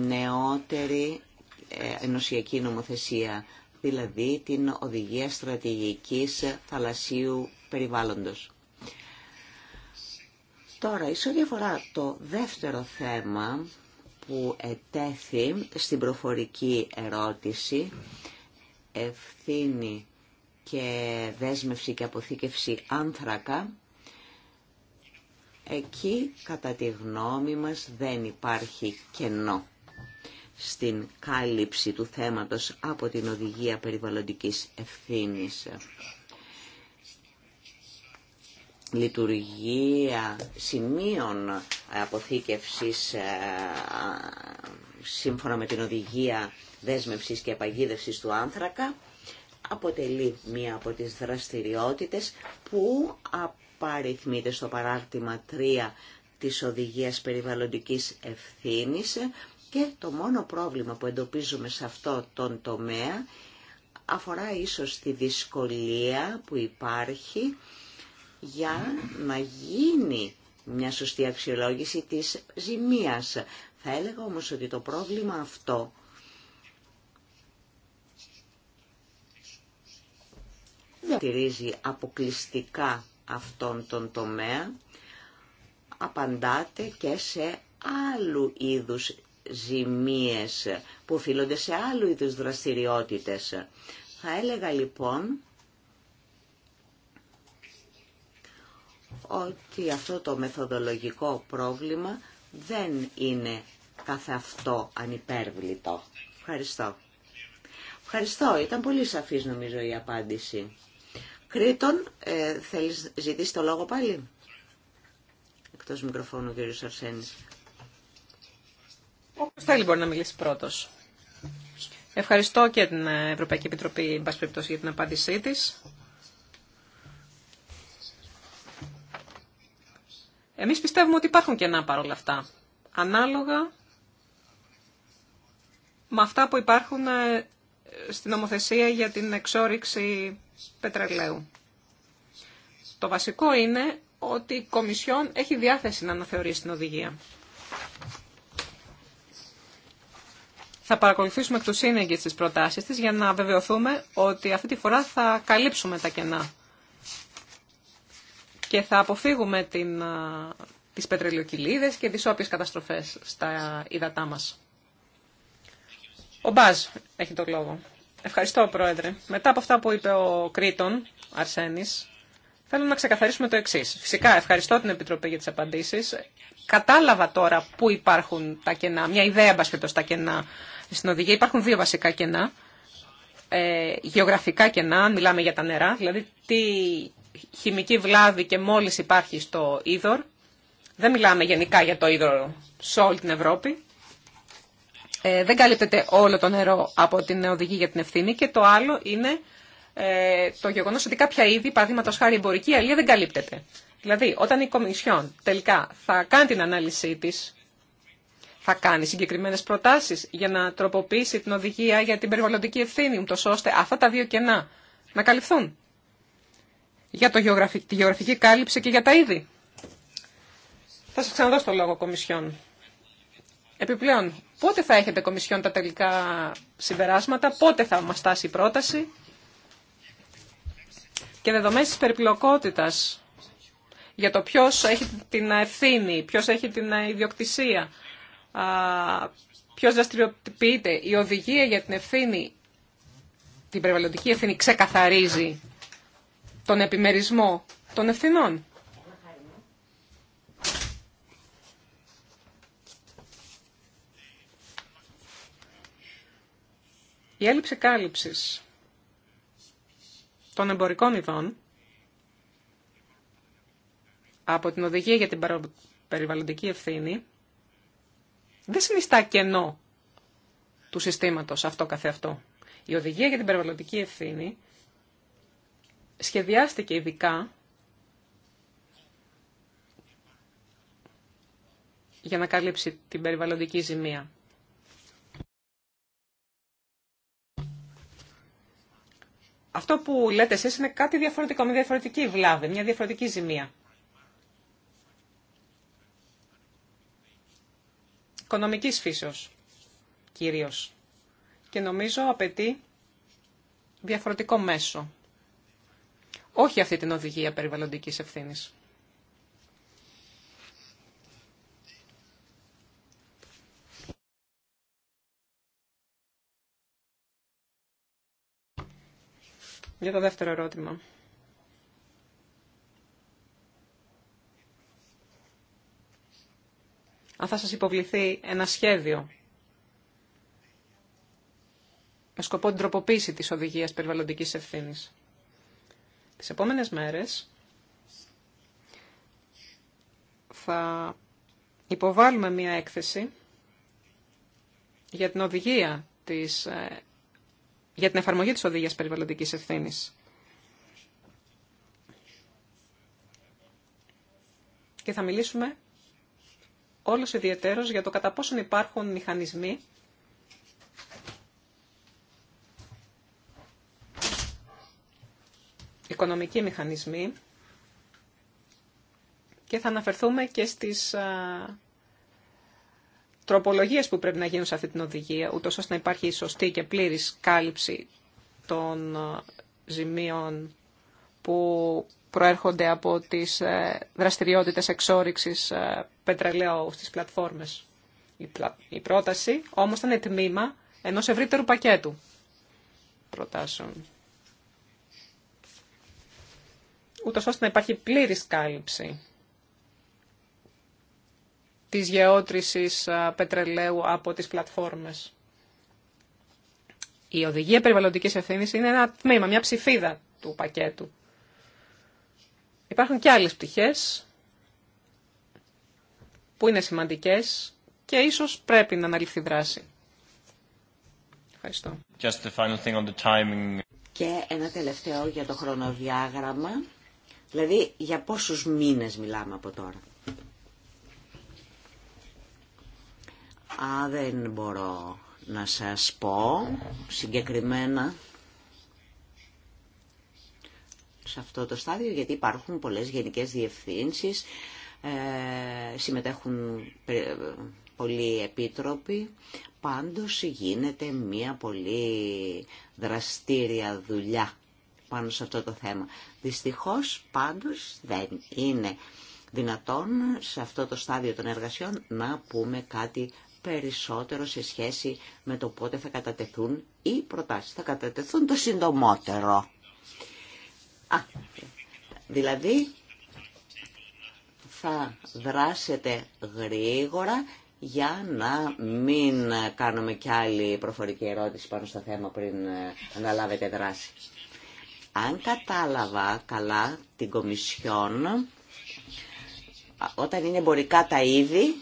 νεότερη ε, ενωσιακή νομοθεσία δηλαδή την Οδηγία Στρατηγικής Θαλασσίου Περιβάλλοντος. Τώρα, ίσως διαφορά το δεύτερο θέμα που ετέθη στην προφορική ερώτηση, ευθύνη και δέσμευση και αποθήκευση άνθρακα, εκεί κατά τη γνώμη μας δεν υπάρχει κενό στην κάλυψη του θέματος από την Οδηγία Περιβαλλοντικής Ευθύνης. Λειτουργία σημείων αποθήκευσης ε, σύμφωνα με την Οδηγία Δέσμευσης και Επαγίδευσης του Άνθρακα αποτελεί μία από τις δραστηριότητες που απαριθμείται στο παράρτημα 3 της Οδηγίας Περιβαλλοντικής Ευθύνης και το μόνο πρόβλημα που εντοπίζουμε σε αυτό τον τομέα αφορά ίσως τη δυσκολία που υπάρχει για να γίνει μια σωστή αξιολόγηση της ζημίας. Θα έλεγα όμως ότι το πρόβλημα αυτό δεν αποκλειστικά αυτόν τον τομέα, απαντάται και σε άλλου είδους ζημίες που οφείλονται σε άλλου είδους δραστηριότητες. Θα έλεγα λοιπόν ότι αυτό το μεθοδολογικό πρόβλημα δεν είναι καθ' αυτό ανυπέρβλητο. Ευχαριστώ. Ευχαριστώ. Ήταν πολύ σαφής νομίζω η απάντηση. Κρήτον, ε, θέλεις ζητήσει το λόγο πάλι. Εκτός μικροφώνου κύριος Αρσένης. Όπως θέλει μπορεί να μιλήσει πρώτος. Ευχαριστώ και την Ευρωπαϊκή Επιτροπή για την απάντησή της. Εμείς πιστεύουμε ότι υπάρχουν κενά παρόλα αυτά. Ανάλογα με αυτά που υπάρχουν ε, στην νομοθεσία για την εξόριξη πετρελαίου. Το βασικό είναι ότι η Κομισιόν έχει διάθεση να αναθεωρήσει την οδηγία. Θα παρακολουθήσουμε εκ του σύνεγγι τι προτάσεις τη για να βεβαιωθούμε ότι αυτή τη φορά θα καλύψουμε τα κενά και θα αποφύγουμε την, τις πετρελαιοκυλίδες και τις όποιες καταστροφές στα υδατά μας. Ο Μπάζ έχει το λόγο. Ευχαριστώ, Πρόεδρε. Μετά από αυτά που είπε ο Κρήτον, Αρσένης, θέλω να ξεκαθαρίσουμε το εξή. Φυσικά, ευχαριστώ την Επιτροπή για τις απαντήσεις. Κατάλαβα τώρα πού υπάρχουν τα κενά, μια ιδέα μπασχετός τα κενά στην οδηγία υπάρχουν δύο βασικά κενά. Ε, γεωγραφικά κενά, μιλάμε για τα νερά, δηλαδή τι χημική βλάβη και μόλις υπάρχει στο είδωρ. Δεν μιλάμε γενικά για το είδωρο σε όλη την Ευρώπη. Ε, δεν καλύπτεται όλο το νερό από την οδηγία για την ευθύνη και το άλλο είναι ε, το γεγονός ότι κάποια είδη, παραδείγματος χάρη εμπορική αλία, δεν καλύπτεται. Δηλαδή, όταν η Κομισιόν τελικά θα κάνει την ανάλυση της θα κάνει συγκεκριμένες προτάσεις για να τροποποιήσει την οδηγία για την περιβαλλοντική ευθύνη, ούτω ώστε αυτά τα δύο κενά να καλυφθούν για το τη γεωγραφική κάλυψη και για τα είδη. Θα σα ξαναδώ στο λόγο Κομισιόν. Επιπλέον, πότε θα έχετε Κομισιόν τα τελικά συμπεράσματα, πότε θα μα τάσει η πρόταση και δεδομένε τη περιπλοκότητα για το ποιο έχει την ευθύνη, ποιο έχει την ιδιοκτησία, ποιος δραστηριοποιείται. Η οδηγία για την ευθύνη, την περιβαλλοντική ευθύνη ξεκαθαρίζει τον επιμερισμό των ευθυνών. Η έλλειψη κάλυψης των εμπορικών ειδών από την Οδηγία για την Περιβαλλοντική Ευθύνη δεν συνιστά κενό του συστήματος αυτό καθεαυτό. Η οδηγία για την περιβαλλοντική ευθύνη σχεδιάστηκε ειδικά για να καλύψει την περιβαλλοντική ζημία. Αυτό που λέτε εσείς είναι κάτι διαφορετικό, μια διαφορετική βλάβη, μια διαφορετική ζημία. οικονομικής φύσεως κυρίως και νομίζω απαιτεί διαφορετικό μέσο. Όχι αυτή την οδηγία περιβαλλοντικής ευθύνης. Για το δεύτερο ερώτημα. αν θα σας υποβληθεί ένα σχέδιο με σκοπό την τροποποίηση της οδηγίας περιβαλλοντικής ευθύνης. Τις επόμενες μέρες θα υποβάλουμε μία έκθεση για την οδηγία της, ε, για την εφαρμογή της οδηγίας περιβαλλοντικής ευθύνης. Και θα μιλήσουμε όλος ιδιαίτερο για το κατά πόσον υπάρχουν μηχανισμοί οικονομικοί μηχανισμοί και θα αναφερθούμε και στις α, τροπολογίες που πρέπει να γίνουν σε αυτή την οδηγία, ούτως ώστε να υπάρχει η σωστή και πλήρης κάλυψη των ζημίων που προέρχονται από τις ε, δραστηριότητες εξόριξης ε, πετρελαίου στις πλατφόρμες. Η πρόταση όμως ήταν τμήμα ενός ευρύτερου πακέτου προτάσεων. Ούτως ώστε να υπάρχει πλήρη κάλυψη της γεώτρησης ε, πετρελαίου από τις πλατφόρμες. Η οδηγία περιβαλλοντικής ευθύνης είναι ένα τμήμα, μια ψηφίδα του πακέτου. Υπάρχουν και άλλες πτυχές που είναι σημαντικές και ίσως πρέπει να αναλυφθεί δράση. Ευχαριστώ. Και ένα τελευταίο για το χρονοδιάγραμμα. Δηλαδή, για πόσους μήνες μιλάμε από τώρα. Α, δεν μπορώ να σας πω συγκεκριμένα σε αυτό το στάδιο γιατί υπάρχουν πολλές γενικές διευθύνσεις, ε, συμμετέχουν πολλοί επίτροποι, πάντως γίνεται μια πολύ δραστήρια δουλειά πάνω σε αυτό το θέμα. Δυστυχώς πάντως δεν είναι δυνατόν σε αυτό το στάδιο των εργασιών να πούμε κάτι περισσότερο σε σχέση με το πότε θα κατατεθούν οι προτάσεις. Θα κατατεθούν το συντομότερο. Α, δηλαδή θα δράσετε γρήγορα για να μην κάνουμε κι άλλη προφορική ερώτηση πάνω στο θέμα πριν ε, αναλάβετε δράση. Αν κατάλαβα καλά την Κομισιόν, όταν είναι εμπορικά τα είδη,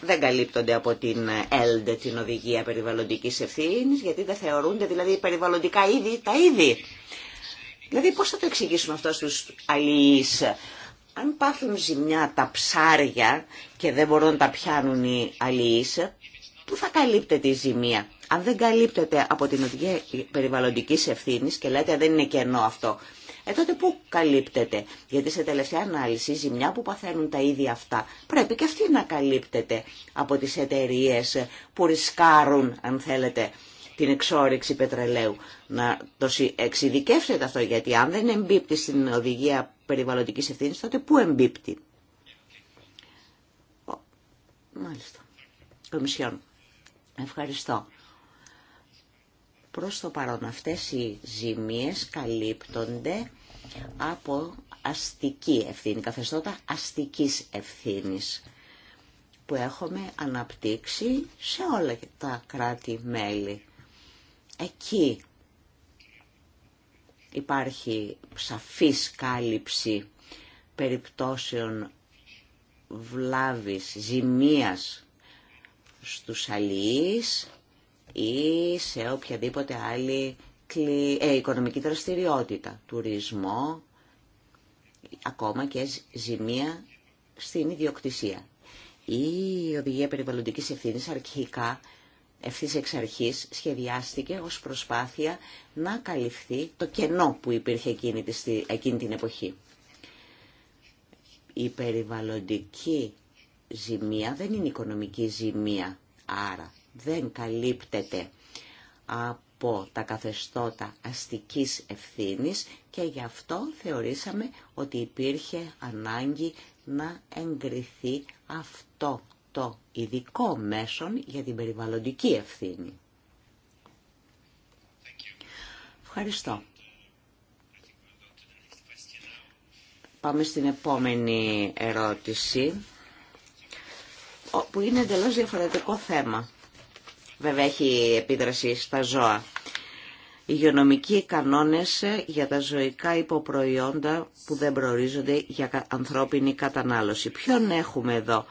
δεν καλύπτονται από την ΕΛΔ, την Οδηγία Περιβαλλοντικής Ευθύνης, γιατί δεν θεωρούνται δηλαδή περιβαλλοντικά είδη τα είδη. Δηλαδή πώς θα το εξηγήσουμε αυτό στους αλληλείς. Αν πάθουν ζημιά τα ψάρια και δεν μπορούν να τα πιάνουν οι αλληλείς, πού θα καλύπτεται η ζημία. Αν δεν καλύπτεται από την οδηγία περιβαλλοντική ευθύνης και λέτε δεν είναι κενό αυτό, ε, τότε πού καλύπτεται. Γιατί σε τελευταία ανάλυση η ζημιά που παθαίνουν τα ίδια αυτά πρέπει και αυτή να καλύπτεται από τις εταιρείε που ρισκάρουν, αν θέλετε, την εξόριξη πετρελαίου. Να το εξειδικεύσετε αυτό, γιατί αν δεν εμπίπτει στην οδηγία περιβαλλοντική ευθύνη, τότε πού εμπίπτει. Μάλιστα. Κομισιόν. Ευχαριστώ. Προς το παρόν αυτές οι ζημίες καλύπτονται από αστική ευθύνη, καθεστώτα αστικής ευθύνης που έχουμε αναπτύξει σε όλα τα κράτη-μέλη. Εκεί υπάρχει σαφής κάλυψη περιπτώσεων βλάβης, ζημίας στους αλληλείς ή σε οποιαδήποτε άλλη ε, οικονομική δραστηριότητα, τουρισμό, ακόμα και ζημία στην ιδιοκτησία. Η οδηγία περιβαλλοντικής ευθύνης αρχικά ευθύς εξ αρχής σχεδιάστηκε ως προσπάθεια να καλυφθεί το κενό που υπήρχε εκείνη, εκείνη την εποχή. Η περιβαλλοντική ζημία δεν είναι οικονομική ζημία, άρα δεν καλύπτεται από τα καθεστώτα αστικής ευθύνης και γι' αυτό θεωρήσαμε ότι υπήρχε ανάγκη να εγκριθεί αυτό το ειδικό μέσον για την περιβαλλοντική ευθύνη. Ευχαριστώ. Πάμε στην επόμενη ερώτηση, που είναι εντελώς διαφορετικό θέμα. Βέβαια έχει επίδραση στα ζώα. Υγειονομικοί κανόνες για τα ζωικά υποπροϊόντα που δεν προορίζονται για ανθρώπινη κατανάλωση. Ποιον έχουμε εδώ,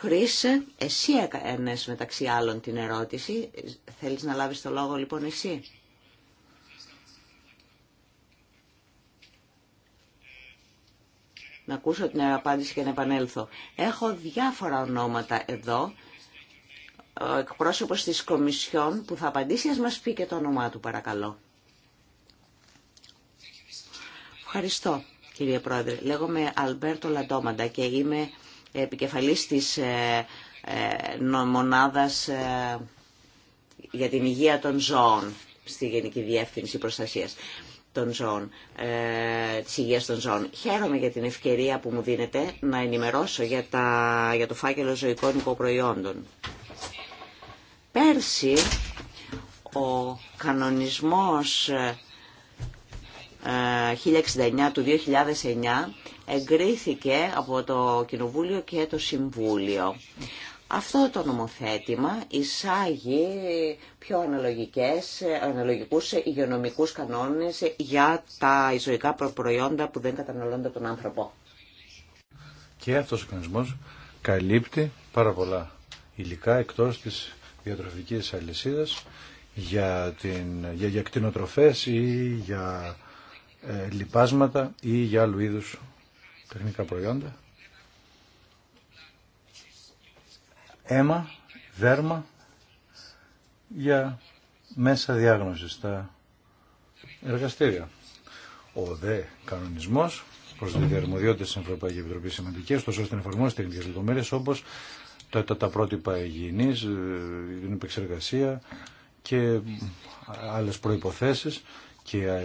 Χρήσε, εσύ έκανες μεταξύ άλλων την ερώτηση. Θέλεις να λάβεις το λόγο λοιπόν εσύ. Να ακούσω την απάντηση και να επανέλθω. Έχω διάφορα ονόματα εδώ. Ο εκπρόσωπος της Κομισιόν που θα απαντήσει, ας μας πει και το όνομά του παρακαλώ. Ευχαριστώ κύριε Πρόεδρε. Λέγομαι Αλμπέρτο Λαντόμαντα και είμαι επικεφαλής της ε, ε, μονάδας ε, για την υγεία των ζώων στη Γενική Διεύθυνση Προστασίας των ζώων, της υγείας των ζώων. Χαίρομαι για την ευκαιρία που μου δίνετε να ενημερώσω για, τα, για το φάκελο ζωικών υποπροϊόντων. Πέρσι ο κανονισμός 1069 του 2009 εγκρίθηκε από το Κοινοβούλιο και το Συμβούλιο. Αυτό το νομοθέτημα εισάγει πιο αναλογικές, αναλογικούς υγειονομικούς κανόνες για τα ισοϊκά προϊόντα που δεν καταναλώνται τον άνθρωπο. Και αυτός ο κανονισμός καλύπτει πάρα πολλά υλικά εκτός της διατροφικής αλυσίδας για, την, για, για κτηνοτροφές ή για ε, λιπάσματα ή για άλλου είδους τεχνικά προϊόντα. Αίμα, δέρμα για μέσα διάγνωση στα εργαστήρια. Ο δε κανονισμός προσδίδει αρμοδιότητε στην Ευρωπαϊκή Επιτροπή σημαντικέ, ώστε να εφαρμόσει τεχνικέ λεπτομέρειε όπω τα, τα, τα, πρότυπα υγιεινή, ε, την επεξεργασία και άλλε προποθέσει και ε,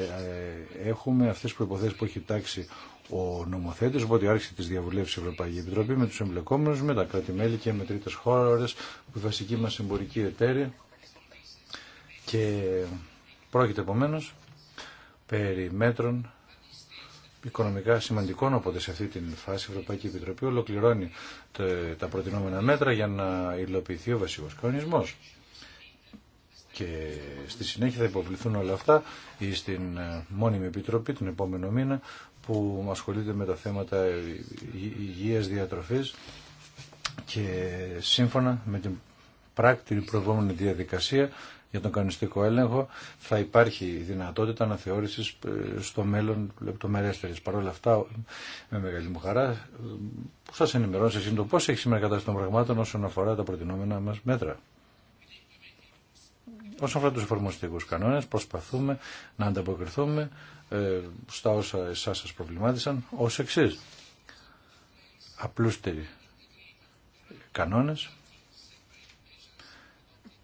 ε, έχουμε αυτές τις προϋποθέσεις που έχει τάξει ο νομοθέτης, οπότε άρχισε τις διαβουλεύσεις η Ευρωπαϊκή Επιτροπή με τους εμπλεκόμενους, με τα κράτη-μέλη και με τρίτες χώρες, που η βασική μας εμπορική εταίρεια και πρόκειται επομένω περί μέτρων οικονομικά σημαντικών, οπότε σε αυτή την φάση η Ευρωπαϊκή Επιτροπή ολοκληρώνει τα προτινόμενα μέτρα για να υλοποιηθεί ο βασικός κανονισμός. Και στη συνέχεια θα υποβληθούν όλα αυτά ή στην ε, μόνιμη επιτροπή τον επόμενο μήνα που ασχολείται με τα θέματα υγείας διατροφής και σύμφωνα με την πράκτη προβόμενη διαδικασία για τον κανονιστικό έλεγχο θα υπάρχει δυνατότητα αναθεώρησης ε, στο μέλλον λεπτομερέστερης. Παρ' όλα αυτά, με μεγάλη μου χαρά, ε, που σας ενημερώνω σε το πώς έχει σήμερα κατάσταση των πραγμάτων όσον αφορά τα προτινόμενα μας μέτρα. Όσον αφορά τους εφαρμοστικούς κανόνες, προσπαθούμε να ανταποκριθούμε ε, στα όσα εσάς σας προβλημάτισαν ως εξή. Απλούστεροι κανόνες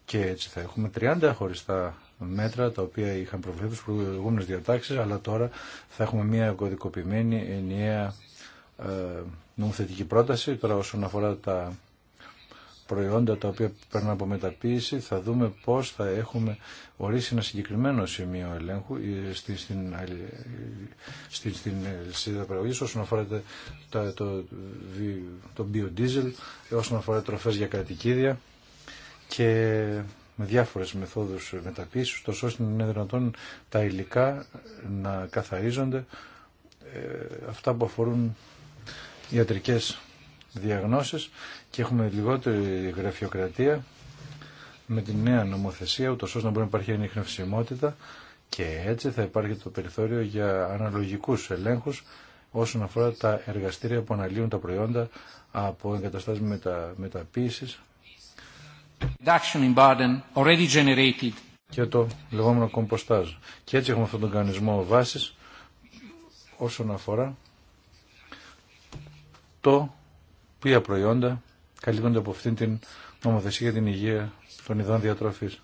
και έτσι θα έχουμε 30 χωριστά μέτρα τα οποία είχαν προβληθεί στις προηγούμενες διατάξεις αλλά τώρα θα έχουμε μια κωδικοποιημένη ενιαία ε, νομοθετική πρόταση τώρα όσον αφορά τα προϊόντα τα οποία παίρνουν από μεταποίηση θα δούμε πώς θα έχουμε ορίσει ένα συγκεκριμένο σημείο ελέγχου ε, στην, στην, ε, στην, στην ε, όσον αφορά το, το biodiesel, όσον αφορά τροφές για κατοικίδια και με διάφορες μεθόδους μεταποίησης, τόσο ώστε να είναι δυνατόν τα υλικά να καθαρίζονται αυτά που αφορούν ιατρικές διαγνώσεις και έχουμε λιγότερη γραφειοκρατία με τη νέα νομοθεσία, ούτως ώστε να μπορεί να υπάρχει ανιχνευσιμότητα και έτσι θα υπάρχει το περιθώριο για αναλογικούς ελέγχους όσον αφορά τα εργαστήρια που αναλύουν τα προϊόντα από εγκαταστάσεις μετα, μεταποίησης και το λεγόμενο κομποστάζ. Και έτσι έχουμε αυτόν τον κανονισμό βάσης όσον αφορά το ποια προϊόντα καλύπτονται από αυτήν την νομοθεσία για την υγεία των ειδών διατροφής.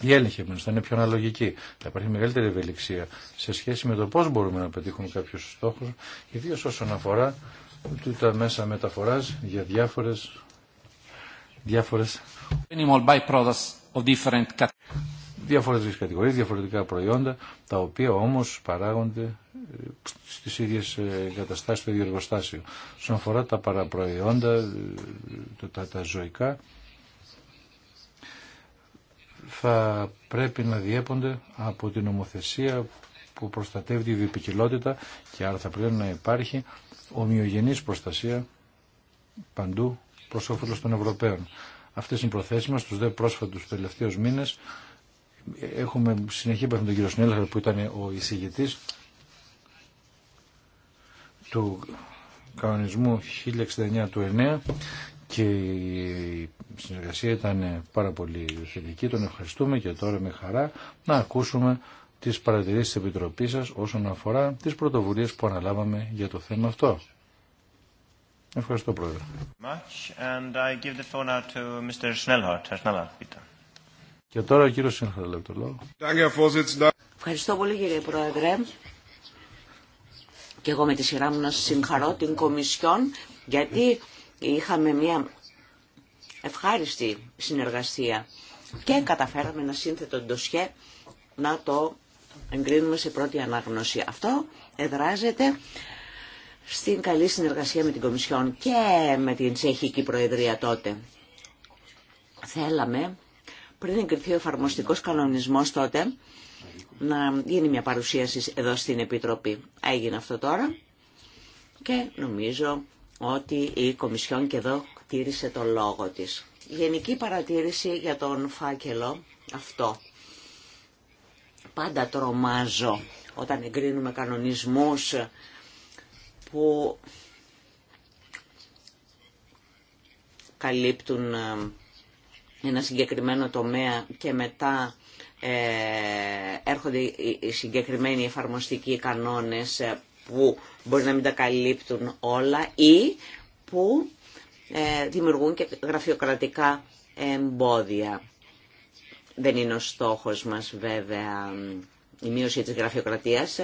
Η έλεγχη επομένω θα είναι πιο αναλογική. Θα υπάρχει μεγαλύτερη ευελιξία σε σχέση με το πώ μπορούμε να πετύχουμε κάποιου στόχου, ιδίω όσον αφορά τα μέσα μεταφορά για διάφορε. Διάφορες Διαφορετικές διαφορετικά προϊόντα, τα οποία όμως παράγονται Στι ίδιε εγκαταστάσει, στο ίδιο εργοστάσιο. Στον αφορά τα παραπροϊόντα, ε, τα, ζωικά, θα πρέπει να διέπονται από την ομοθεσία που προστατεύει τη και άρα θα πρέπει να υπάρχει ομοιογενής προστασία παντού προς όφελος των Ευρωπαίων. Αυτές είναι οι προθέσεις μας, τους δε πρόσφατους τελευταίους μήνες. Έχουμε συνεχή επαφή με τον κύριο Σνέλχαρ που ήταν ο εισηγητής του κανονισμού 1069 του 9 και η συνεργασία ήταν πάρα πολύ θετική. Τον ευχαριστούμε και τώρα με χαρά να ακούσουμε τις παρατηρήσεις της Επιτροπής σας όσον αφορά τις πρωτοβουλίες που αναλάβαμε για το θέμα αυτό. Ευχαριστώ Πρόεδρε. Και τώρα ο κύριος Σύνχαλα Ευχαριστώ πολύ κύριε Πρόεδρε και εγώ με τη σειρά μου να συγχαρώ την Κομισιόν γιατί είχαμε μια ευχάριστη συνεργασία και καταφέραμε ένα σύνθετο ντοσιέ να το εγκρίνουμε σε πρώτη ανάγνωση. Αυτό εδράζεται στην καλή συνεργασία με την Κομισιόν και με την Τσεχική Προεδρία τότε. Θέλαμε, πριν εγκριθεί ο εφαρμοστικός κανονισμός τότε, να γίνει μια παρουσίαση εδώ στην Επιτροπή. Έγινε αυτό τώρα και νομίζω ότι η Κομισιόν και εδώ κτήρισε το λόγο της. Γενική παρατήρηση για τον φάκελο αυτό. Πάντα τρομάζω όταν εγκρίνουμε κανονισμούς που καλύπτουν ε, ένα συγκεκριμένο τομέα και μετά ε, έρχονται οι συγκεκριμένοι εφαρμοστικοί κανόνες ε, που μπορεί να μην τα καλύπτουν όλα ή που ε, δημιουργούν και γραφειοκρατικά εμπόδια. Δεν είναι ο στόχος μας βέβαια η μείωση της γραφειοκρατίας.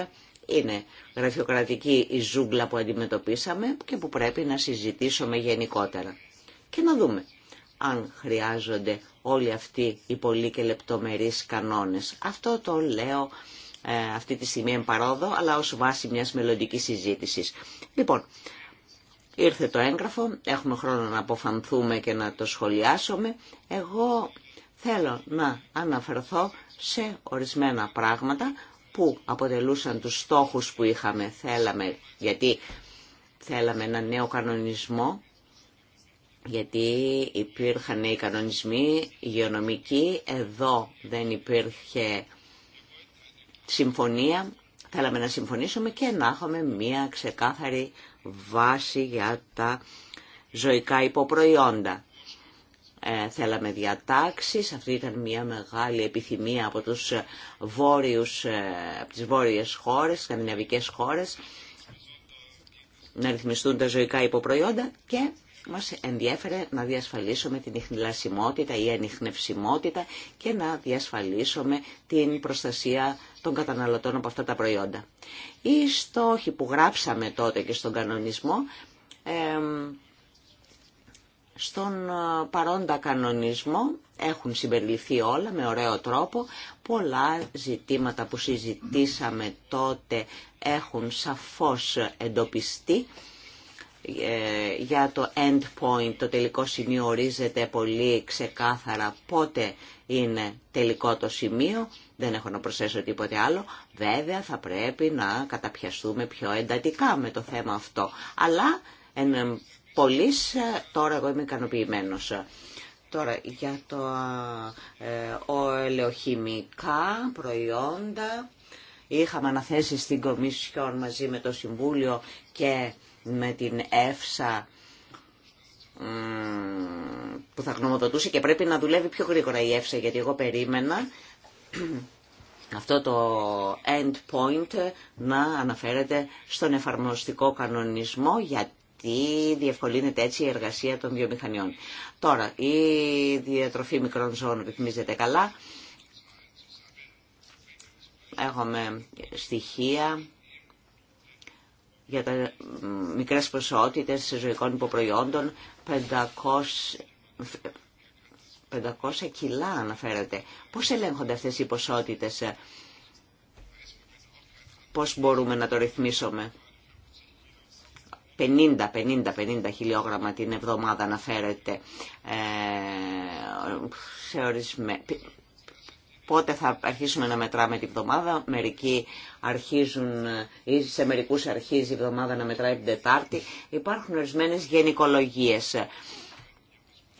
Είναι γραφειοκρατική η ζούγκλα που αντιμετωπίσαμε και που πρέπει να συζητήσουμε γενικότερα. Και να δούμε αν χρειάζονται όλοι αυτοί οι πολύ και λεπτομερείς κανόνες. Αυτό το λέω ε, αυτή τη στιγμή εν παρόδο, αλλά ως βάση μιας μελλοντικής συζήτησης. Λοιπόν, ήρθε το έγγραφο, έχουμε χρόνο να αποφανθούμε και να το σχολιάσουμε. Εγώ θέλω να αναφερθώ σε ορισμένα πράγματα που αποτελούσαν τους στόχους που είχαμε, θέλαμε, γιατί θέλαμε ένα νέο κανονισμό γιατί υπήρχαν οι κανονισμοί υγειονομικοί, εδώ δεν υπήρχε συμφωνία. Θέλαμε να συμφωνήσουμε και να έχουμε μία ξεκάθαρη βάση για τα ζωικά υποπροϊόντα. Ε, θέλαμε διατάξεις, αυτή ήταν μια μεγάλη επιθυμία από, τους βόρειους, ε, από τις βόρειες χώρες, σκανδιναβικές χώρες, να ρυθμιστούν τα ζωικά υποπροϊόντα και Μα ενδιέφερε να διασφαλίσουμε την ειχνηλασιμότητα ή ανιχνευσιμότητα και να διασφαλίσουμε την προστασία των καταναλωτών από αυτά τα προϊόντα. Οι στόχοι που γράψαμε τότε και στον κανονισμό, στον ε, παρόντα κανονισμό έχουν συμπεριληφθεί όλα με ωραίο τρόπο. Πολλά ζητήματα που συζητήσαμε τότε έχουν σαφώς εντοπιστεί ε, για το end point, το τελικό σημείο ορίζεται πολύ ξεκάθαρα πότε είναι τελικό το σημείο, δεν έχω να προσθέσω τίποτε άλλο. Βέβαια θα πρέπει να καταπιαστούμε πιο εντατικά με το θέμα αυτό. Αλλά εν πολλής, ε, τώρα εγώ είμαι ικανοποιημένο. Τώρα για το ε, προϊόντα είχαμε αναθέσει στην Κομισιόν μαζί με το Συμβούλιο και με την ΕΦΣΑ που θα γνωμοδοτούσε και πρέπει να δουλεύει πιο γρήγορα η ΕΦΣΑ γιατί εγώ περίμενα αυτό το end point να αναφέρεται στον εφαρμοστικό κανονισμό γιατί διευκολύνεται έτσι η εργασία των βιομηχανιών. Τώρα, η διατροφή μικρών ζώων ρυθμίζεται καλά. Έχουμε στοιχεία για τα μικρές ποσότητες ζωικών υποπροϊόντων, 500, 500 κιλά αναφέρεται. Πώς ελέγχονται αυτές οι ποσότητες, ε? πώς μπορούμε να το ρυθμίσουμε. 50, 50, 50 χιλιόγραμμα την εβδομάδα αναφέρεται. Ε, σε ορισμέ πότε θα αρχίσουμε να μετράμε την εβδομάδα. αρχίζουν, ή σε μερικούς αρχίζει η σε μερικους αρχιζει η εβδομάδα να μετράει την Τετάρτη. Υπάρχουν ορισμένες γενικολογίες.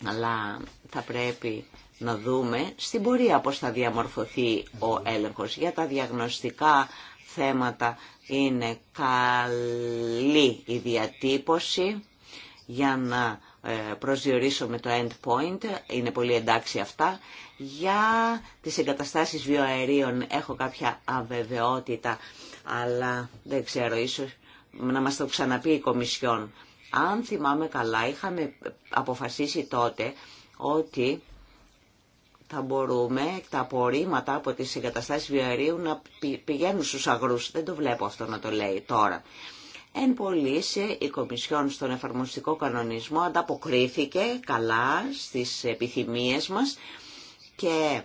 Αλλά θα πρέπει να δούμε στην πορεία πώς θα διαμορφωθεί ο έλεγχος. Για τα διαγνωστικά θέματα είναι καλή η διατύπωση για να ε, με το endpoint, είναι πολύ εντάξει αυτά. Για τις εγκαταστάσεις βιοαερίων έχω κάποια αβεβαιότητα, αλλά δεν ξέρω, ίσως να μας το ξαναπεί η Κομισιόν. Αν θυμάμαι καλά, είχαμε αποφασίσει τότε ότι θα μπορούμε τα απορρίμματα από τις εγκαταστάσεις βιοαερίου να πηγαίνουν στους αγρούς. Δεν το βλέπω αυτό να το λέει τώρα. Εν σε η Κομισιόν στον εφαρμοστικό κανονισμό ανταποκρίθηκε καλά στις επιθυμίες μας και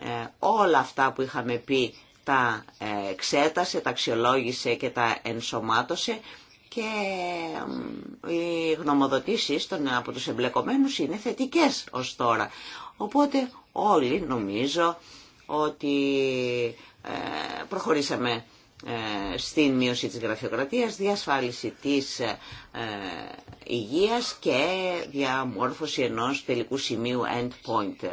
ε, όλα αυτά που είχαμε πει τα ε, εξέτασε, τα αξιολόγησε και τα ενσωμάτωσε και οι γνωμοδοτήσεις των, από τους εμπλεκομένους είναι θετικές ως τώρα. Οπότε όλοι νομίζω ότι ε, προχωρήσαμε ε, στην μείωση της γραφειοκρατίας, διασφάλιση της ε, υγείας και διαμόρφωση ενός τελικού σημείου end point.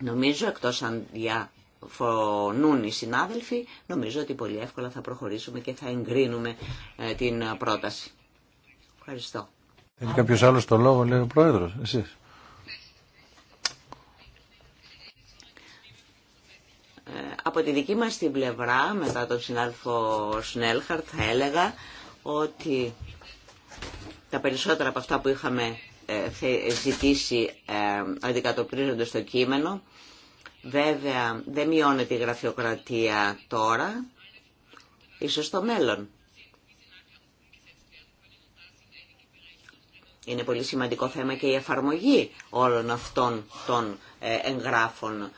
Νομίζω, εκτός αν διαφωνούν οι συνάδελφοι, νομίζω ότι πολύ εύκολα θα προχωρήσουμε και θα εγκρίνουμε ε, την πρόταση. Ευχαριστώ. Έχει κάποιος άλλος το λόγο, λέει ο Πρόεδρος, εσείς. από τη δική μας την πλευρά, μετά τον συνάδελφο Σνέλχαρτ, θα έλεγα ότι τα περισσότερα από αυτά που είχαμε ε, ζητήσει ε, αντικατοπτρίζονται στο κείμενο. Βέβαια, δεν μειώνεται η γραφειοκρατία τώρα, ίσως στο μέλλον. Είναι πολύ σημαντικό θέμα και η εφαρμογή όλων αυτών των ε, εγγράφων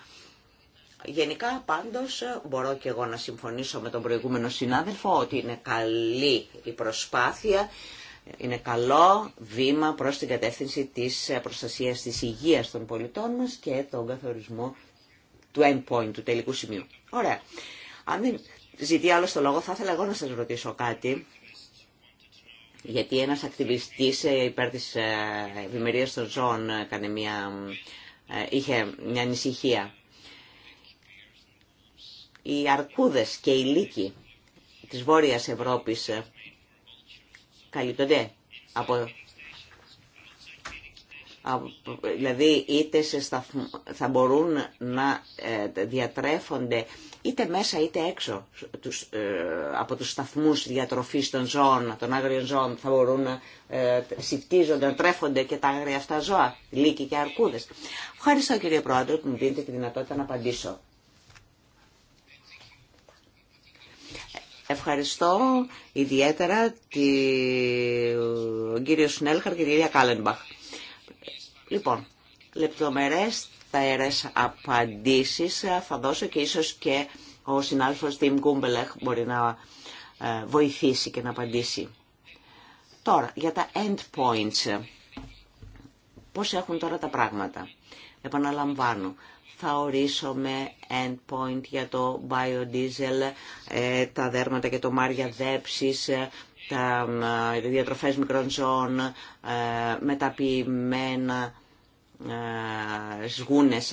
Γενικά πάντως μπορώ και εγώ να συμφωνήσω με τον προηγούμενο συνάδελφο ότι είναι καλή η προσπάθεια, είναι καλό βήμα προς την κατεύθυνση της προστασίας της υγείας των πολιτών μας και τον καθορισμό του end point, του τελικού σημείου. Ωραία. Αν δεν ζητεί άλλο το λόγο θα ήθελα εγώ να σας ρωτήσω κάτι γιατί ένας ακτιβιστής ε, υπέρ της ε, ευημερίας των ζώων ε, είχε μια ανησυχία οι αρκούδες και οι λύκοι της Βόρειας Ευρώπης ε, καλύπτονται από δηλαδή είτε σε σταθμ, θα μπορούν να ε, διατρέφονται είτε μέσα είτε έξω τους, ε, από τους σταθμούς διατροφής των ζώων, των άγριων ζώων θα μπορούν να ε, να τρέφονται και τα άγρια αυτά ζώα, λύκοι και αρκούδες. Ευχαριστώ κύριε Πρόεδρε που μου δίνετε τη δυνατότητα να απαντήσω. Ευχαριστώ ιδιαίτερα τον κύριο Σνέλχαρ και την κυρία Κάλενμπαχ. Λοιπόν, λεπτομερές ταέρες απαντήσεις θα δώσω και ίσως και ο συνάδελφος Τιμ Κούμπελεχ μπορεί να ε, βοηθήσει και να απαντήσει. Τώρα, για τα endpoints. Πώς έχουν τώρα τα πράγματα. Επαναλαμβάνω, θα ορίσουμε endpoint για το biodiesel, ε, τα δέρματα και το μάρια δέψης, ε, τα ε, διατροφές μικρών ζώων, μεταποιημένα σγούνες.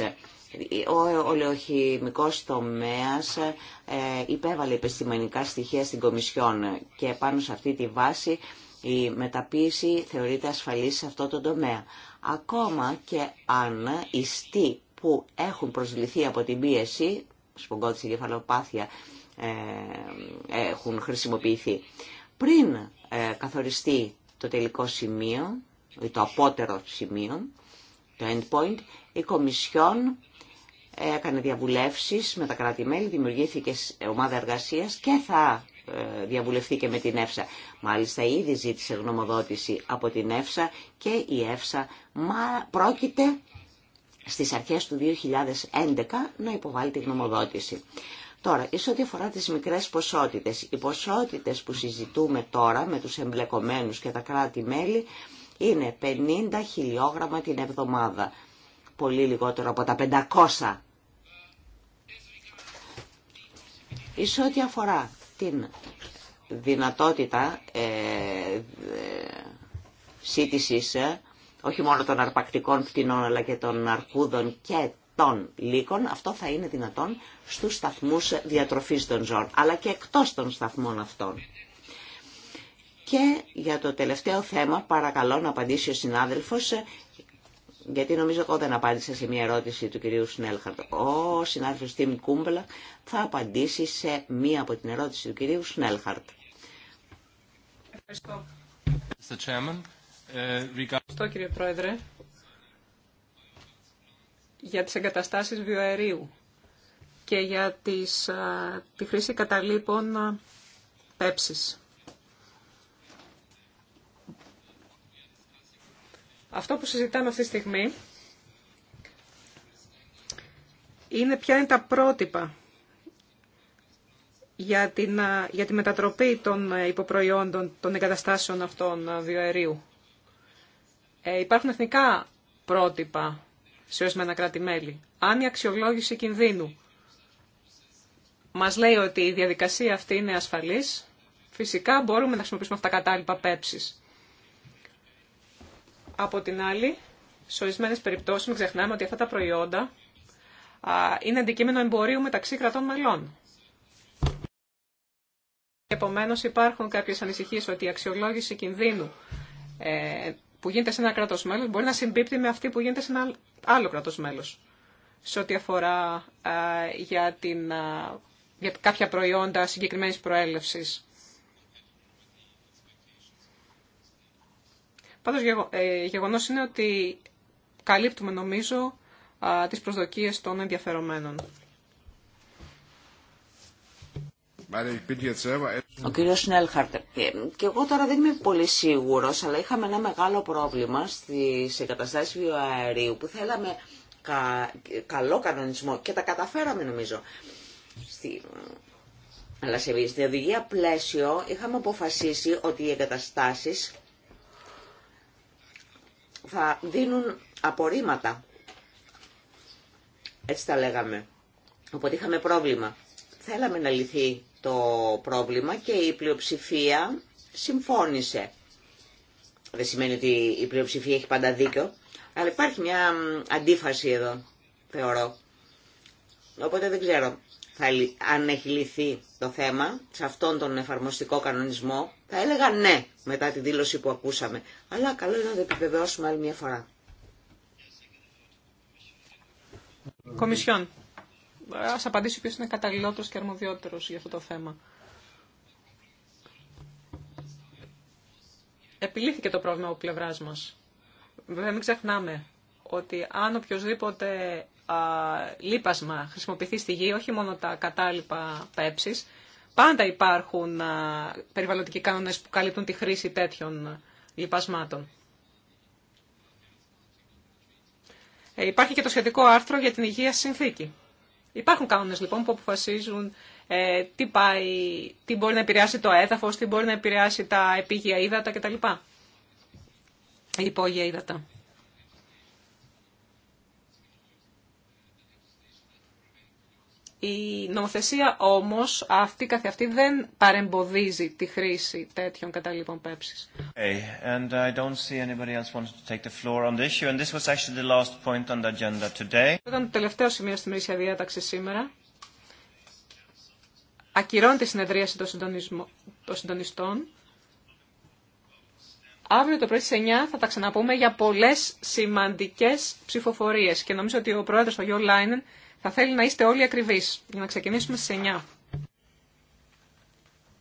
Ο ολαιοχημικός τομέας υπέβαλε επιστημονικά στοιχεία στην Κομισιόν και πάνω σε αυτή τη βάση η μεταποίηση θεωρείται ασφαλής σε αυτό το τομέα. Ακόμα και αν ιστεί που έχουν προσβληθεί από την πίεση, σπογκώτηση, κεφαλοπάθεια, ε, έχουν χρησιμοποιηθεί. Πριν ε, καθοριστεί το τελικό σημείο, ή το απότερο σημείο, το endpoint, η Κομισιόν ε, έκανε διαβουλεύσεις με τα κράτη-μέλη, δημιουργήθηκε ομάδα εργασίας και θα διαβουλευτεί και με την ΕΦΣΑ. Μάλιστα ήδη ζήτησε γνωμοδότηση από την ΕΦΣΑ και η ΕΦΣΑ μα, πρόκειται στις αρχές του 2011 να υποβάλει τη γνωμοδότηση. Τώρα, ίσως ό,τι αφορά τις μικρές ποσότητες, οι ποσότητες που συζητούμε τώρα με τους εμπλεκομένους και τα κράτη-μέλη είναι 50 χιλιόγραμμα την εβδομάδα, πολύ λιγότερο από τα 500. Ίσως ό,τι αφορά την δυνατότητα ε, ε, ε όχι μόνο των αρπακτικών πτηνών αλλά και των αρκούδων και των λύκων, αυτό θα είναι δυνατόν στους σταθμούς διατροφής των ζώων, αλλά και εκτός των σταθμών αυτών. Και για το τελευταίο θέμα, παρακαλώ να απαντήσει ο συνάδελφος, γιατί νομίζω εγώ δεν απάντησα σε μια ερώτηση του κυρίου Σνέλχαρτ. Ο συνάδελφος Τίμ Κούμπελα θα απαντήσει σε μία από την ερώτηση του κυρίου Σνέλχαρτ. Ευχαριστώ. Ευχαριστώ κύριε Πρόεδρε για τις εγκαταστάσεις βιοαερίου και για τις, τη χρήση καταλήπων πέψης. Αυτό που συζητάμε αυτή τη στιγμή είναι ποια είναι τα πρότυπα για, την, για τη μετατροπή των ε, υποπροϊόντων των εγκαταστάσεων αυτών βιοαερίου. Ε, υπάρχουν εθνικά πρότυπα σε ορισμένα κράτη-μέλη. Αν η αξιολόγηση κινδύνου μας λέει ότι η διαδικασία αυτή είναι ασφαλής, φυσικά μπορούμε να χρησιμοποιήσουμε αυτά τα κατάλοιπα πέψης. Από την άλλη, σε ορισμένε περιπτώσεις μην ξεχνάμε ότι αυτά τα προϊόντα είναι αντικείμενο εμπορίου μεταξύ κρατών μελών. Επομένως υπάρχουν κάποιες ανησυχίες ότι η αξιολόγηση κινδύνου ε, που γίνεται σε ένα κράτο μέλο μπορεί να συμπίπτει με αυτή που γίνεται σε ένα άλλο κράτο μέλο. Σε ό,τι αφορά για, την, για κάποια προϊόντα συγκεκριμένη προέλευση. Πάντως ε, γεγονός είναι ότι καλύπτουμε νομίζω τις προσδοκίες των ενδιαφερομένων. Ο κύριο Σνέλχαρτ, ε, και εγώ τώρα δεν είμαι πολύ σίγουρο, αλλά είχαμε ένα μεγάλο πρόβλημα στι εγκαταστάσει βιοαερίου που θέλαμε καλό κανονισμό και τα καταφέραμε νομίζω. αλλά σε, στην οδηγία πλαίσιο είχαμε αποφασίσει ότι οι εγκαταστάσει θα δίνουν απορρίμματα. Έτσι τα λέγαμε. Οπότε είχαμε πρόβλημα. Θέλαμε να λυθεί το πρόβλημα και η πλειοψηφία συμφώνησε. Δεν σημαίνει ότι η πλειοψηφία έχει πάντα δίκιο, αλλά υπάρχει μια αντίφαση εδώ, θεωρώ. Οπότε δεν ξέρω θα, αν έχει λυθεί το θέμα σε αυτόν τον εφαρμοστικό κανονισμό. Θα έλεγα ναι μετά τη δήλωση που ακούσαμε. Αλλά καλό είναι να το επιβεβαιώσουμε άλλη μια φορά. Κομισιόν ας απαντήσει ποιος είναι καταλληλότερος και αρμοδιότερος για αυτό το θέμα. Επιλύθηκε το πρόβλημα από πλευρά μα. Βέβαια μην ξεχνάμε ότι αν οποιοδήποτε λίπασμα χρησιμοποιηθεί στη γη, όχι μόνο τα κατάλοιπα πέψης, πάντα υπάρχουν περιβαλλοντικοί κανόνες που καλύπτουν τη χρήση τέτοιων λιπασμάτων. Ε, υπάρχει και το σχετικό άρθρο για την υγεία συνθήκη. Υπάρχουν κανόνες λοιπόν που αποφασίζουν ε, τι, πάει, τι μπορεί να επηρεάσει το έδαφο, τι μπορεί να επηρεάσει τα επίγεια ύδατα κτλ. Υπόγεια ύδατα. Η νομοθεσία όμως αυτή καθ' αυτή δεν παρεμποδίζει τη χρήση τέτοιων καταλήπων πέψης. Ήταν το τελευταίο σημείο στην μερίσια διάταξη σήμερα. Ακυρώνει τη συνεδρίαση των συντονιστών. Αύριο το πρωί στις 9 θα τα ξαναπούμε για πολλές σημαντικές ψηφοφορίες και νομίζω ότι ο πρόεδρος, ο Γιώργο Λάινεν, θα θέλει να είστε όλοι ακριβείς για να ξεκινήσουμε στις 9.